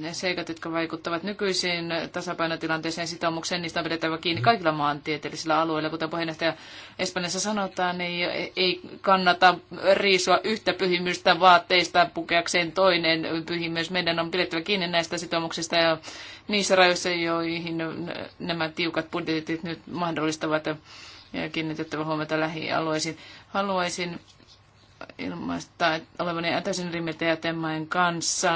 B: ne seikat, jotka vaikuttavat nykyisiin tasapainotilanteeseen sitoumukseen, niistä on pidettävä kiinni kaikilla maantieteellisillä alueilla. Kuten puheenjohtaja Espanjassa sanotaan, niin ei kannata riisua yhtä pyhimystä vaatteista pukeakseen toinen pyhimys. Meidän on pidettävä kiinni näistä sitoumuksista ja niissä rajoissa, joihin nämä tiukat budjetit nyt mahdollistavat ja kiinnitettävä huomiota lähialueisiin. Haluaisin ilmaista olevani täysin rimmetejätemain kanssa.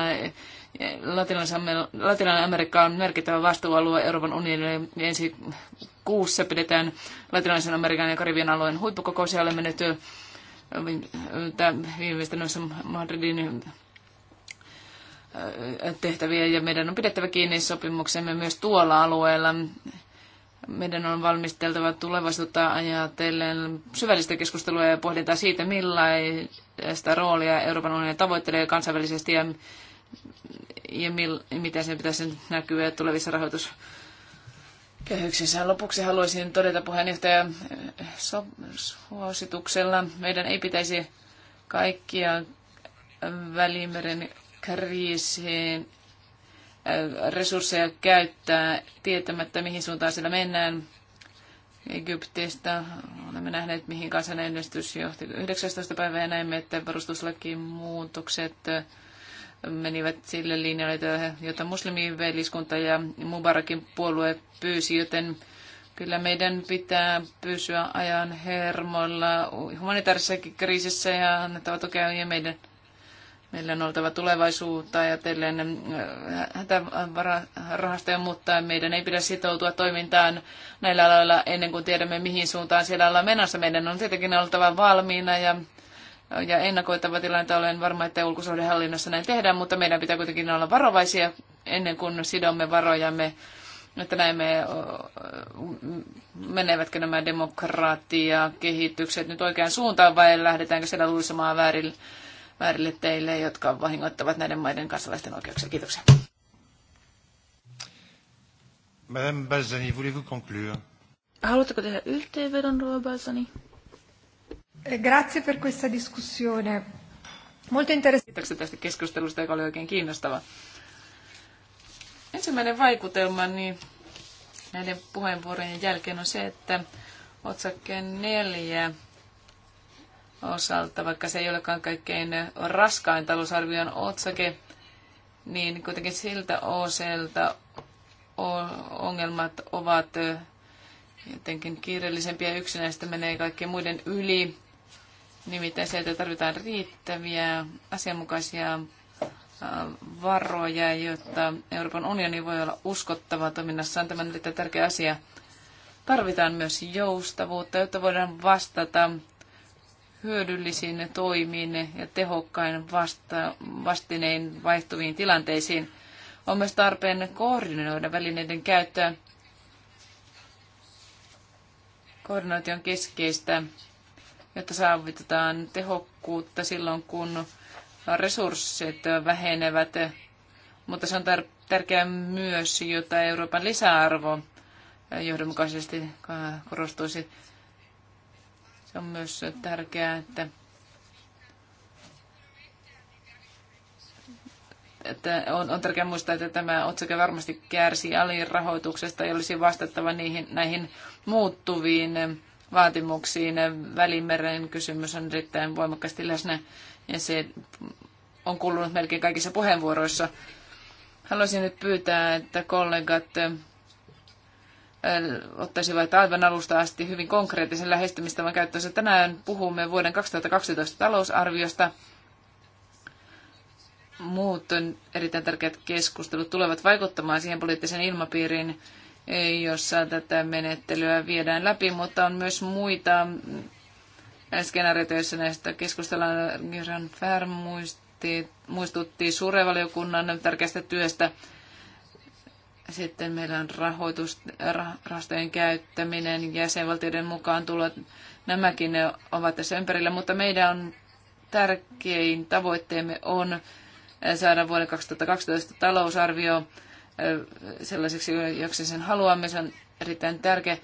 B: Latinalainen Amerikka on merkittävä vastuualue Euroopan unionille. Ensi kuussa pidetään Latinalaisen Amerikan ja Karibian alueen huippukokous ja olemme nyt äh, viimeisten noissa Madridin äh, tehtäviä ja meidän on pidettävä kiinni sopimuksemme myös tuolla alueella meidän on valmisteltava tulevaisuutta ajatellen syvällistä keskustelua ja pohdintaa siitä, millaista roolia Euroopan unioni tavoittelee kansainvälisesti ja, ja, mil, ja miten sen pitäisi näkyä tulevissa rahoitus kehyksessä. Lopuksi haluaisin todeta puheenjohtaja suosituksella. Meidän ei pitäisi kaikkia Välimeren kriisiin resursseja käyttää tietämättä, mihin suuntaan siellä mennään. Egyptistä olemme nähneet, mihin kansanäänestys johti 19. päivää ja näimme, että varustuslakiin muutokset menivät sille linjalle, jota muslimiveliskunta ja Mubarakin puolue pyysi, joten kyllä meidän pitää pysyä ajan hermoilla humanitaarisessa kriisissä ja annettava tukea meidän Meillä on oltava tulevaisuutta ajatellen äh, hätävararahastoja, mutta meidän ei pidä sitoutua toimintaan näillä aloilla ennen kuin tiedämme, mihin suuntaan siellä ollaan menossa. Meidän on tietenkin oltava valmiina ja, ja ennakoitava tilannetta. Olen varma, että ulkosuhdehallinnassa näin tehdään, mutta meidän pitää kuitenkin olla varovaisia ennen kuin sidomme varojamme että näemme, menevätkö nämä demokraatia kehitykset nyt oikeaan suuntaan vai lähdetäänkö siellä luisemaan väärille väärille teille, jotka vahingoittavat näiden maiden
A: kansalaisten oikeuksia. Kiitoksia. Madame Balzani, voulez-vous conclure?
C: Haluatteko tehdä yhteenvedon, Rova Balzani? Eh, grazie per questa discussione. Molto interessante.
B: Kiitoksia tästä keskustelusta, joka oli oikein kiinnostava. Ensimmäinen vaikutelma niin näiden puheenvuorojen jälkeen on se, että otsakkeen neljä osalta, vaikka se ei olekaan kaikkein raskain talousarvion otsake, niin kuitenkin siltä osalta ongelmat ovat jotenkin kiireellisempiä yksinäistä menee kaikkien muiden yli. Nimittäin sieltä tarvitaan riittäviä asianmukaisia varoja, jotta Euroopan unioni voi olla uskottava toiminnassaan. Tämä on tärkeä asia. Tarvitaan myös joustavuutta, jotta voidaan vastata hyödyllisin toimiin ja tehokkain vasta, vastinein vaihtuviin tilanteisiin. On myös tarpeen koordinoida välineiden käyttöä. Koordinointi on keskeistä, jotta saavutetaan tehokkuutta silloin, kun resurssit vähenevät, mutta se on tar- tärkeää myös, jotta Euroopan lisäarvo johdonmukaisesti korostuisi. Se on myös tärkeää, että että on, on tärkeää muistaa, että tämä otsake varmasti kärsii alirahoituksesta ja olisi vastattava niihin, näihin muuttuviin vaatimuksiin. Välimeren kysymys on erittäin voimakkaasti läsnä ja se on kuulunut melkein kaikissa puheenvuoroissa. Haluaisin nyt pyytää, että kollegat ottaisivat aivan alusta asti hyvin konkreettisen lähestymistavan käyttöönsä. Tänään puhumme vuoden 2012 talousarviosta. Muut erittäin tärkeät keskustelut tulevat vaikuttamaan siihen poliittisen ilmapiiriin, jossa tätä menettelyä viedään läpi, mutta on myös muita skenaarioita, joissa näistä keskustellaan. Göran Färm muistutti suurevaliokunnan tärkeästä työstä sitten meillä on rahoitus, rahastojen käyttäminen, jäsenvaltioiden mukaan tulot, nämäkin ne ovat tässä ympärillä, mutta meidän on tärkein tavoitteemme on saada vuoden 2012 talousarvio sellaiseksi, joksi sen haluamme. Se on erittäin tärkeä.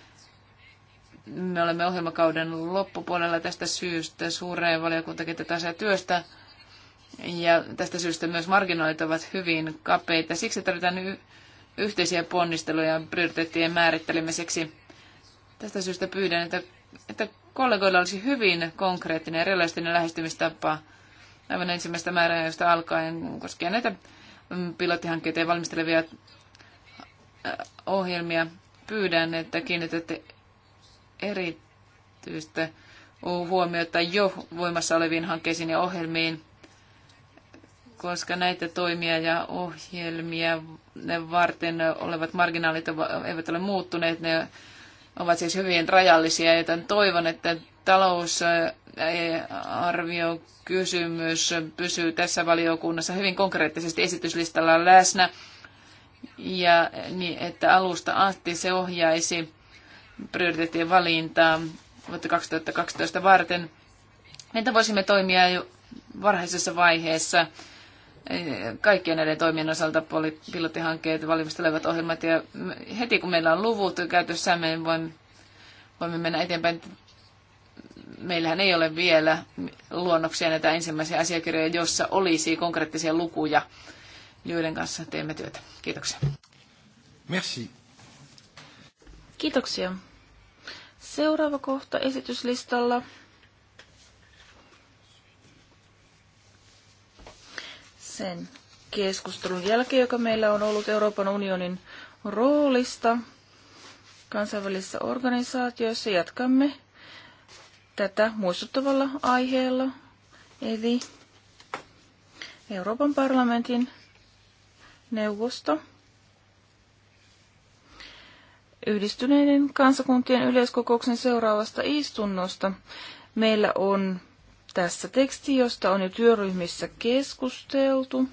B: Me olemme ohjelmakauden loppupuolella tästä syystä. Suureen valiokuntakin tätä asiaa työstä. Ja tästä syystä myös marginaalit ovat hyvin kapeita. Siksi tarvitaan yhteisiä ponnisteluja prioriteettien määrittelemiseksi. Tästä syystä pyydän, että, että kollegoilla olisi hyvin konkreettinen ja realistinen lähestymistapa aivan ensimmäistä määrää, josta alkaen koskien näitä mm, pilottihankkeita ja valmistelevia äh, ohjelmia. Pyydän, että kiinnitätte erityistä huomiota jo voimassa oleviin hankkeisiin ja ohjelmiin koska näitä toimia ja ohjelmia ne varten olevat marginaalit eivät ole muuttuneet. Ne ovat siis hyvin rajallisia, joten toivon, että talousarviokysymys pysyy tässä valiokunnassa hyvin konkreettisesti esityslistalla läsnä, ja niin, että alusta asti se ohjaisi prioriteettien valintaa vuotta 2012 varten. Entä voisimme toimia jo varhaisessa vaiheessa kaikkien näiden toimien osalta pilottihankkeet, valmistelevat ohjelmat ja heti kun meillä on luvut käytössä, me voimme, voimme mennä eteenpäin. Meillähän ei ole vielä luonnoksia näitä ensimmäisiä asiakirjoja, joissa olisi konkreettisia lukuja,
C: joiden kanssa teemme työtä. Kiitoksia. Merci. Kiitoksia. Seuraava kohta esityslistalla sen keskustelun jälkeen, joka meillä on ollut Euroopan unionin roolista kansainvälisissä organisaatioissa, jatkamme tätä muistuttavalla aiheella, eli Euroopan parlamentin neuvosto yhdistyneiden kansakuntien yleiskokouksen seuraavasta istunnosta. Meillä on tässä teksti, josta on jo työryhmissä keskusteltu.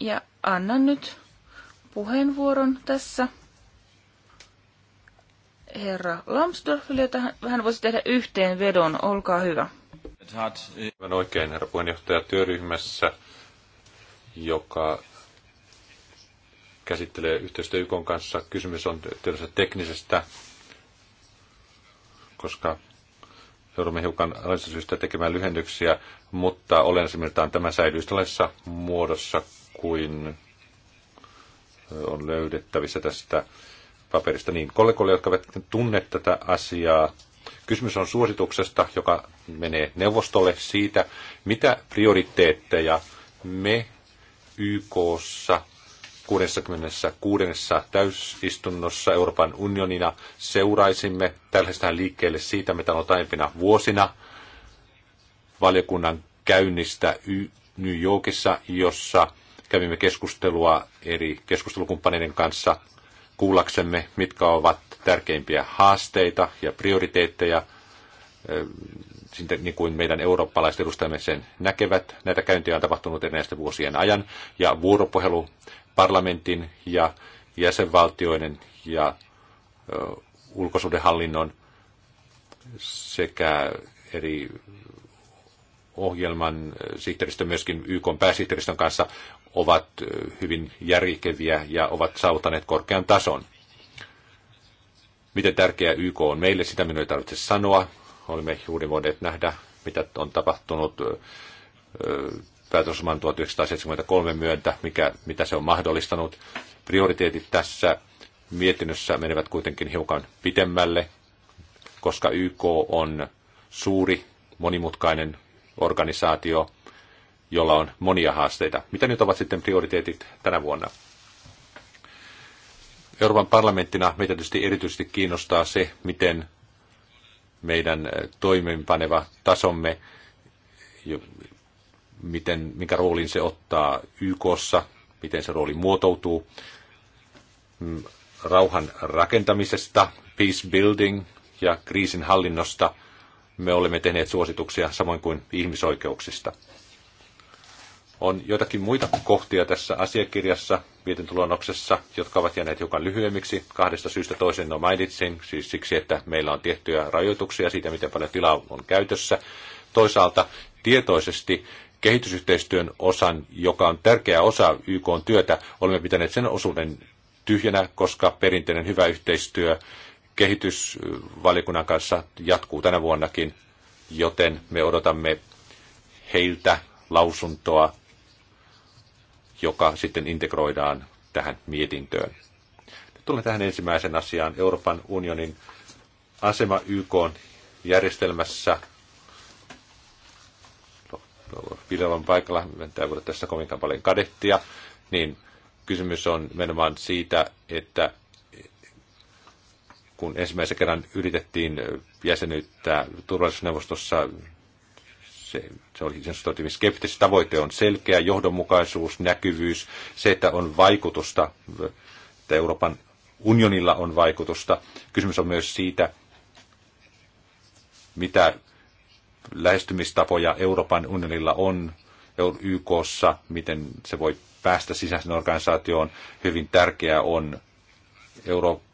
C: Ja annan nyt puheenvuoron tässä herra Lambsdorffille, jota hän voisi tehdä yhteenvedon. Olkaa hyvä.
D: Aivan oikein, herra puheenjohtaja, työryhmässä, joka käsittelee yhteistyö YK kanssa. Kysymys on tietysti teknisestä, koska joudumme hiukan syystä tekemään lyhennyksiä, mutta olen olennaisimmiltaan tämä säilyy tällaisessa muodossa kuin on löydettävissä tästä paperista. Niin, kollegoille, jotka eivät tunne tätä asiaa, kysymys on suosituksesta, joka menee neuvostolle siitä, mitä prioriteetteja me YKssa – 66. täysistunnossa Euroopan unionina seuraisimme tällaista liikkeelle siitä, mitä on aiempina vuosina valiokunnan käynnistä New Yorkissa, jossa kävimme keskustelua eri keskustelukumppaneiden kanssa kuullaksemme, mitkä ovat tärkeimpiä haasteita ja prioriteetteja, niin kuin meidän eurooppalaiset edustajamme sen näkevät. Näitä käyntiä on tapahtunut erinäisten vuosien ajan, ja vuoropuhelu parlamentin ja jäsenvaltioiden ja ulkosuhdehallinnon sekä eri ohjelman sihteeristö myöskin YK pääsihteeristön kanssa ovat hyvin järkeviä ja ovat saavuttaneet korkean tason. Miten tärkeä YK on meille, sitä minun ei tarvitse sanoa. Olemme juuri voineet nähdä, mitä on tapahtunut päätösman 1973 myöntä, mikä, mitä se on mahdollistanut. Prioriteetit tässä mietinnössä menevät kuitenkin hiukan pitemmälle, koska YK on suuri, monimutkainen organisaatio, jolla on monia haasteita. Mitä nyt ovat sitten prioriteetit tänä vuonna? Euroopan parlamenttina meitä tietysti erityisesti kiinnostaa se, miten meidän toimeenpaneva tasomme miten, minkä roolin se ottaa YKssa, miten se rooli muotoutuu, mm, rauhan rakentamisesta, peace building ja kriisin hallinnosta me olemme tehneet suosituksia samoin kuin ihmisoikeuksista. On joitakin muita kohtia tässä asiakirjassa, mietintöluonnoksessa, jotka ovat jääneet hiukan lyhyemmiksi. Kahdesta syystä toisen no mainitsin, siis siksi, että meillä on tiettyjä rajoituksia siitä, miten paljon tilaa on käytössä. Toisaalta tietoisesti kehitysyhteistyön osan, joka on tärkeä osa YK työtä, olemme pitäneet sen osuuden tyhjänä, koska perinteinen hyvä yhteistyö kehitysvalikunnan kanssa jatkuu tänä vuonnakin, joten me odotamme heiltä lausuntoa, joka sitten integroidaan tähän mietintöön. Tulen tähän ensimmäisen asiaan, Euroopan unionin asema YK järjestelmässä – Pilevan paikalla, en voi tässä kovinkaan paljon kadettia, niin kysymys on nimenomaan siitä, että kun ensimmäisen kerran yritettiin jäsenyyttä turvallisuusneuvostossa, se, se oli sensutoitivin skeptis. Tavoite on selkeä, johdonmukaisuus, näkyvyys, se, että on vaikutusta, että Euroopan unionilla on vaikutusta. Kysymys on myös siitä, mitä lähestymistapoja Euroopan unionilla on YKssa, miten se voi päästä sisäisen organisaatioon. Hyvin tärkeää on Euroopan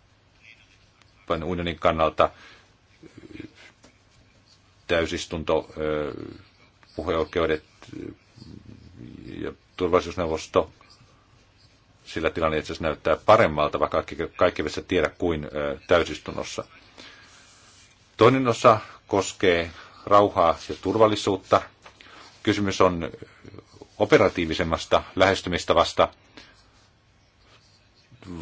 D: unionin kannalta täysistunto, puheoikeudet ja turvallisuusneuvosto, sillä tilanne itse asiassa näyttää paremmalta, vaikka kaikki, kaikki tiedä kuin täysistunnossa. Toinen osa koskee rauhaa ja turvallisuutta. Kysymys on operatiivisemmasta lähestymistavasta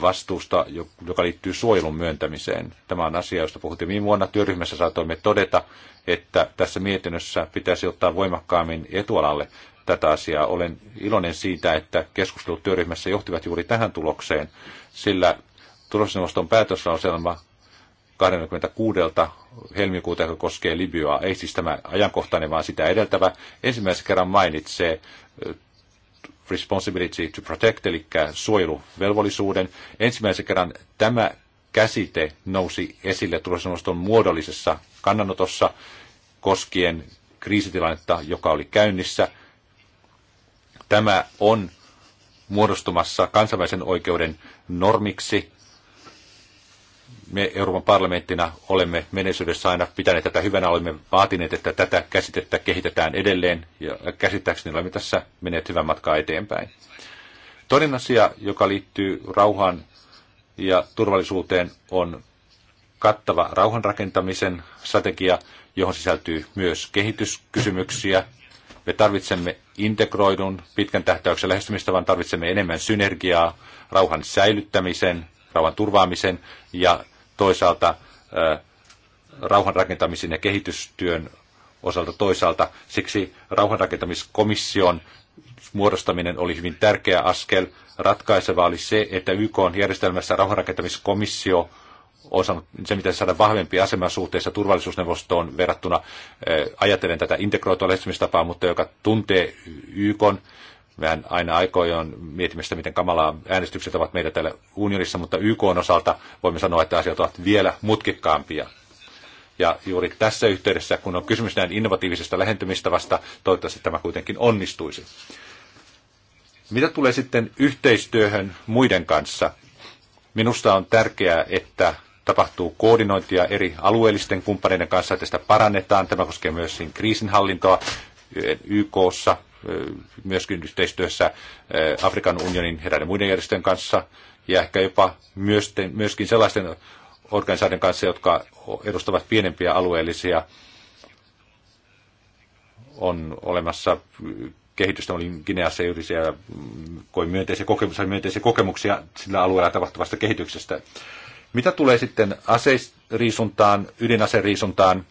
D: vastuusta, joka liittyy suojelun myöntämiseen. Tämä on asia, josta puhuttiin viime vuonna. Työryhmässä saatoimme todeta, että tässä mietinnössä pitäisi ottaa voimakkaammin etualalle tätä asiaa. Olen iloinen siitä, että keskustelut työryhmässä johtivat juuri tähän tulokseen, sillä turvallisuusneuvoston päätöslauselma 26. helmikuuta, joka koskee Libyaa, ei siis tämä ajankohtainen, vaan sitä edeltävä, ensimmäisen kerran mainitsee eh, responsibility to protect, eli suojeluvelvollisuuden. Ensimmäisen kerran tämä käsite nousi esille turvallisuusneuvoston muodollisessa kannanotossa koskien kriisitilannetta, joka oli käynnissä. Tämä on muodostumassa kansainvälisen oikeuden normiksi me Euroopan parlamenttina olemme menneisyydessä aina pitäneet tätä hyvänä, olemme vaatineet, että tätä käsitettä kehitetään edelleen ja käsittääkseni olemme tässä menneet hyvän matkaa eteenpäin. Toinen asia, joka liittyy rauhaan ja turvallisuuteen, on kattava rauhanrakentamisen strategia, johon sisältyy myös kehityskysymyksiä. Me tarvitsemme integroidun pitkän tähtäyksen lähestymistavan, tarvitsemme enemmän synergiaa rauhan säilyttämisen, rauhan turvaamisen ja toisaalta rauhanrakentamisen ja kehitystyön osalta toisaalta. Siksi rauhanrakentamiskomission muodostaminen oli hyvin tärkeä askel. Ratkaiseva oli se, että YK on järjestelmässä rauhanrakentamiskomissio on saanut se, miten saada vahvempi asema suhteessa turvallisuusneuvostoon verrattuna, ajatellen tätä integroitua lähestymistapaa, mutta joka tuntee YK Mehän aina aikoin mietimme sitä, miten kamalaa äänestykset ovat meitä täällä unionissa, mutta YK on osalta voimme sanoa, että asiat ovat vielä mutkikkaampia. Ja juuri tässä yhteydessä, kun on kysymys näin innovatiivisesta lähentymistavasta, toivottavasti tämä kuitenkin onnistuisi. Mitä tulee sitten yhteistyöhön muiden kanssa? Minusta on tärkeää, että tapahtuu koordinointia eri alueellisten kumppaneiden kanssa, että sitä parannetaan. Tämä koskee myös kriisinhallintoa YKssa, myöskin yhteistyössä Afrikan unionin eräiden muiden järjestöjen kanssa ja ehkä jopa myöskin sellaisten organisaatioiden kanssa, jotka edustavat pienempiä alueellisia. On olemassa kehitystä, olin Gineassa juuri siellä, mm, koin myönteisiä kokemuksia, myönteisiä kokemuksia sillä alueella tapahtuvasta kehityksestä. Mitä tulee sitten aseriisuntaan, ydinaseriisuntaan,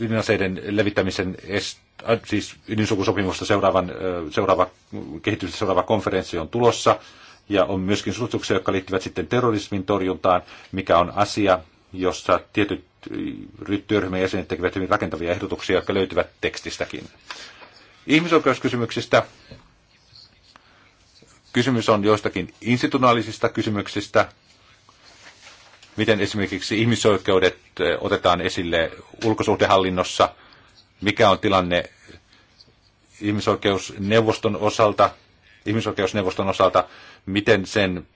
D: ydinaseiden levittämisen est, äh, siis ydinsukusopimusta seuraavan, äh, seuraava, kehitystä seuraava konferenssi on tulossa. Ja on myöskin suosituksia, jotka liittyvät sitten terrorismin torjuntaan, mikä on asia, jossa tietyt äh, työryhmän jäsenet tekevät hyvin rakentavia ehdotuksia, jotka löytyvät tekstistäkin. Ihmisoikeuskysymyksistä. Kysymys on joistakin institutionaalisista kysymyksistä, miten esimerkiksi ihmisoikeudet eh, otetaan esille ulkosuhdehallinnossa, mikä on tilanne ihmisoikeusneuvoston osalta, ihmisoikeusneuvoston osalta, miten sen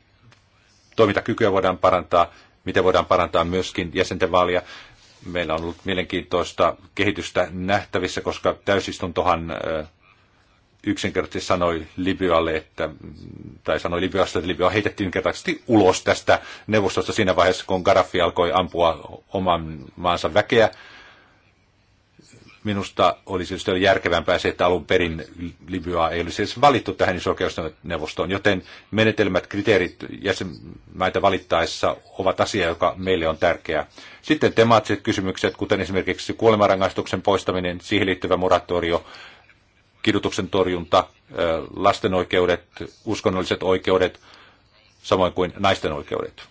D: toimintakykyä voidaan parantaa, miten voidaan parantaa myöskin jäsenten vaalia. Meillä on ollut mielenkiintoista kehitystä nähtävissä, koska täysistuntohan eh, yksinkertaisesti sanoi Libyalle, että, tai sanoi Libyasta, että Libya heitettiin yksinkertaisesti ulos tästä neuvostosta siinä vaiheessa, kun Gaddafi alkoi ampua oman maansa väkeä. Minusta olisi siis järkevämpää se, että alun perin Libyaa ei olisi edes valittu tähän neuvostoon. joten menetelmät, kriteerit jäsenmaita valittaessa ovat asia, joka meille on tärkeää. Sitten temaattiset kysymykset, kuten esimerkiksi kuolemanrangaistuksen poistaminen, siihen liittyvä moratorio, kidutuksen torjunta, lasten oikeudet, uskonnolliset oikeudet, samoin kuin naisten oikeudet.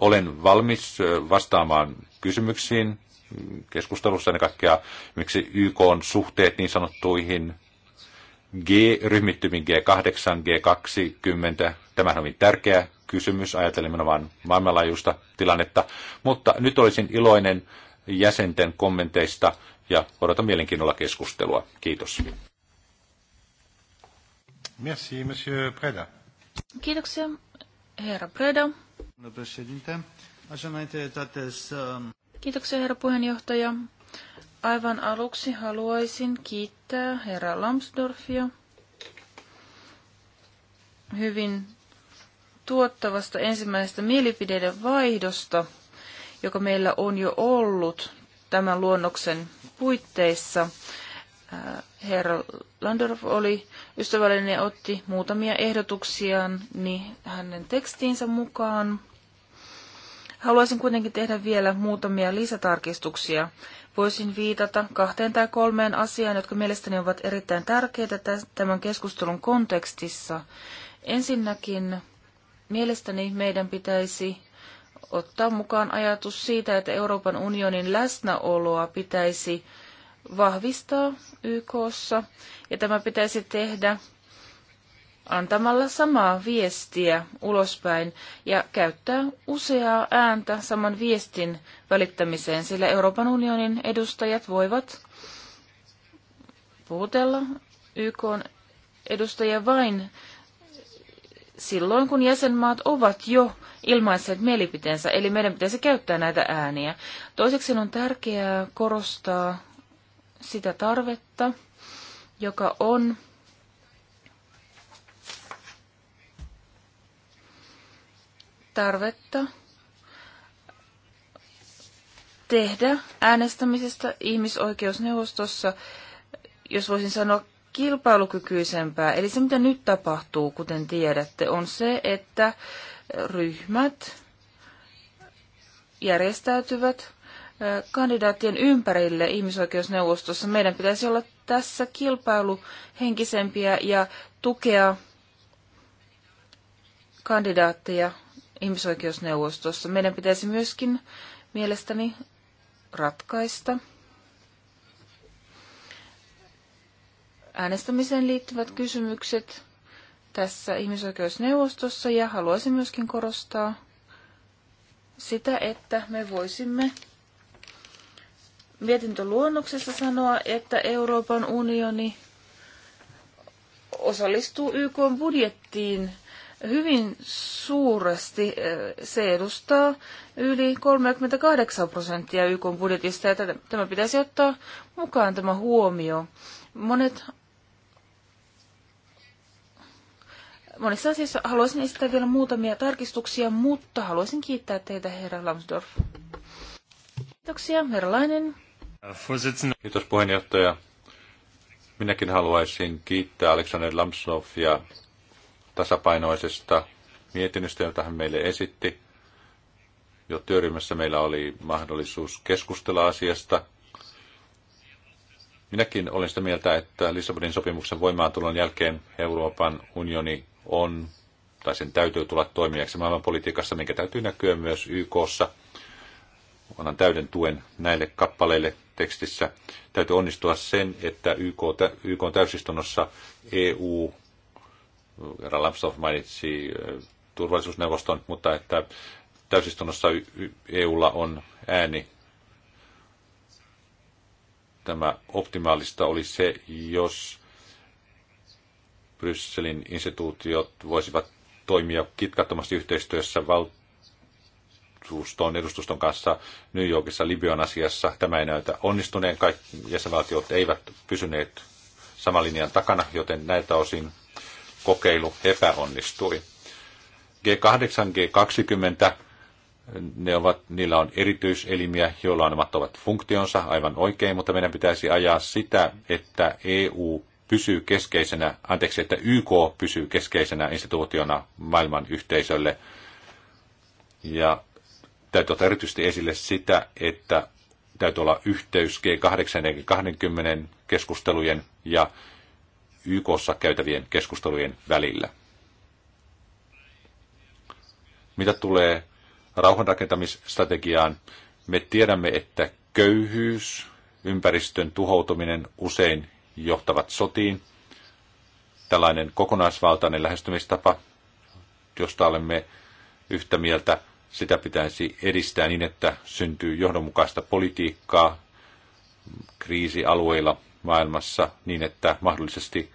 D: Olen valmis vastaamaan kysymyksiin keskustelussa ennen kaikkea, miksi YK on suhteet niin sanottuihin G-ryhmittymiin G8, G20. Tämä on hyvin tärkeä kysymys, ajatellen nimenomaan maailmanlaajuista tilannetta. Mutta nyt olisin iloinen jäsenten kommenteista ja odotan mielenkiinnolla keskustelua. Kiitos.
A: Merci, monsieur Preda.
C: Kiitoksia, herra Preda. Kiitoksia, herra puheenjohtaja. Aivan aluksi haluaisin kiittää herra Lambsdorffia hyvin tuottavasta ensimmäisestä mielipideiden vaihdosta, joka meillä on jo ollut tämän luonnoksen puitteissa. Äh, herra Landorf oli ystävällinen ja otti muutamia ehdotuksia niin hänen tekstiinsä mukaan. Haluaisin kuitenkin tehdä vielä muutamia lisätarkistuksia. Voisin viitata kahteen tai kolmeen asiaan, jotka mielestäni ovat erittäin tärkeitä tämän keskustelun kontekstissa. Ensinnäkin mielestäni meidän pitäisi ottaa mukaan ajatus siitä, että Euroopan unionin läsnäoloa pitäisi vahvistaa YKssa, ja tämä pitäisi tehdä antamalla samaa viestiä ulospäin ja käyttää useaa ääntä saman viestin välittämiseen, sillä Euroopan unionin edustajat voivat puhutella YK edustajia vain silloin, kun jäsenmaat ovat jo ilmaisseet mielipiteensä, eli meidän pitäisi käyttää näitä ääniä. Toiseksi on tärkeää korostaa sitä tarvetta, joka on tarvetta tehdä äänestämisestä ihmisoikeusneuvostossa, jos voisin sanoa kilpailukykyisempää. Eli se, mitä nyt tapahtuu, kuten tiedätte, on se, että ryhmät järjestäytyvät kandidaattien ympärille ihmisoikeusneuvostossa. Meidän pitäisi olla tässä kilpailuhenkisempiä ja tukea kandidaatteja ihmisoikeusneuvostossa. Meidän pitäisi myöskin mielestäni ratkaista äänestämiseen liittyvät kysymykset – tässä ihmisoikeusneuvostossa ja haluaisin myöskin korostaa sitä, että me voisimme mietintöluonnoksessa sanoa, että Euroopan unioni osallistuu YK budjettiin hyvin suuresti. Se edustaa yli 38 prosenttia YK budjetista ja tämä pitäisi ottaa mukaan tämä huomio. Monet monessa asiassa haluaisin esittää vielä muutamia tarkistuksia, mutta haluaisin kiittää teitä, herra Lambsdorff. Kiitoksia, herra Lainen.
D: Kiitos puheenjohtaja. Minäkin haluaisin kiittää Alexander Lambsdorffia tasapainoisesta mietinnöstä, jota hän meille esitti. Jo työryhmässä meillä oli mahdollisuus keskustella asiasta. Minäkin olen sitä mieltä, että Lissabonin sopimuksen voimaantulon jälkeen Euroopan unioni on, tai sen täytyy tulla toimijaksi maailmanpolitiikassa, minkä täytyy näkyä myös YKssa. Annan täyden tuen näille kappaleille tekstissä. Täytyy onnistua sen, että YK, YK täysistunnossa EU, herra Lampsdorff mainitsi turvallisuusneuvoston, mutta että täysistunnossa EUlla on ääni. Tämä optimaalista oli se, jos Brysselin instituutiot voisivat toimia kitkattomasti yhteistyössä valtuuston edustuston kanssa New Yorkissa Libyan asiassa. Tämä ei näytä onnistuneen. Kaikki jäsenvaltiot eivät pysyneet saman linjan takana, joten näiltä osin kokeilu epäonnistui. G8, G20, ne ovat, niillä on erityiselimiä, joilla on omat ovat funktionsa aivan oikein, mutta meidän pitäisi ajaa sitä, että EU pysyy keskeisenä, anteeksi, että YK pysyy keskeisenä instituutiona maailman yhteisölle. Ja täytyy ottaa erityisesti esille sitä, että täytyy olla yhteys G8 ja G20 keskustelujen ja YKssa käytävien keskustelujen välillä. Mitä tulee rauhanrakentamisstrategiaan, me tiedämme, että köyhyys, ympäristön tuhoutuminen usein johtavat sotiin. Tällainen kokonaisvaltainen lähestymistapa, josta olemme yhtä mieltä, sitä pitäisi edistää niin, että syntyy johdonmukaista politiikkaa kriisialueilla maailmassa niin, että mahdollisesti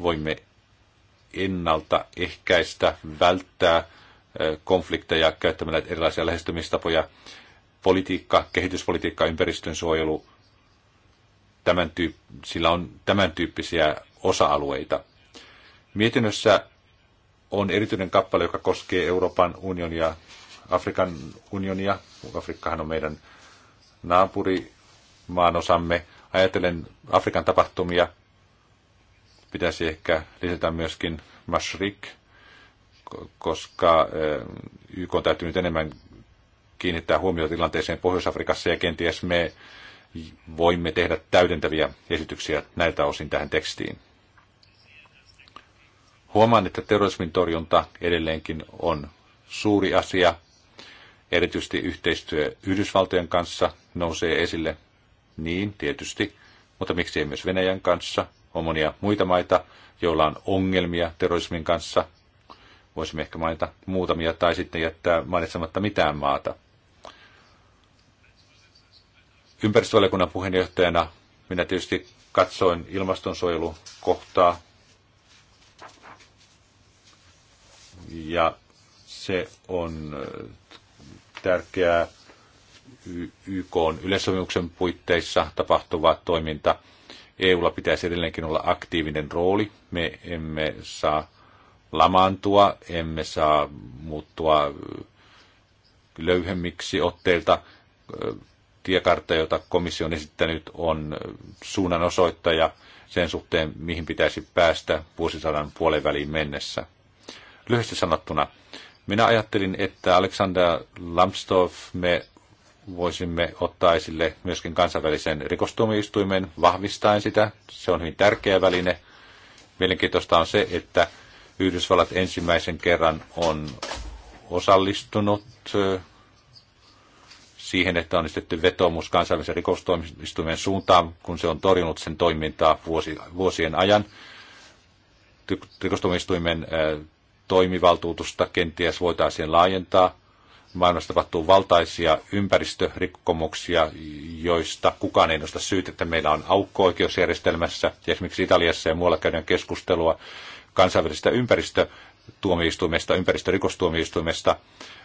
D: voimme ennaltaehkäistä, välttää konflikteja käyttämällä erilaisia lähestymistapoja. Politiikka, kehityspolitiikka, ympäristönsuojelu, tämän tyyp- sillä on tämän tyyppisiä osa-alueita. Mietinnössä on erityinen kappale, joka koskee Euroopan unionia, Afrikan unionia. Afrikkahan on meidän naapurimaanosamme. Ajatellen Afrikan tapahtumia pitäisi ehkä lisätä myöskin Mashrik, koska eh, YK on täytynyt enemmän kiinnittää huomiota tilanteeseen Pohjois-Afrikassa ja kenties me voimme tehdä täydentäviä esityksiä näiltä osin tähän tekstiin. Huomaan, että terrorismin torjunta edelleenkin on suuri asia. Erityisesti yhteistyö Yhdysvaltojen kanssa nousee esille. Niin, tietysti, mutta ei myös Venäjän kanssa. On monia muita maita, joilla on ongelmia terrorismin kanssa. Voisimme ehkä mainita muutamia tai sitten jättää mainitsematta mitään maata – Ympäristövaliokunnan puheenjohtajana minä tietysti katsoin ilmastonsuojelukohtaa ja se on äh, tärkeää YK yleissopimuksen puitteissa tapahtuva toiminta. EUlla pitäisi edelleenkin olla aktiivinen rooli. Me emme saa lamaantua, emme saa muuttua äh, löyhemmiksi otteilta. Äh, tiekartta, jota komissio on esittänyt, on suunnanosoittaja sen suhteen, mihin pitäisi päästä vuosisadan puolen väliin mennessä. Lyhyesti sanottuna, minä ajattelin, että Alexander Lambsdorff me voisimme ottaa esille myöskin kansainvälisen rikostuomioistuimen vahvistaen sitä. Se on hyvin tärkeä väline. Mielenkiintoista on se, että Yhdysvallat ensimmäisen kerran on osallistunut siihen, että on esitetty vetoomus kansainvälisen rikostoimistumien suuntaan, kun se on torjunut sen toimintaa vuosi, vuosien ajan. Rikostoimistuimen toimivaltuutusta kenties voitaisiin laajentaa. Maailmassa tapahtuu valtaisia ympäristörikkomuksia, joista kukaan ei nosta syytä, että meillä on aukko oikeusjärjestelmässä. esimerkiksi Italiassa ja muualla käydään keskustelua kansainvälisestä ympäristötuomioistuimesta, ympäristörikostuomioistuimesta,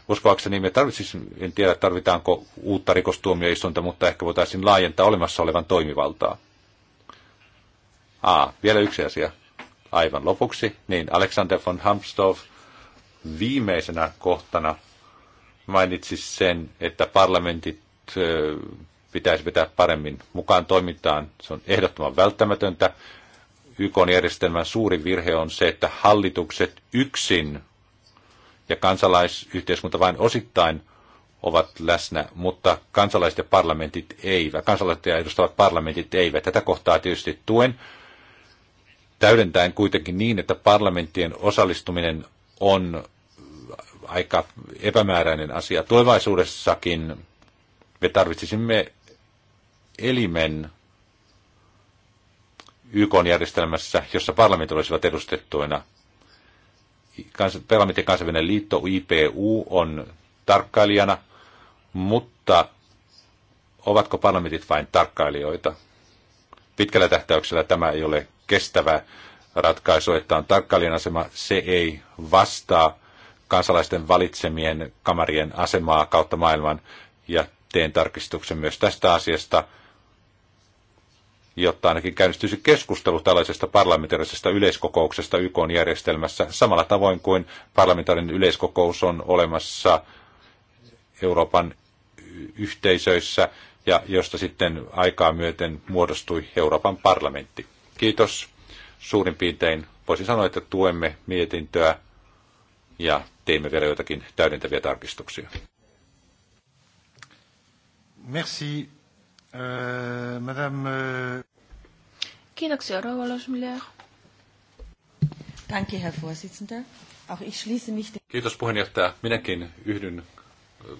D: Uskoakseni me tarvitsisimme, en tiedä tarvitaanko uutta rikostuomioistuinta, mutta ehkä voitaisiin laajentaa olemassa olevan toimivaltaa. Aa, vielä yksi asia. Aivan lopuksi, niin Alexander von Hamstorff viimeisenä kohtana mainitsi sen, että parlamentit pitäisi vetää paremmin mukaan toimintaan. Se on ehdottoman välttämätöntä. YK-järjestelmän suuri virhe on se, että hallitukset yksin ja kansalaisyhteiskunta vain osittain ovat läsnä, mutta kansalaiset ja parlamentit eivät. Kansalaiset ja edustavat parlamentit eivät. Tätä kohtaa tietysti tuen, täydentäen kuitenkin niin, että parlamenttien osallistuminen on aika epämääräinen asia. Tulevaisuudessakin me tarvitsisimme elimen YK-järjestelmässä, jossa parlamentit olisivat edustettuina parlamentin kansainvälinen liitto, IPU, on tarkkailijana, mutta ovatko parlamentit vain tarkkailijoita? Pitkällä tähtäyksellä tämä ei ole kestävä ratkaisu, että on tarkkailijan asema, se ei vastaa kansalaisten valitsemien kamarien asemaa kautta maailman, ja teen tarkistuksen myös tästä asiasta – jotta ainakin käynnistyisi keskustelu tällaisesta parlamentaarisesta yleiskokouksesta YK järjestelmässä samalla tavoin kuin parlamentaarinen yleiskokous on olemassa Euroopan yhteisöissä ja josta sitten aikaa myöten muodostui Euroopan parlamentti. Kiitos. Suurin piirtein voisin sanoa, että tuemme mietintöä ja teimme vielä jotakin täydentäviä tarkistuksia.
A: Merci. Euh, madame... Euh, Kiitoksia,
C: rouva Losmiller. Danke, Herr Vorsitzender. Auch ich schließe mich...
D: Kiitos puheenjohtaja. Minäkin yhdyn äh,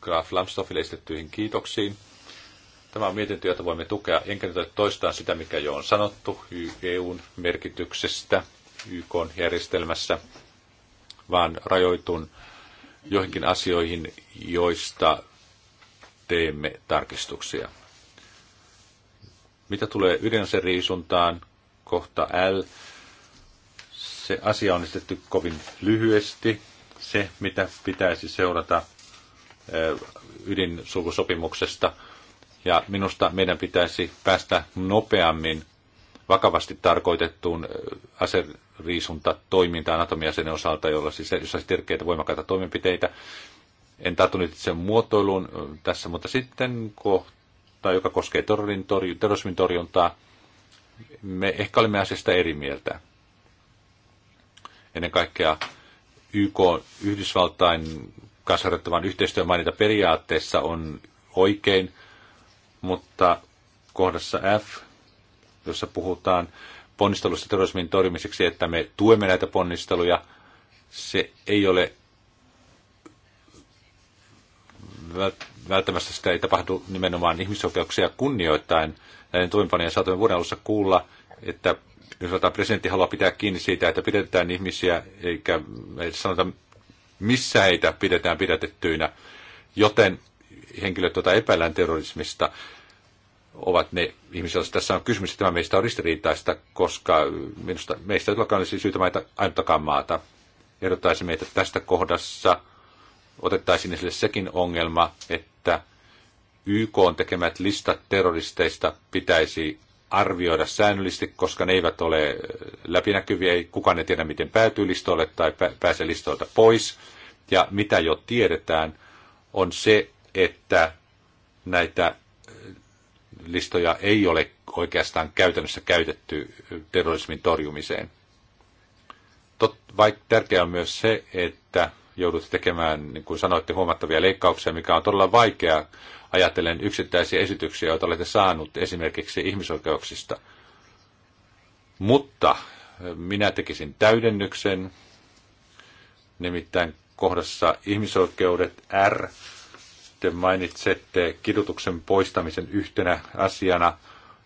D: Graf Lambsdorffille esitettyihin kiitoksiin. Tämä on mietintö, jota voimme tukea, enkä nyt toistaa sitä, mikä jo on sanottu EUn merkityksestä YK-järjestelmässä, vaan rajoitun joihinkin asioihin, joista teemme tarkistuksia. Mitä tulee ydinaseriisuntaan, kohta L, se asia on esitetty kovin lyhyesti. Se, mitä pitäisi seurata ydinsulkusopimuksesta. Ja minusta meidän pitäisi päästä nopeammin vakavasti tarkoitettuun aseriisuntatoimintaan toimintaan osalta, jolla siis jossa olisi tärkeitä voimakkaita toimenpiteitä. En tartu nyt sen muotoiluun tässä, mutta sitten kohta tai joka koskee terrorismin torjuntaa, me ehkä olemme asiasta eri mieltä. Ennen kaikkea YK Yhdysvaltain kanssa harjoittavan yhteistyön mainita periaatteessa on oikein, mutta kohdassa F, jossa puhutaan ponnistelusta terrorismin torjumiseksi, että me tuemme näitä ponnisteluja, se ei ole välttämättä sitä ei tapahdu nimenomaan ihmisoikeuksia kunnioittain. Näiden toimipanojen saatoin vuoden alussa kuulla, että jos presidentti haluaa pitää kiinni siitä, että pidetään ihmisiä, eikä ei sanota, missä heitä pidetään pidätettyinä, joten henkilöt, joita epäillään terrorismista, ovat ne ihmiset, joissa tässä on kysymys. Tämä meistä on ristiriitaista, koska minusta meistä ei tulekaan siis syytä maita ainuttakaan maata. Ehdottaisimme, että tästä kohdassa – otettaisiin esille sekin ongelma, että YK on tekemät listat terroristeista pitäisi arvioida säännöllisesti, koska ne eivät ole äh, läpinäkyviä, ei kukaan ei tiedä, miten päätyy listoille tai pääsee listoilta pois. Ja mitä jo tiedetään, on se, että näitä äh, listoja ei ole oikeastaan käytännössä käytetty äh, terrorismin torjumiseen. Tot, vaikka tärkeää on myös se, että joudutte tekemään, niin kuin sanoitte, huomattavia leikkauksia, mikä on todella vaikea ajatellen yksittäisiä esityksiä, joita olette saanut esimerkiksi ihmisoikeuksista. Mutta eh, minä tekisin täydennyksen, nimittäin kohdassa ihmisoikeudet R, te mainitsette kidutuksen poistamisen yhtenä asiana.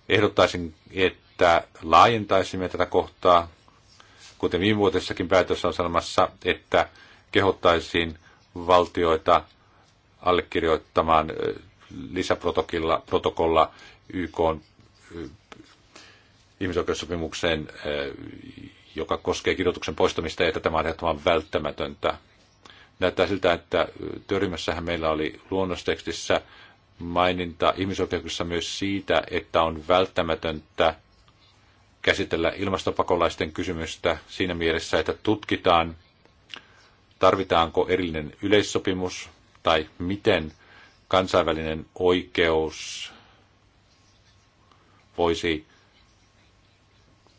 D: Ehdottaisin, että laajentaisimme tätä kohtaa, kuten viime vuotessakin päätös on sanomassa, että kehottaisiin valtioita allekirjoittamaan lisäprotokolla protokolla YK ihmisoikeussopimukseen, joka koskee kirjoituksen poistamista, ja että tämä on ehdottoman välttämätöntä. Näyttää siltä, että työryhmässähän meillä oli luonnostekstissä maininta ihmisoikeuksissa myös siitä, että on välttämätöntä käsitellä ilmastopakolaisten kysymystä siinä mielessä, että tutkitaan tarvitaanko erillinen yleissopimus tai miten kansainvälinen oikeus voisi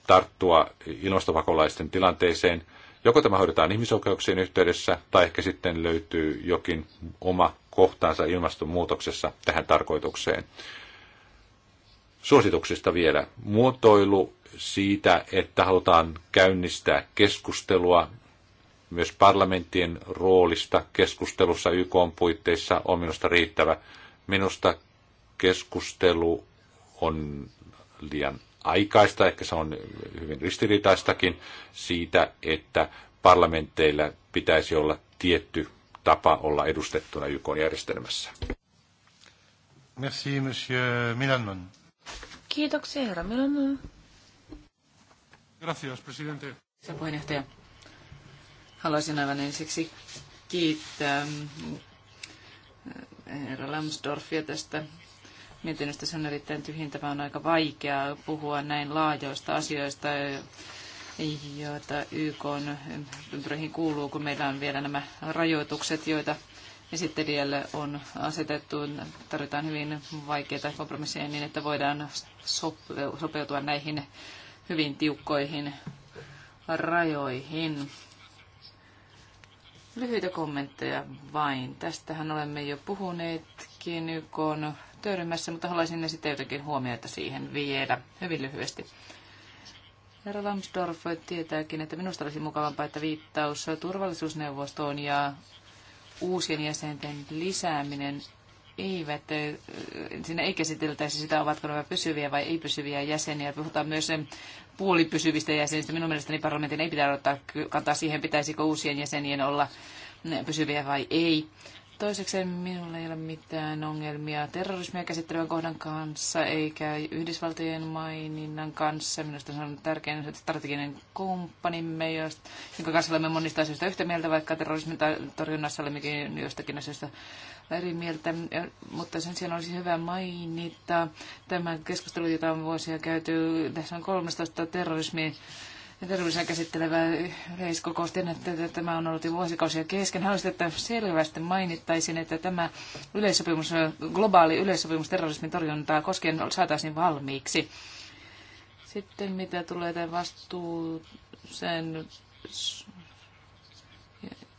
D: tarttua ilmastopakolaisten tilanteeseen. Joko tämä hoidetaan ihmisoikeuksien yhteydessä, tai ehkä sitten löytyy jokin oma kohtaansa ilmastonmuutoksessa tähän tarkoitukseen. Suosituksista vielä. Muotoilu siitä, että halutaan käynnistää keskustelua myös parlamenttien roolista keskustelussa YK on puitteissa on minusta riittävä. Minusta keskustelu on liian aikaista, ehkä se on hyvin ristiriitaistakin siitä, että parlamenteilla pitäisi olla tietty tapa olla edustettuna YK järjestelmässä.
A: Merci, monsieur Milanon.
C: Kiitoksia, herra Milanon.
D: Gracias, presidente. Se puheenjohtaja. Haluaisin aivan
B: ensiksi kiittää eh, herra Lambsdorffia tästä mietinnöstä. Se on erittäin tyhjentävä, on aika vaikeaa puhua näin laajoista asioista, joita YK ympyröihin kuuluu, kun meillä on vielä nämä rajoitukset, joita esittelijälle on asetettu. Tarvitaan hyvin vaikeita kompromisseja niin, että voidaan sopeutua näihin hyvin tiukkoihin rajoihin. Lyhyitä kommentteja vain. Tästähän olemme jo puhuneetkin YK työryhmässä, mutta haluaisin sitten jotenkin huomioita siihen vielä hyvin lyhyesti. Herra Lambsdorff tietääkin, että minusta olisi mukavampaa, että viittaus turvallisuusneuvostoon ja uusien jäsenten lisääminen eivät, siinä ei käsiteltäisi sitä, ovatko nämä pysyviä vai ei-pysyviä jäseniä. Puhutaan myös puolipysyvistä jäsenistä. Minun mielestäni parlamentin ei pitää ottaa kantaa siihen, pitäisikö uusien jäsenien olla pysyviä vai ei. Toiseksi minulla ei ole mitään ongelmia terrorismia käsittelevän kohdan kanssa, eikä Yhdysvaltojen maininnan kanssa. Minusta se on tärkein strateginen kumppanimme, jonka kanssa olemme monista asioista yhtä mieltä, vaikka terrorismin torjunnassa olemmekin jostakin asioista eri mieltä, mutta sen sijaan olisi hyvä mainita tämä keskustelu, jota on vuosia käyty. Tässä on 13 terrorismi terrorismia käsittelevä yleiskokous. että tämä on ollut jo vuosikausia kesken. Haluaisin, että selvästi mainittaisin, että tämä yleissopimus, globaali yleissopimus terrorismin torjuntaa koskien saataisiin valmiiksi. Sitten mitä tulee tämän vastuuseen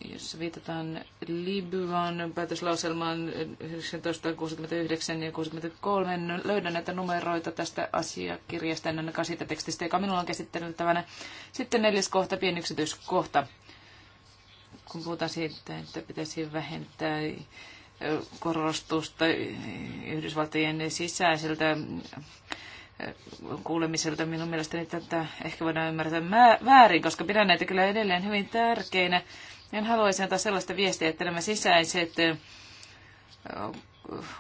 B: jossa viitataan Libyan päätöslauselmaan 1969 ja 1963. Niin löydän näitä numeroita tästä asiakirjasta, ennen ainakaan tekstistä, joka minulla on käsitteltävänä. Sitten neljäs kohta, pieni yksityiskohta. Kun puhutaan siitä, että pitäisi vähentää korostusta Yhdysvaltojen sisäiseltä kuulemiselta minun mielestäni tätä ehkä voidaan ymmärtää väärin, koska pidän näitä kyllä edelleen hyvin tärkeinä. En haluaisi antaa sellaista viestiä, että nämä sisäiset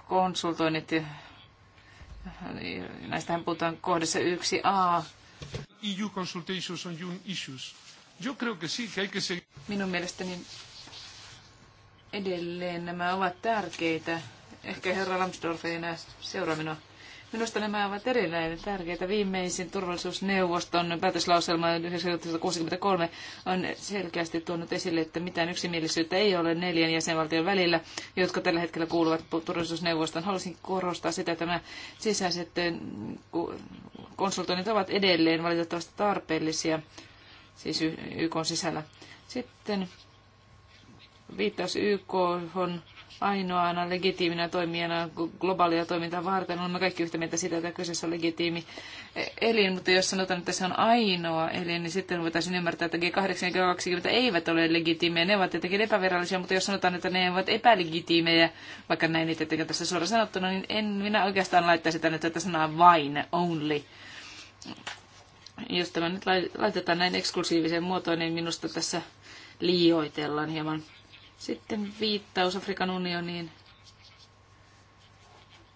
B: konsultoinnit, näistähän puhutaan kohdassa 1a.
D: EU consultations on UN issues. Yo creo que sí, que hay que seguir.
A: Minun mielestäni
B: edelleen nämä ovat tärkeitä.
D: Ehkä herra Lambsdorff
B: ei enää seuraa minua. Minusta nämä ovat erilainen tärkeitä. Viimeisin turvallisuusneuvoston päätöslauselma 1963 on selkeästi tuonut esille, että mitään yksimielisyyttä ei ole neljän jäsenvaltion välillä, jotka tällä hetkellä kuuluvat turvallisuusneuvoston. Haluaisin korostaa sitä, että nämä sisäiset eh, konsultoinnit ovat edelleen valitettavasti tarpeellisia, siis YK sisällä. Sitten viittaus YK on ainoana legitiiminä toimijana globaalia toimintaa varten. Olemme kaikki yhtä mieltä siitä, että kyseessä on legitiimi e- elin, mutta jos sanotaan, että se on ainoa elin, niin sitten voitaisiin ymmärtää, että G8 ja G20 eivät ole legitiimejä. Ne ovat tietenkin epävirallisia, mutta jos sanotaan, että ne ovat epälegitiimejä, vaikka näin niitä tietenkin tässä suoraan sanottuna, niin en minä oikeastaan laittaisi tänne tätä sanaa vain, only. Jos tämä nyt laitetaan näin eksklusiiviseen muotoon, niin minusta tässä liioitellaan hieman. Sitten viittaus Afrikan unioniin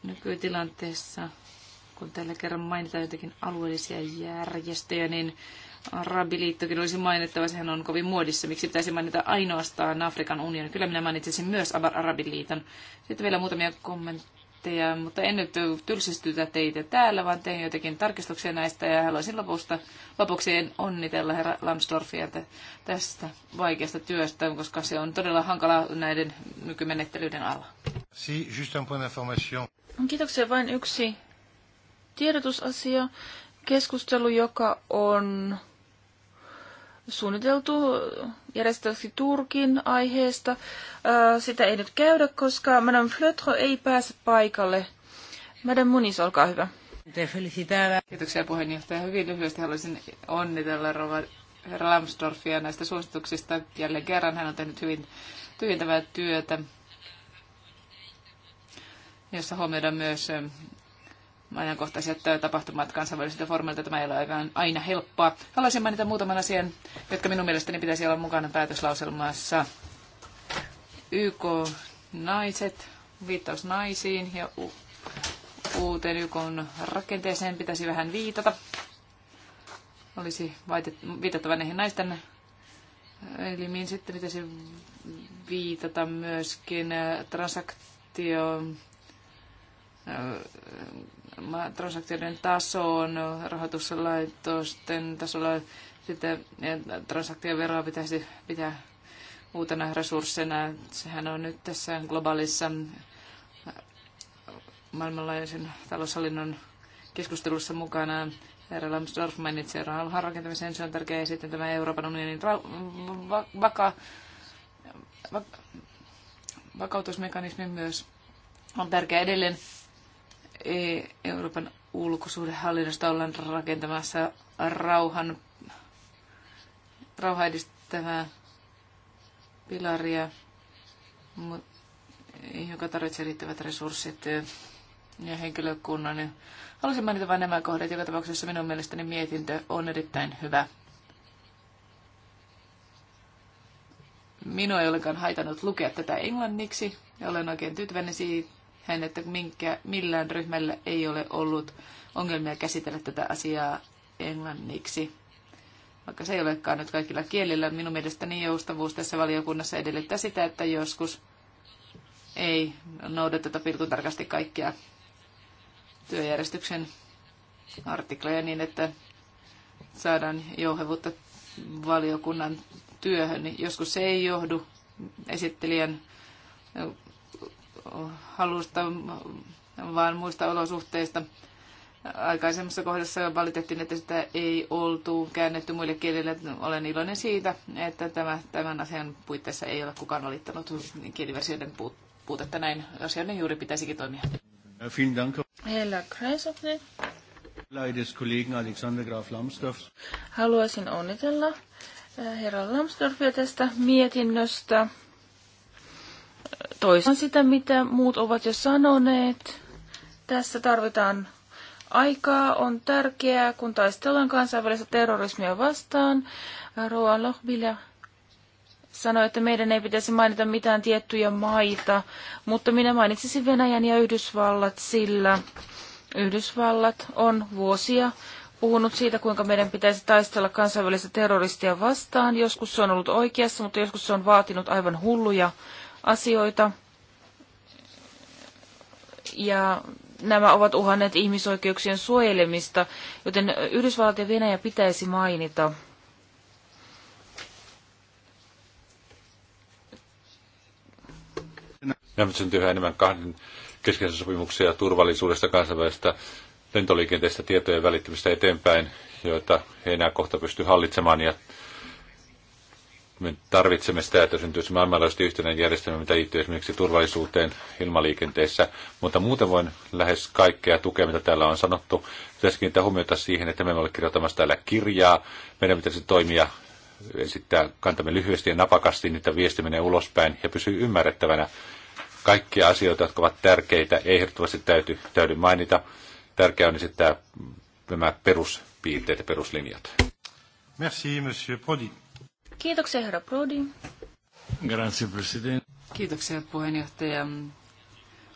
B: nykytilanteessa, kun tällä kerran mainitaan jotakin alueellisia järjestöjä, niin Arabiliittokin olisi mainittava, sehän on kovin muodissa. Miksi pitäisi mainita ainoastaan Afrikan unioni? Kyllä minä mainitsisin myös Arabiliiton. Sitten vielä muutamia kommentteja kommentteja, mutta en nyt tylsistytä teitä täällä, vaan teen jotenkin tarkistuksia näistä ja haluaisin lopusta, lopuksi en onnitella herra Lambsdorffia tästä vaikeasta työstä, koska
C: se on todella hankala näiden nykymenettelyiden alla.
A: Si, just un point d'information.
C: Kiitoksia. Vain yksi tiedotusasia. Keskustelu, joka on suunniteltu järjestelmäksi Turkin aiheesta. Äh, sitä ei nyt käydä, koska Madame Flötro ei pääse paikalle. Madame Munis, olkaa hyvä. Kiitoksia puheenjohtaja. Hyvin lyhyesti
B: haluaisin onnitella Rova herra Lambsdorffia näistä suosituksista. Jälleen kerran hän on tehnyt hyvin tyhjentävää työtä, jossa huomioidaan myös ajankohtaiset tapahtumat kansainvälisiltä formeilta. Tämä ei ole aina helppoa. Haluaisin mainita muutaman asian, jotka minun mielestäni pitäisi olla mukana päätöslauselmassa. YK naiset, viittaus naisiin ja uuteen YK rakenteeseen pitäisi vähän viitata. Olisi viitattava näihin naisten elimiin. Sitten pitäisi viitata myöskin transaktio transaktioiden tasoon, rahoituslaitosten tasolla, sitten transaktioveroa pitäisi pitää uutena resurssina. Sehän on nyt tässä globaalissa maailmanlaajuisen taloushallinnon keskustelussa mukana. Herra Dorf mainitsi rahan rakentamisen, se on tärkeää. Ja sitten tämä Euroopan unionin ra- va- vaka- va- vakautusmekanismi myös on tärkeä edelleen Euroopan ulkosuhdehallinnosta ollaan rakentamassa rauhan, rauhaa edistävää pilaria, joka tarvitsee riittävät resurssit ja henkilökunnan. Haluaisin mainita vain nämä kohdat. Joka tapauksessa minun mielestäni mietintö on erittäin hyvä. Minua ei olekaan haitanut lukea tätä englanniksi ja olen oikein tyytyväinen siitä, hän, että minkä, millään ryhmällä ei ole ollut ongelmia käsitellä tätä asiaa englanniksi. Vaikka se ei olekaan nyt kaikilla kielillä, minun mielestäni joustavuus tässä valiokunnassa edellyttää sitä, että joskus ei noudateta pilkun tarkasti kaikkia työjärjestyksen artikloja niin, että saadaan jouhevuutta valiokunnan työhön. Joskus se ei johdu esittelijän halusta, vaan muista olosuhteista. Aikaisemmassa kohdassa valitettiin, että sitä ei oltu käännetty muille kielille. Olen iloinen siitä, että tämä, tämän asian puitteissa ei ole kukaan valittanut kieliversioiden puutetta. Näin asioiden juuri pitäisikin toimia.
A: Graf
C: Haluaisin onnitella eh, herra Lambsdorffia tästä mietinnöstä toisaan sitä, mitä muut ovat jo sanoneet. Tässä tarvitaan aikaa. On tärkeää, kun taistellaan kansainvälistä terrorismia vastaan. Roa Lohvilja sanoi, että meidän ei pitäisi mainita mitään tiettyjä maita, mutta minä mainitsisin Venäjän ja Yhdysvallat, sillä Yhdysvallat on vuosia puhunut siitä, kuinka meidän pitäisi taistella kansainvälistä terroristia vastaan. Joskus se on ollut oikeassa, mutta joskus se on vaatinut aivan hulluja asioita. Ja nämä ovat uhanneet ihmisoikeuksien suojelemista, joten Yhdysvallat ja Venäjä pitäisi mainita.
D: Nämä syntyy yhä enemmän kahden keskeisiä sopimuksia turvallisuudesta, kansainvälisestä lentoliikenteestä, tietojen välittämistä eteenpäin, joita he enää kohta pysty hallitsemaan. Ja me tarvitsemme sitä, että syntyisi maailmanlaajuisesti yhtenäinen järjestelmä, mitä liittyy esimerkiksi turvallisuuteen ilmaliikenteessä, mutta muuten voin lähes kaikkea tukea, mitä täällä on sanottu. Pitäisi kiinnittää huomiota siihen, että me emme ole kirjoittamassa täällä kirjaa. Meidän pitäisi toimia esittää kantamme lyhyesti ja napakasti, niin että viesti menee ulospäin ja pysyy ymmärrettävänä. Kaikkia asioita, jotka ovat tärkeitä, ei ehdottomasti täytyy, täydy mainita. Tärkeää on esittää nämä peruspiirteet ja peruslinjat.
A: Merci, monsieur Prodi.
C: Kiitoksia, herra Prodi.
A: Grazie, presidente.
B: Kiitoksia, puheenjohtaja.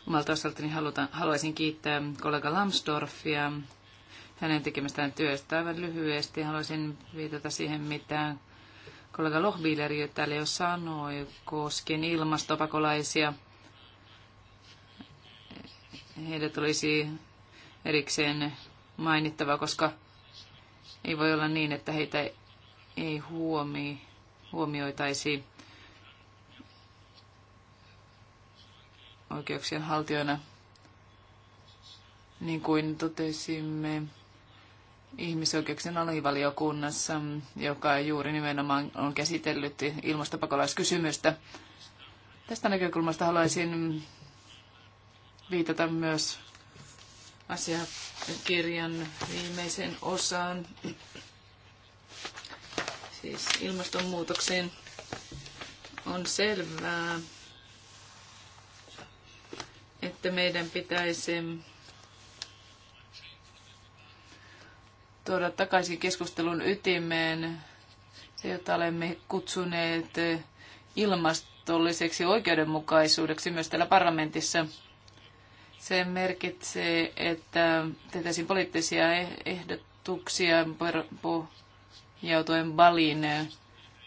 B: Omalta osaltani haluta, haluaisin kiittää kollega Lambsdorffia hänen tekemästään työstä. Aivan lyhyesti haluaisin viitata siihen, mitä kollega Lohbiler täällä jo sanoi koskien ilmastopakolaisia. Heidät olisi erikseen mainittava, koska ei voi olla niin, että heitä ei huomi, huomioitaisi oikeuksien haltijoina. Niin kuin totesimme ihmisoikeuksien alivaliokunnassa, joka juuri nimenomaan on käsitellyt ilmastopakolaiskysymystä. Tästä näkökulmasta haluaisin viitata myös asiakirjan viimeisen osaan, siis ilmastonmuutokseen, on selvää, että meidän pitäisi tuoda takaisin keskustelun ytimeen se, jota olemme kutsuneet ilmastolliseksi oikeudenmukaisuudeksi myös täällä parlamentissa. Se merkitsee, että tehtäisiin poliittisia ehdotuksia joutuen Baliin eh,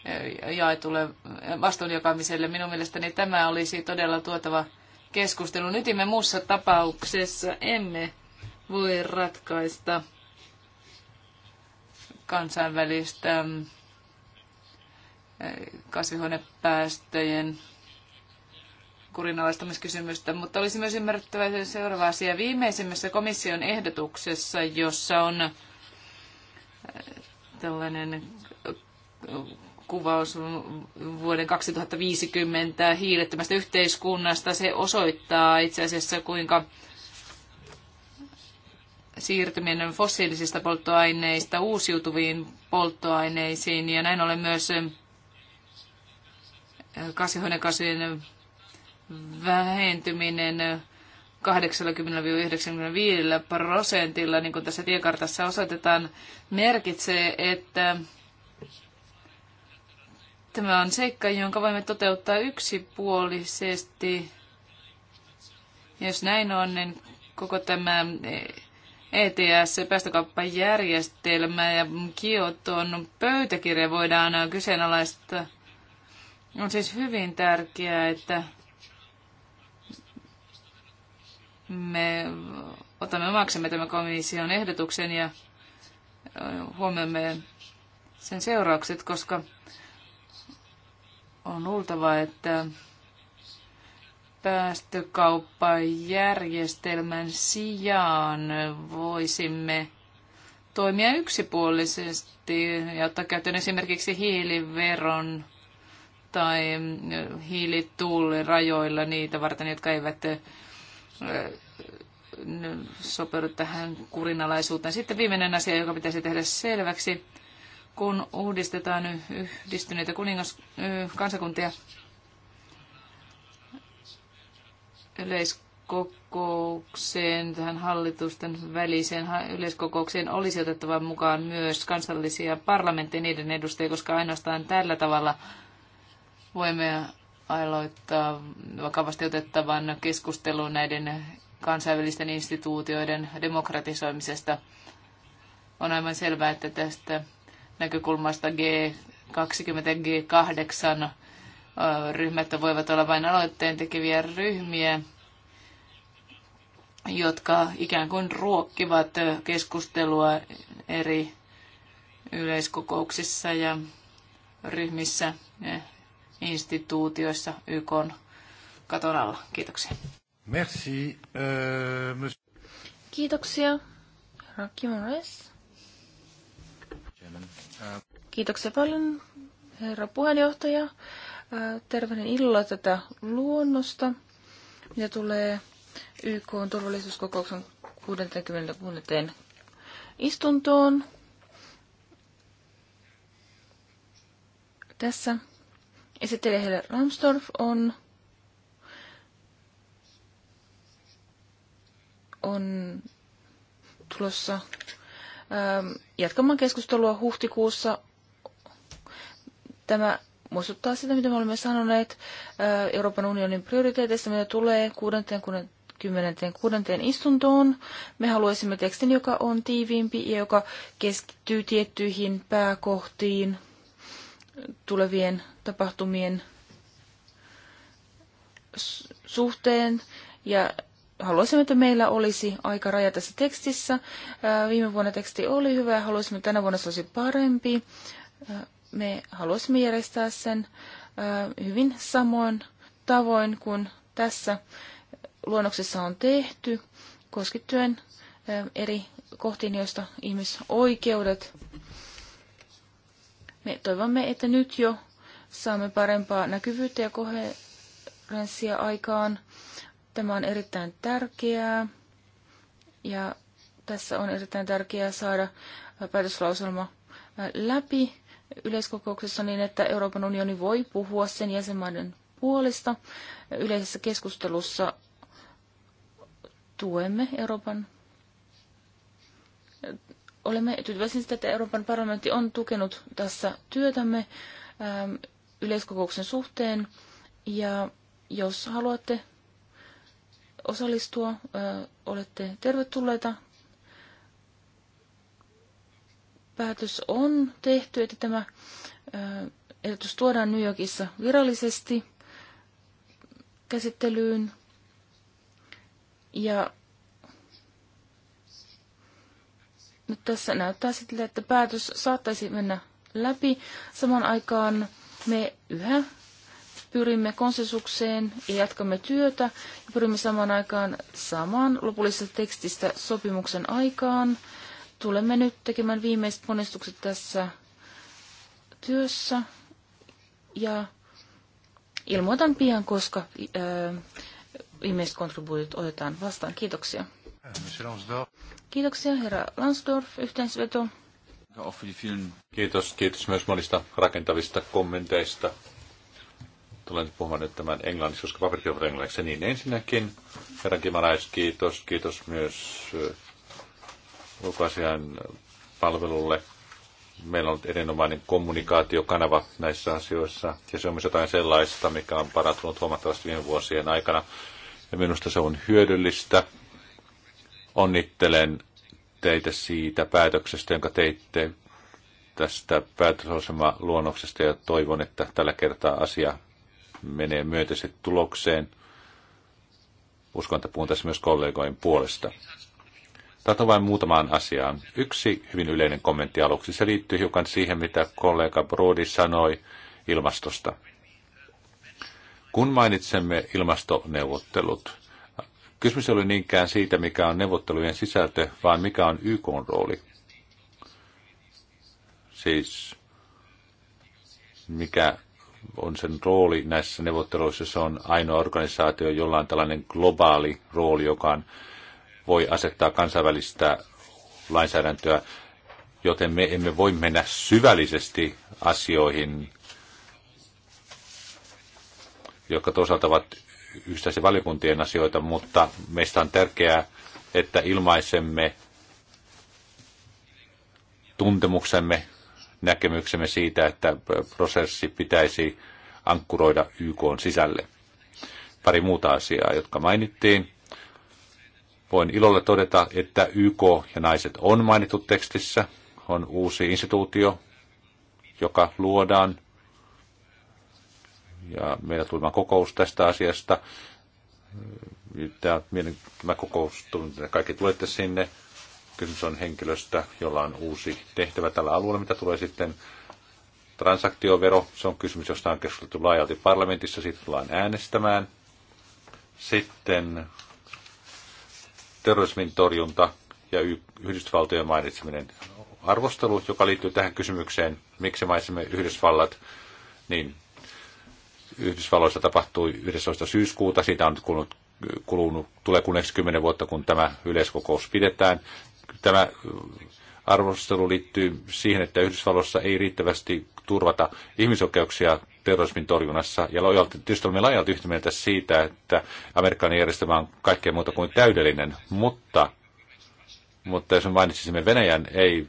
B: eh, jaetulle eh, vastuun jakamiselle. Minun mielestäni tämä olisi todella tuotava keskustelu. Nyt me muussa tapauksessa emme voi ratkaista kansainvälistä kasvihuonepäästöjen kurinalaistamiskysymystä, mutta olisi myös ymmärrettävä seuraava asia. Viimeisimmässä komission ehdotuksessa, jossa on tällainen kuvaus vuoden 2050 hiilettömästä yhteiskunnasta. Se osoittaa itse asiassa, kuinka siirtyminen fossiilisista polttoaineista uusiutuviin polttoaineisiin ja näin ollen myös kasvihuonekasvien vähentyminen 80-95 prosentilla, niin kuin tässä tiekartassa osoitetaan, merkitsee, että tämä on seikka, jonka voimme toteuttaa yksipuolisesti. Jos näin on, niin koko tämä ETS-päästökauppajärjestelmä ja Kioton pöytäkirja voidaan kyseenalaistaa. On siis hyvin tärkeää, että me otamme omaksemme tämän komission ehdotuksen ja huomioimme sen seuraukset, koska on luultava, että päästökauppajärjestelmän sijaan voisimme toimia yksipuolisesti ja ottaa käyttöön esimerkiksi hiiliveron tai hiilitullirajoilla niitä varten, jotka eivät sopeudu tähän kurinalaisuuteen. Sitten viimeinen asia, joka pitäisi tehdä selväksi, kun uudistetaan yhdistyneitä kuningas, kansakuntia yleiskokoukseen, tähän hallitusten väliseen yleiskokoukseen olisi otettava mukaan myös kansallisia parlamentteja niiden edustajia, koska ainoastaan tällä tavalla voimme aloittaa vakavasti otettavan keskustelun näiden kansainvälisten instituutioiden demokratisoimisesta. On aivan selvää, että tästä näkökulmasta G20 ja G8 ryhmät voivat olla vain aloitteen tekeviä ryhmiä, jotka ikään kuin ruokkivat keskustelua eri yleiskokouksissa ja ryhmissä ja eh, instituutioissa YK katon alla. Kiitoksia.
A: Merci. Euh, monsieur... Kiitoksia. Rakki uh,
C: Kiitoksia paljon, herra puheenjohtaja. Äh, Tervehden illalla tätä luonnosta, mitä tulee YK on turvallisuuskokouksen 66. istuntoon. Tässä esittelijä Helle Ramstorff on on tulossa ähm, jatkamaan keskustelua huhtikuussa. Tämä muistuttaa sitä, mitä me olemme sanoneet äh, Euroopan unionin prioriteeteista, mitä tulee 66. istuntoon. Me haluaisimme tekstin, joka on tiiviimpi ja joka keskittyy tiettyihin pääkohtiin tulevien tapahtumien suhteen ja haluaisimme, että meillä olisi aika raja tässä tekstissä. Viime vuonna teksti oli hyvä ja haluaisimme, että tänä vuonna se olisi parempi. Me haluaisimme järjestää sen hyvin samoin tavoin kuin tässä luonnoksessa on tehty, koskittyen eri kohtiin, joista ihmisoikeudet. Me toivomme, että nyt jo saamme parempaa näkyvyyttä ja koherenssia aikaan Tämä on erittäin tärkeää ja tässä on erittäin tärkeää saada päätöslauselma läpi yleiskokouksessa niin, että Euroopan unioni voi puhua sen jäsenmaiden puolesta. Yleisessä keskustelussa tuemme Euroopan olemme tyytyväisiä siitä, että Euroopan parlamentti on tukenut tässä työtämme yleiskokouksen suhteen. Ja jos haluatte osallistua. Olette tervetulleita. Päätös on tehty, että tämä ehdotus tuodaan New Yorkissa virallisesti käsittelyyn. Ja nyt tässä näyttää siltä, että päätös saattaisi mennä läpi. Saman aikaan me yhä pyrimme konsensukseen ja jatkamme työtä ja pyrimme samaan aikaan saamaan lopullisesta tekstistä sopimuksen aikaan. Tulemme nyt tekemään viimeiset ponnistukset tässä työssä ja ilmoitan pian, koska ää, äh, viimeiset kontribuutit otetaan vastaan. Kiitoksia. Kiitoksia, herra Lansdorf, yhteensveto.
D: Kiitos, kiitos myös monista rakentavista kommenteista. Tulen nyt puhumaan nyt tämän englanniksi, koska paperi on englanniksi. Niin ensinnäkin, herra Kimalais, kiitos. Kiitos myös ulkoasian palvelulle. Meillä on erinomainen kommunikaatiokanava näissä asioissa, ja se on myös jotain sellaista, mikä on parantunut huomattavasti viime vuosien aikana. Ja minusta se on hyödyllistä. Onnittelen teitä siitä päätöksestä, jonka teitte tästä päätösosema luonnoksesta ja toivon, että tällä kertaa asia menee myötäisesti tulokseen. Uskon, että puhun tässä myös kollegojen puolesta. Tartun vain muutamaan asiaan. Yksi hyvin yleinen kommentti aluksi. Se liittyy hiukan siihen, mitä kollega Brody sanoi ilmastosta. Kun mainitsemme ilmastoneuvottelut, kysymys ei ole niinkään siitä, mikä on neuvottelujen sisältö, vaan mikä on YK rooli. Siis mikä on sen rooli näissä neuvotteluissa. Se on ainoa organisaatio, jolla on tällainen globaali rooli, joka on, voi asettaa kansainvälistä lainsäädäntöä, joten me emme voi mennä syvällisesti asioihin, jotka toisaalta ovat yhtäisen valiokuntien asioita, mutta meistä on tärkeää, että ilmaisemme tuntemuksemme näkemyksemme siitä, että prosessi pitäisi ankkuroida YK sisälle. Pari muuta asiaa, jotka mainittiin. Voin ilolla todeta, että YK ja naiset on mainittu tekstissä. On uusi instituutio, joka luodaan. Ja meillä tuli kokous tästä asiasta. Tämä, tämä kokous, kaikki tulette sinne. Kysymys on henkilöstä, jolla on uusi tehtävä tällä alueella, mitä tulee sitten transaktiovero. Se on kysymys, josta on keskusteltu laajalti parlamentissa, siitä tullaan äänestämään. Sitten terrorismin torjunta ja Yhdysvaltojen mainitseminen. Arvostelu, joka liittyy tähän kysymykseen, miksi mainitsemme Yhdysvallat, niin Yhdysvalloissa tapahtui 11. syyskuuta. Siitä on nyt kulunut, kulunut tulee kuluneeksi 10 vuotta, kun tämä yleiskokous pidetään tämä arvostelu liittyy siihen, että Yhdysvalloissa ei riittävästi turvata ihmisoikeuksia terrorismin torjunnassa. Ja lojalti, tietysti olemme laajalti yhtä mieltä siitä, että Amerikan järjestelmä on kaikkea muuta kuin täydellinen, mutta, mutta jos me mainitsisimme Venäjän, ei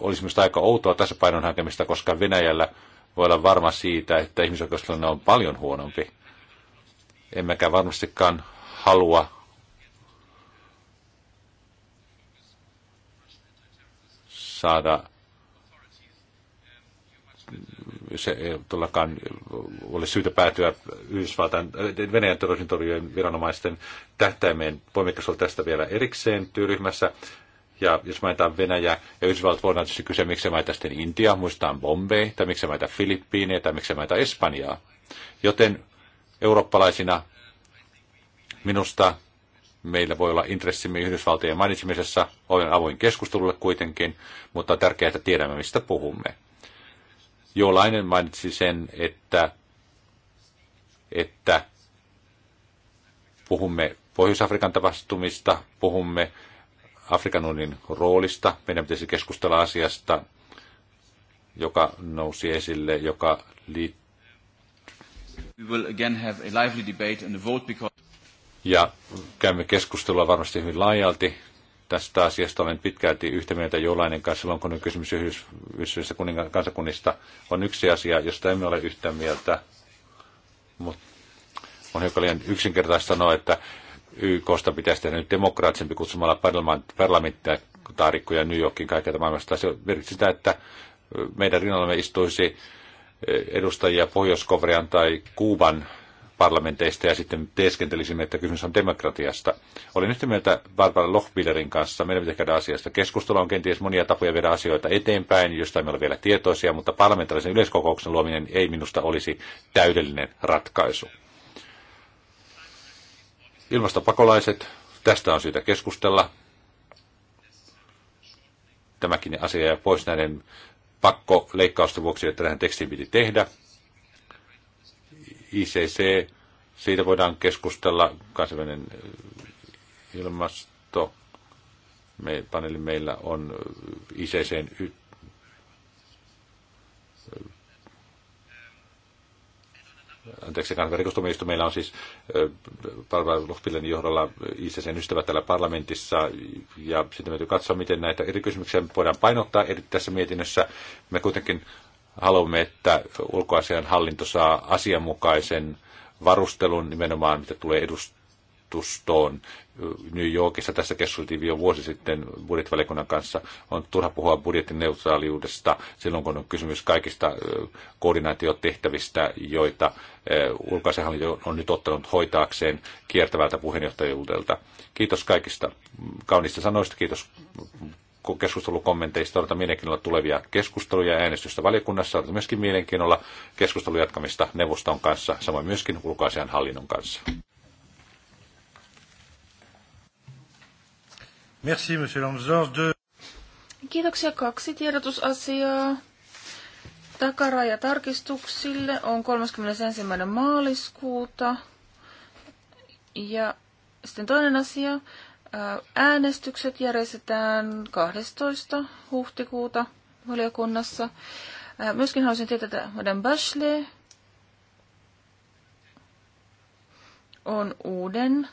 D: olisi minusta aika outoa tasapainon hakemista, koska Venäjällä voi olla varma siitä, että ihmisoikeustilanne on paljon huonompi. Emmekä varmastikaan halua saada se ei todellakaan syytä päätyä Yhdysvaltain, Venäjän terrorismin viranomaisten tähtäimeen. Poimikas on tästä vielä erikseen työryhmässä. Ja jos mainitaan Venäjä ja Yhdysvallat, voidaan tietysti kysyä, miksi mainita sitten Intia, muistaan Bombay, tai miksi mainita Filippiinejä, tai miksi mainita Espanjaa. Joten eurooppalaisina minusta Meillä voi olla intressimme Yhdysvaltojen mainitsemisessa, olen avoin keskustelulle kuitenkin, mutta on tärkeää, että tiedämme, mistä puhumme. Joolainen mainitsi sen, että, että puhumme Pohjois-Afrikan tapahtumista, puhumme Afrikan unionin roolista. Meidän pitäisi keskustella asiasta, joka nousi esille, joka liittyy.
E: We will again have a lively debate and a vote because
D: ja käymme keskustelua varmasti hyvin laajalti tästä asiasta olen pitkälti yhtä mieltä jollainen kanssa silloin, kun on kysymys yhdessä kansakunnista, on yksi asia, josta emme ole yhtä mieltä. Mutta on hiukan liian yksinkertaista sanoa, että YKsta pitäisi tehdä nyt demokraattisempi kutsumalla parlamenttaarikkoja New Yorkin kaikilta maailmasta. Se merkitsi sitä, että meidän rinnallamme istuisi edustajia Pohjois-Korean tai Kuuban parlamenteista ja sitten teeskentelisimme, että kysymys on demokratiasta. Olen yhtä mieltä Barbara Lochbillerin kanssa. Meidän pitää käydä asiasta keskustelua. On kenties monia tapoja viedä asioita eteenpäin, josta emme ole vielä tietoisia, mutta parlamentaarisen yleiskokouksen luominen ei minusta olisi täydellinen ratkaisu. Ilmastopakolaiset, tästä on syytä keskustella. Tämäkin asia jää pois näiden pakko leikkausten vuoksi, että tähän tekstiin piti tehdä. ICC, siitä voidaan keskustella, kansainvälinen eh, ilmasto, me, paneeli meillä on eh, ICCn y- eh, anteeksi, kansanverkostomisto meillä on siis Barbara johdolla ICCn ystävä täällä parlamentissa, ja sitten täytyy katsoa, miten näitä eri kysymyksiä voidaan painottaa eri tässä mietinnössä. Me kuitenkin haluamme, että ulkoasian hallinto saa asianmukaisen varustelun nimenomaan, mitä tulee edustustoon. New Yorkissa tässä keskusteltiin jo vuosi sitten budjettivaliokunnan kanssa. On turha puhua budjettineutraaliudesta silloin, kun on kysymys kaikista koordinaatiotehtävistä, joita ulkoasianhallinto on nyt ottanut hoitaakseen kiertävältä puheenjohtajuudelta. Kiitos kaikista kauniista sanoista, kiitos keskustelukommenteista. Odotan mielenkiinnolla tulevia keskusteluja ja äänestystä valiokunnassa. Odotan myöskin mielenkiinnolla keskustelun jatkamista neuvoston kanssa, samoin myöskin ulkoasian hallinnon kanssa.
A: Merci, monsieur De...
C: Kiitoksia. Kaksi tiedotusasiaa. Takaraja tarkistuksille on 31. maaliskuuta. Ja sitten toinen asia. Äänestykset järjestetään 12. huhtikuuta valiokunnassa. Myöskin haluaisin tietää, että Madame on uuden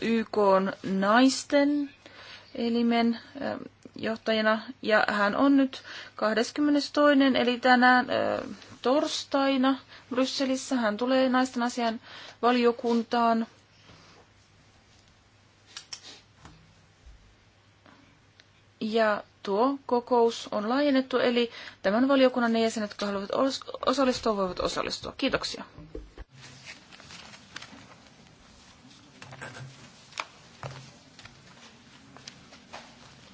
C: YK naisten elimen johtajana ja hän on nyt 22. eli tänään torstaina Brysselissä. Hän tulee naisten asian valiokuntaan Ja tuo kokous on laajennettu, eli tämän valiokunnan ne jäsenet, jotka haluavat osallistua, voivat osallistua. Kiitoksia.